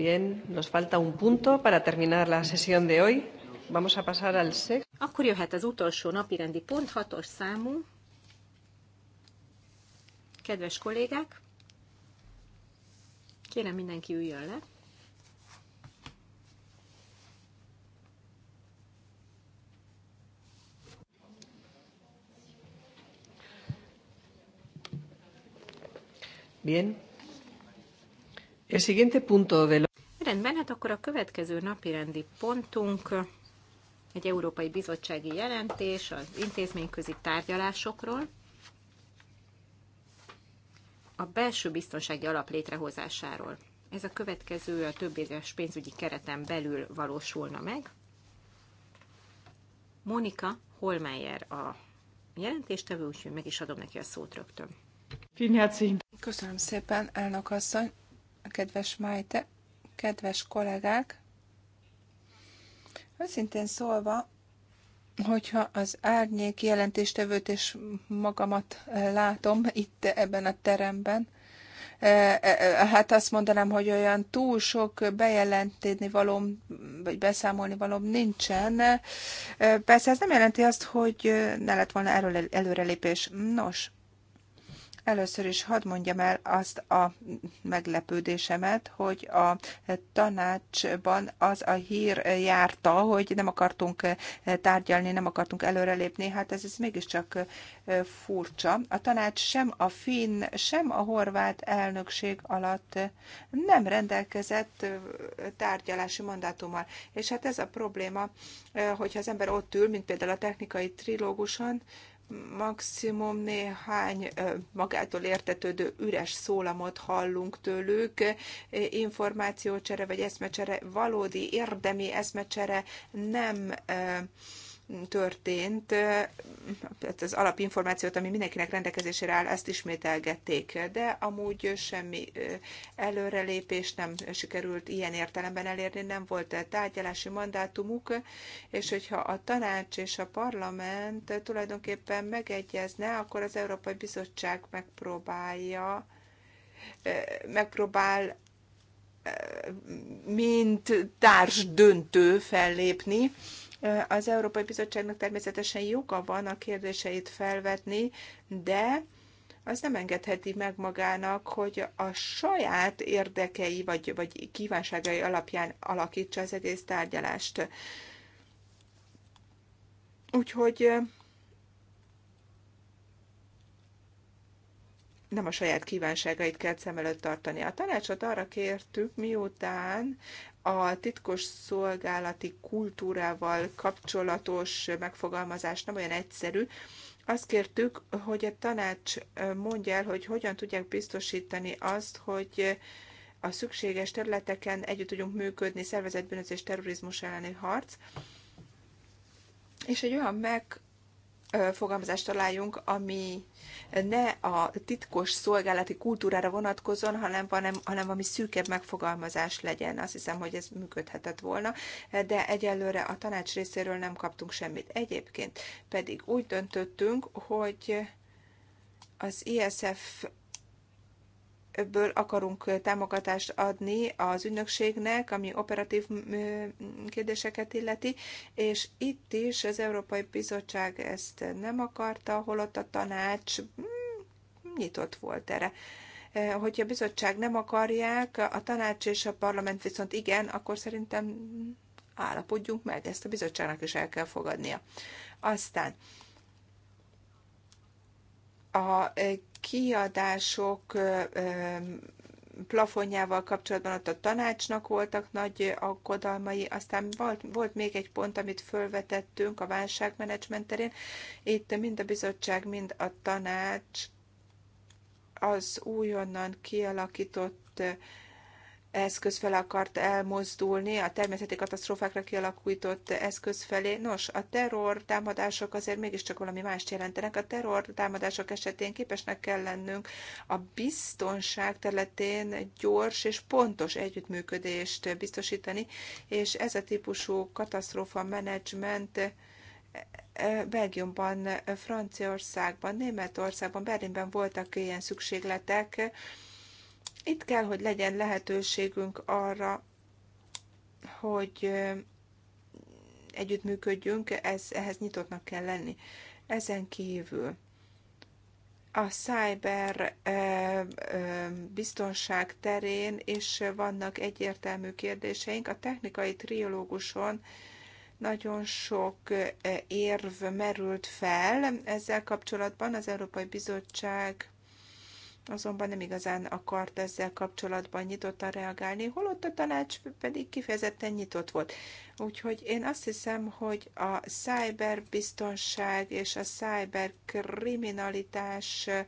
Bien, nos falta un punto para terminar la sesión de hoy. Vamos a pasar al sexto. Akkor jöhet az utolsó napi rendi pont, hatos számú. Kedves kollégák, kérem mindenki üljön le. Bien. El siguiente punto de lo... Rendben, hát akkor a következő napi rendi pontunk egy Európai Bizottsági Jelentés az intézményközi tárgyalásokról, a belső biztonsági alap létrehozásáról. Ez a következő a több éves pénzügyi kereten belül valósulna meg. Monika Holmeyer a jelentéstevő, úgyhogy meg is adom neki a szót rögtön. Köszönöm szépen, elnök asszony, kedves Májte, Kedves kollégák, őszintén szólva, hogyha az árnyék jelentéstevőt és magamat eh, látom itt ebben a teremben, eh, eh, hát azt mondanám, hogy olyan túl sok bejelenteni valom, vagy beszámolni valóm nincsen. Persze ez nem jelenti azt, hogy ne lett volna erről előrelépés. Nos, Először is hadd mondjam el azt a meglepődésemet, hogy a tanácsban az a hír járta, hogy nem akartunk tárgyalni, nem akartunk előrelépni. Hát ez, ez mégiscsak furcsa. A tanács sem a finn, sem a horvát elnökség alatt nem rendelkezett tárgyalási mandátummal. És hát ez a probléma, hogyha az ember ott ül, mint például a technikai trilóguson, maximum néhány magától értetődő üres szólamot hallunk tőlük, információcsere vagy eszmecsere, valódi érdemi eszmecsere nem történt, az alapinformációt, ami mindenkinek rendelkezésére áll, ezt ismételgették, de amúgy semmi előrelépés nem sikerült ilyen értelemben elérni, nem volt tárgyalási mandátumuk, és hogyha a tanács és a parlament tulajdonképpen megegyezne, akkor az Európai Bizottság megpróbálja, megpróbál mint társ döntő fellépni, az Európai Bizottságnak természetesen joga van a kérdéseit felvetni, de az nem engedheti meg magának, hogy a saját érdekei vagy, vagy kívánságai alapján alakítsa az egész tárgyalást. Úgyhogy nem a saját kívánságait kell szem előtt tartani. A tanácsot arra kértük, miután a titkos szolgálati kultúrával kapcsolatos megfogalmazás nem olyan egyszerű. Azt kértük, hogy a tanács mondja el, hogy hogyan tudják biztosítani azt, hogy a szükséges területeken együtt tudjunk működni, szervezetbűnözés, terrorizmus elleni harc, és egy olyan meg fogalmazást találjunk, ami ne a titkos szolgálati kultúrára vonatkozon, hanem, hanem, hanem valami szűkebb megfogalmazás legyen. Azt hiszem, hogy ez működhetett volna, de egyelőre a tanács részéről nem kaptunk semmit. Egyébként pedig úgy döntöttünk, hogy az ISF ebből akarunk támogatást adni az ügynökségnek, ami operatív kérdéseket illeti, és itt is az Európai Bizottság ezt nem akarta, holott a tanács nyitott volt erre. Hogyha a bizottság nem akarják, a tanács és a parlament viszont igen, akkor szerintem állapodjunk meg, ezt a bizottságnak is el kell fogadnia. Aztán a kiadások plafonjával kapcsolatban ott a tanácsnak voltak nagy aggodalmai, aztán volt, volt még egy pont, amit felvetettünk a válságmenedzsment terén. Itt mind a bizottság, mind a tanács az újonnan kialakított eszköz fel akart elmozdulni, a természeti katasztrófákra kialakított eszköz felé. Nos, a terror támadások azért mégiscsak valami mást jelentenek. A terror támadások esetén képesnek kell lennünk a biztonság területén gyors és pontos együttműködést biztosítani, és ez a típusú katasztrófa menedzsment eh, Belgiumban, Franciaországban, Németországban, Berlinben voltak ilyen szükségletek, itt kell, hogy legyen lehetőségünk arra, hogy együttműködjünk, ez, ehhez nyitottnak kell lenni. Ezen kívül a cyber biztonság terén is vannak egyértelmű kérdéseink. A technikai triológuson nagyon sok érv merült fel ezzel kapcsolatban az Európai Bizottság azonban nem igazán akart ezzel kapcsolatban nyitottan reagálni, holott a tanács pedig kifejezetten nyitott volt. Úgyhogy én azt hiszem, hogy a cyberbiztonság és a cyberkriminalitás eh,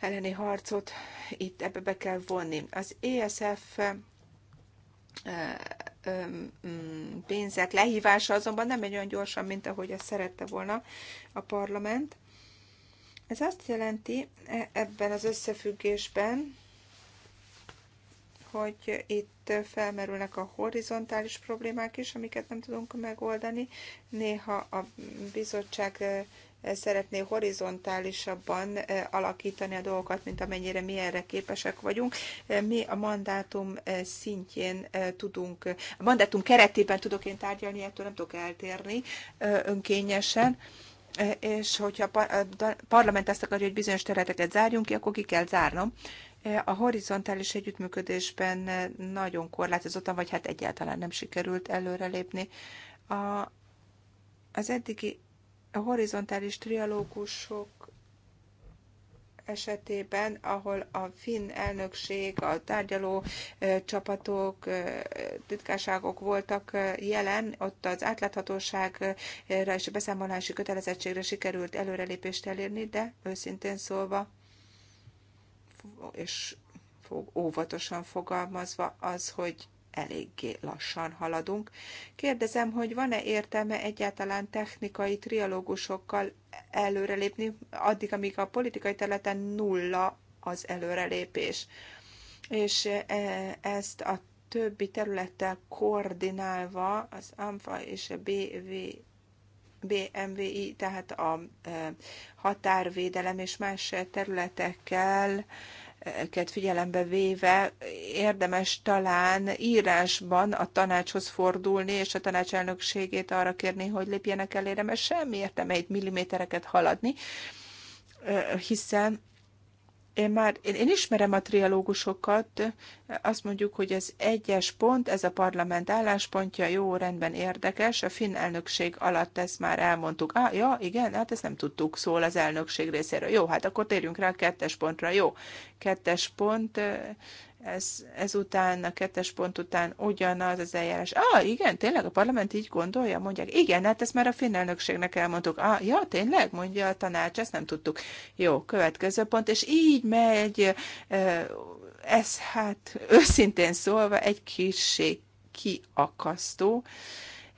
elleni harcot itt ebbe be kell vonni. Az ESF eh, eh, mm, pénzek lehívása azonban nem egy olyan gyorsan, mint ahogy ezt szerette volna a parlament ez azt jelenti e, ebben az összefüggésben, hogy itt felmerülnek a horizontális problémák is, amiket nem tudunk megoldani. Néha a bizottság e, szeretné horizontálisabban e, alakítani a dolgokat, mint amennyire mi erre képesek vagyunk. Mi a mandátum szintjén tudunk, a mandátum keretében tudok én tárgyalni, ettől nem tudok eltérni önkényesen és hogyha a parlament ezt akarja, hogy bizonyos területeket zárjunk ki, akkor ki kell zárnom. E, a horizontális együttműködésben e, nagyon korlátozottan, vagy hát egyáltalán nem sikerült előrelépni. A, az eddigi horizontális trialógusok esetében, ahol a finn elnökség, a tárgyaló csapatok, titkárságok voltak jelen, ott az átláthatóságra és a beszámolási kötelezettségre sikerült előrelépést elérni, de őszintén szólva, és óvatosan fogalmazva az, hogy eléggé lassan haladunk. Kérdezem, hogy van-e értelme egyáltalán technikai trialógusokkal előrelépni, addig, amíg a politikai területen nulla az előrelépés. És e, ezt a többi területtel koordinálva az AMFA és a BV, BMVI, tehát a e, határvédelem és más területekkel ezeket figyelembe véve érdemes talán írásban a tanácshoz fordulni, és a tanács elnökségét arra kérni, hogy lépjenek elére, mert semmi értem egy millimétereket haladni, hiszen én már, én, én ismerem a trialógusokat, azt mondjuk, hogy ez egyes pont, ez a parlament álláspontja, jó, rendben érdekes, a finn elnökség alatt ezt már elmondtuk. Á, ah, ja, igen, hát ezt nem tudtuk, szól az elnökség részéről. Jó, hát akkor térjünk rá a kettes pontra, jó. Kettes pont, ez, ezután, a kettes pont után ugyanaz az eljárás. Ah, igen, tényleg a parlament így gondolja, mondják. Igen, hát ezt már a finn elnökségnek elmondtuk. Ah, ja, tényleg, mondja a tanács, ezt nem tudtuk. Jó, következő pont, és így megy, ez hát őszintén szólva egy kicsi kiakasztó.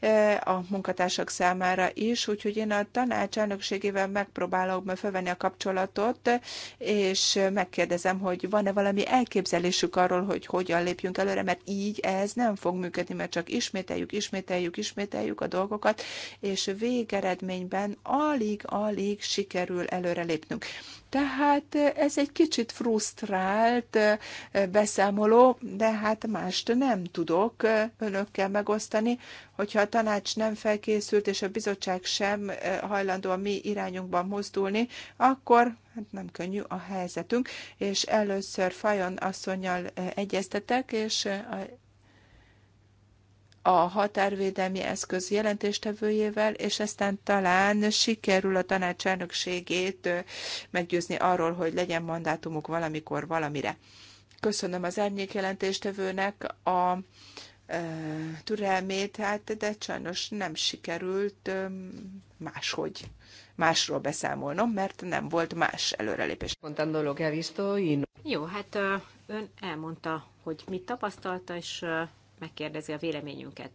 E, a munkatársak számára is, úgyhogy én a tanács elnökségével megpróbálok felvenni a kapcsolatot, és megkérdezem, hogy van-e valami elképzelésük arról, hogy hogyan lépjünk előre, mert így ez nem fog működni, mert csak ismételjük, ismételjük, ismételjük a dolgokat, és végeredményben alig-alig sikerül előre lépnünk. Tehát eh, ez egy kicsit frusztrált eh, beszámoló, de hát mást nem tudok eh, önökkel megosztani, hogyha a tanács nem felkészült, és a bizottság sem hajlandó a mi irányunkban mozdulni, akkor hát nem könnyű a helyzetünk, és először Fajon asszonynal egyeztetek, és a a határvédelmi eszköz jelentéstevőjével, és aztán talán sikerül a tanács elnökségét meggyőzni arról, hogy legyen mandátumuk valamikor valamire. Köszönöm az árnyék jelentéstevőnek a türelmét, hát, de sajnos nem sikerült máshogy másról beszámolnom, mert nem volt más előrelépés. Jó, hát ön elmondta, hogy mit tapasztalta, és megkérdezi a véleményünket.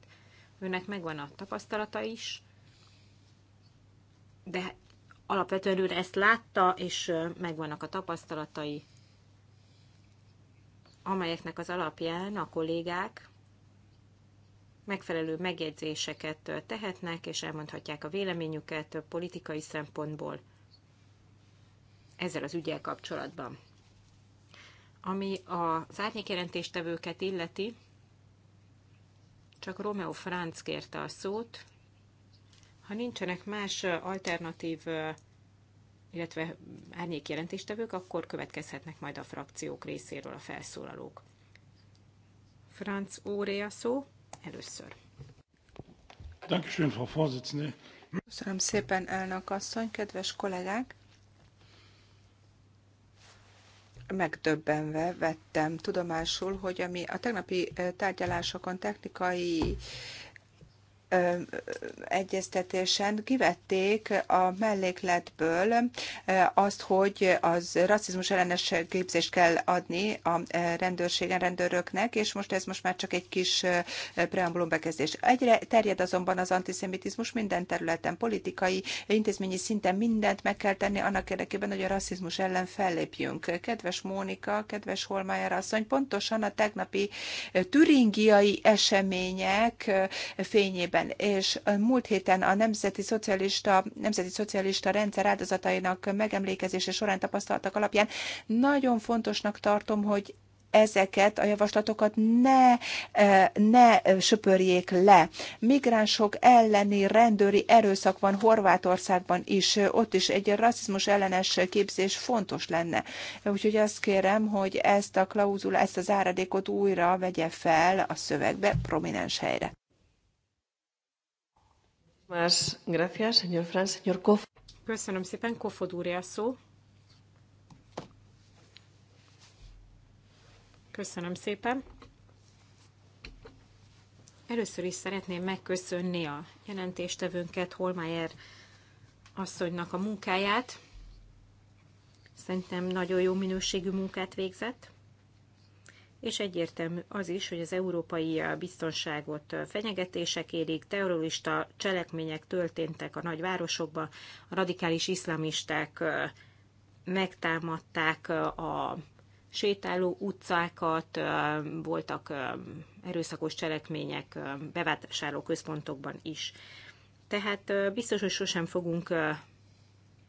őnek megvan a tapasztalata is, de alapvetően ő ezt látta, és megvannak a tapasztalatai, amelyeknek az alapján a kollégák megfelelő megjegyzéseket tehetnek, és elmondhatják a véleményüket politikai szempontból ezzel az ügyel kapcsolatban. Ami az árnyékjelentéstevőket illeti, csak Romeo Franz kérte a szót. Ha nincsenek más alternatív, illetve árnyék jelentéstevők, akkor következhetnek majd a frakciók részéről a felszólalók. Franz Óré a szó először. Köszönöm szépen, elnök asszony, kedves kollégák! megdöbbenve vettem tudomásul, hogy ami a tegnapi eh, tárgyalásokon technikai egyeztetésen kivették a mellékletből azt, hogy az rasszizmus ellenes képzést kell adni a rendőrségen, rendőröknek, és most ez most már csak egy kis preambulum bekezdés. Egyre terjed azonban az antiszemitizmus minden területen, politikai, intézményi szinten mindent meg kell tenni annak érdekében, hogy a rasszizmus ellen fellépjünk. Kedves Mónika, kedves Holmájer asszony, pontosan a tegnapi türingiai események fényében héten és múlt héten a Nemzeti Szocialista, Nemzeti Szocialista rendszer áldozatainak megemlékezése során tapasztaltak alapján nagyon fontosnak tartom, hogy ezeket a javaslatokat ne, ne söpörjék le. Migránsok elleni rendőri erőszak van Horvátországban is, ott is egy rasszizmus ellenes képzés fontos lenne. Úgyhogy azt kérem, hogy ezt a klauzul, ezt az áradékot újra vegye fel a szövegbe prominens helyre. Más gracias, señor Franz, señor Kof. Köszönöm szépen, Kofod úr a szó. Köszönöm szépen. Először is szeretném megköszönni a jelentéstevőnket, Holmeyer asszonynak a munkáját. Szerintem nagyon jó minőségű munkát végzett és egyértelmű az is, hogy az európai eh, biztonságot eh, fenyegetések érik, terrorista cselekmények történtek a nagyvárosokba, a radikális iszlamisták eh, megtámadták a sétáló utcákat, voltak erőszakos cselekmények központokban is. Tehát biztos, hogy sosem fogunk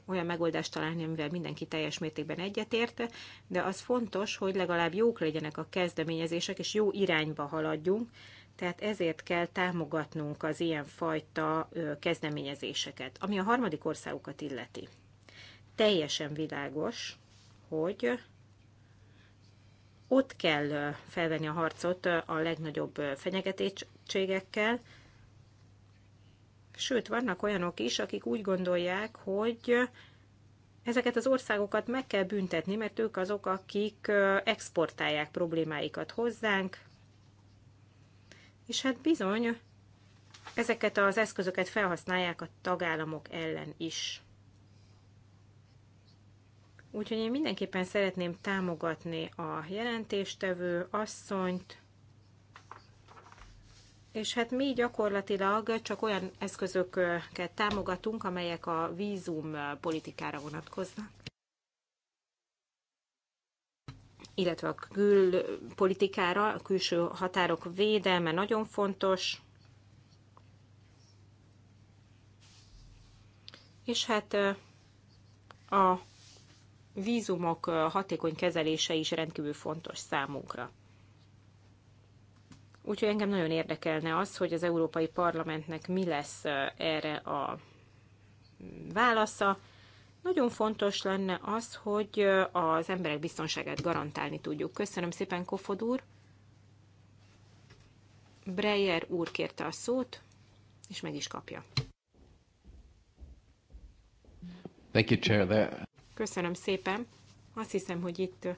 olyan megoldást találni, amivel mindenki teljes mértékben egyetért, de az fontos, hogy legalább jók legyenek a kezdeményezések, és jó irányba haladjunk, tehát ezért kell támogatnunk az ilyenfajta kezdeményezéseket, ami a harmadik országokat illeti. Teljesen világos, hogy ott kell felvenni a harcot a legnagyobb fenyegetettségekkel, Sőt, vannak olyanok is, akik úgy gondolják, hogy ezeket az országokat meg kell büntetni, mert ők azok, akik exportálják problémáikat hozzánk. És hát bizony, ezeket az eszközöket felhasználják a tagállamok ellen is. Úgyhogy én mindenképpen szeretném támogatni a jelentéstevő asszonyt, és hát mi gyakorlatilag csak olyan eszközöket támogatunk, amelyek a vízum politikára vonatkoznak illetve a külpolitikára, a külső határok védelme nagyon fontos. És hát a vízumok hatékony kezelése is rendkívül fontos számunkra. Úgyhogy engem nagyon érdekelne az, hogy az Európai Parlamentnek mi lesz erre a válasza. Nagyon fontos lenne az, hogy az emberek biztonságát garantálni tudjuk. Köszönöm szépen, Kofod úr. Breyer úr kérte a szót, és meg is kapja. Thank you, Chair. There. Köszönöm szépen. Azt hiszem, hogy itt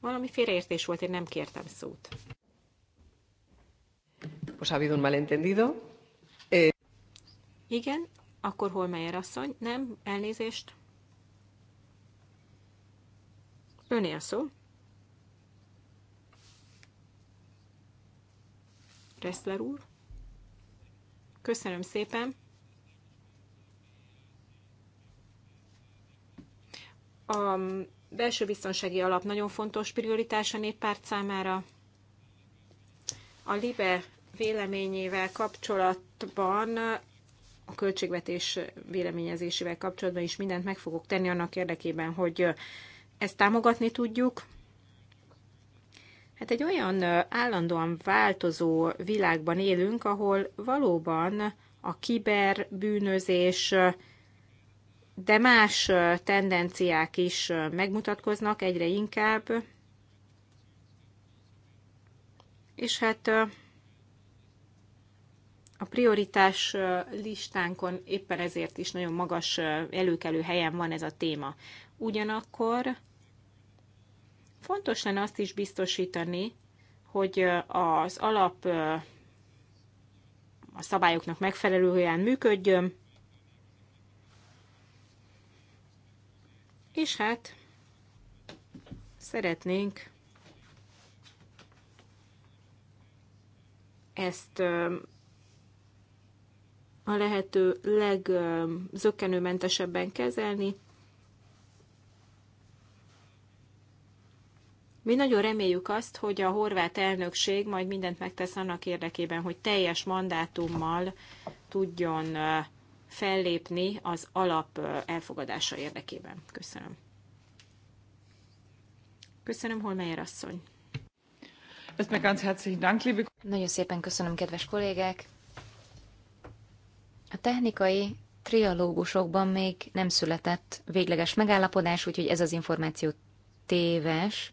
valami félreértés volt, én nem kértem szót pues ha habido un malentendido. Eh... Igen, akkor Holmeyer asszony, nem, elnézést. Öné a szó. Ressler úr. Köszönöm szépen. A belső biztonsági alap nagyon fontos prioritás a néppárt számára. A LIBE véleményével kapcsolatban, a költségvetés véleményezésével kapcsolatban is mindent meg fogok tenni annak érdekében, hogy ezt támogatni tudjuk. Hát egy olyan állandóan változó világban élünk, ahol valóban a kiberbűnözés, de más tendenciák is megmutatkoznak egyre inkább. És hát a prioritás listánkon éppen ezért is nagyon magas előkelő helyen van ez a téma. Ugyanakkor fontos lenne azt is biztosítani, hogy az alap a szabályoknak megfelelően működjön, és hát szeretnénk ezt a lehető legzökkenőmentesebben kezelni. Mi nagyon reméljük azt, hogy a horvát elnökség majd mindent megtesz annak érdekében, hogy teljes mandátummal tudjon fellépni az alap elfogadása érdekében. Köszönöm. Köszönöm, Holmeyer asszony. Nagyon szépen köszönöm, kedves kollégák! A technikai trialógusokban még nem született végleges megállapodás, úgyhogy ez az információ téves.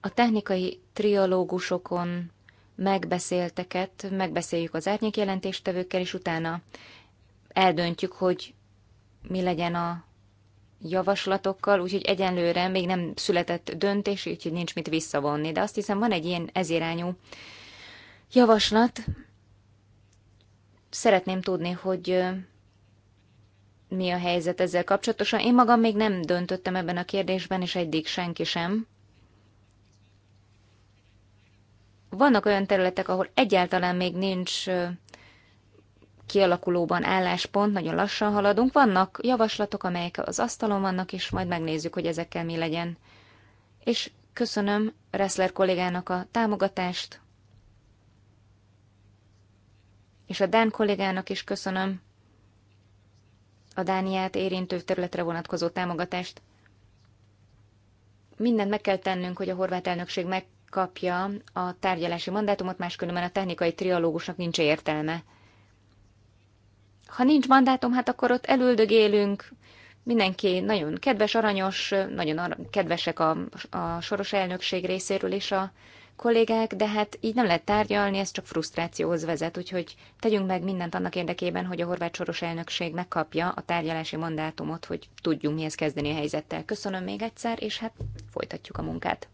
A technikai trialógusokon megbeszélteket, megbeszéljük az árnyékjelentéstevőkkel, és utána eldöntjük, hogy mi legyen a javaslatokkal, úgyhogy egyenlőre még nem született döntés, úgyhogy nincs mit visszavonni. De azt hiszem, van egy ilyen ezirányú javaslat, Szeretném tudni, hogy mi a helyzet ezzel kapcsolatosan. Én magam még nem döntöttem ebben a kérdésben, és eddig senki sem. Vannak olyan területek, ahol egyáltalán még nincs kialakulóban álláspont, nagyon lassan haladunk. Vannak javaslatok, amelyek az asztalon vannak, és majd megnézzük, hogy ezekkel mi legyen. És köszönöm Reszler kollégának a támogatást, és a Dán kollégának is köszönöm a Dániát érintő területre vonatkozó támogatást. Mindent meg kell tennünk, hogy a horvát elnökség megkapja a tárgyalási mandátumot, máskülönben a technikai trialógusnak nincs értelme. Ha nincs mandátum, hát akkor ott elüldögélünk, mindenki nagyon kedves, aranyos, nagyon ar- kedvesek a, a soros elnökség részéről is a kollégák, de hát így nem lehet tárgyalni, ez csak frusztrációhoz vezet, úgyhogy tegyünk meg mindent annak érdekében, hogy a horvát soros elnökség megkapja a tárgyalási mandátumot, hogy tudjunk mihez kezdeni a helyzettel. Köszönöm még egyszer, és hát folytatjuk a munkát.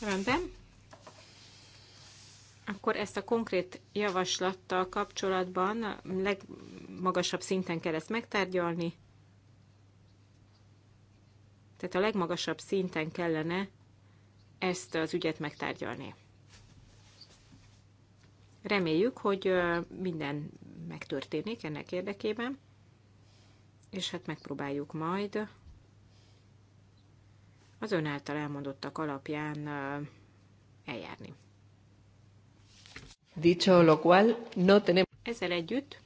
Rendben. Akkor ezt a konkrét javaslattal kapcsolatban legmagasabb szinten kell ezt megtárgyalni. Tehát a legmagasabb szinten kellene ezt az ügyet megtárgyalni. Reméljük, hogy minden megtörténik ennek érdekében, és hát megpróbáljuk majd az ön által elmondottak alapján eljárni. Dicho lo cual, no tenemos... Ezzel együtt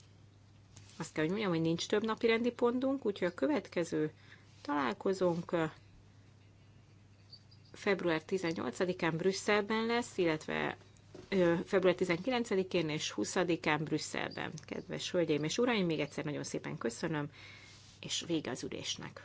azt kell, hogy mondjam, hogy nincs több napi rendi pontunk, úgyhogy a következő találkozónk február 18-án Brüsszelben lesz, illetve február 19-én és 20-án Brüsszelben. Kedves hölgyeim és uraim, még egyszer nagyon szépen köszönöm, és vége az ülésnek.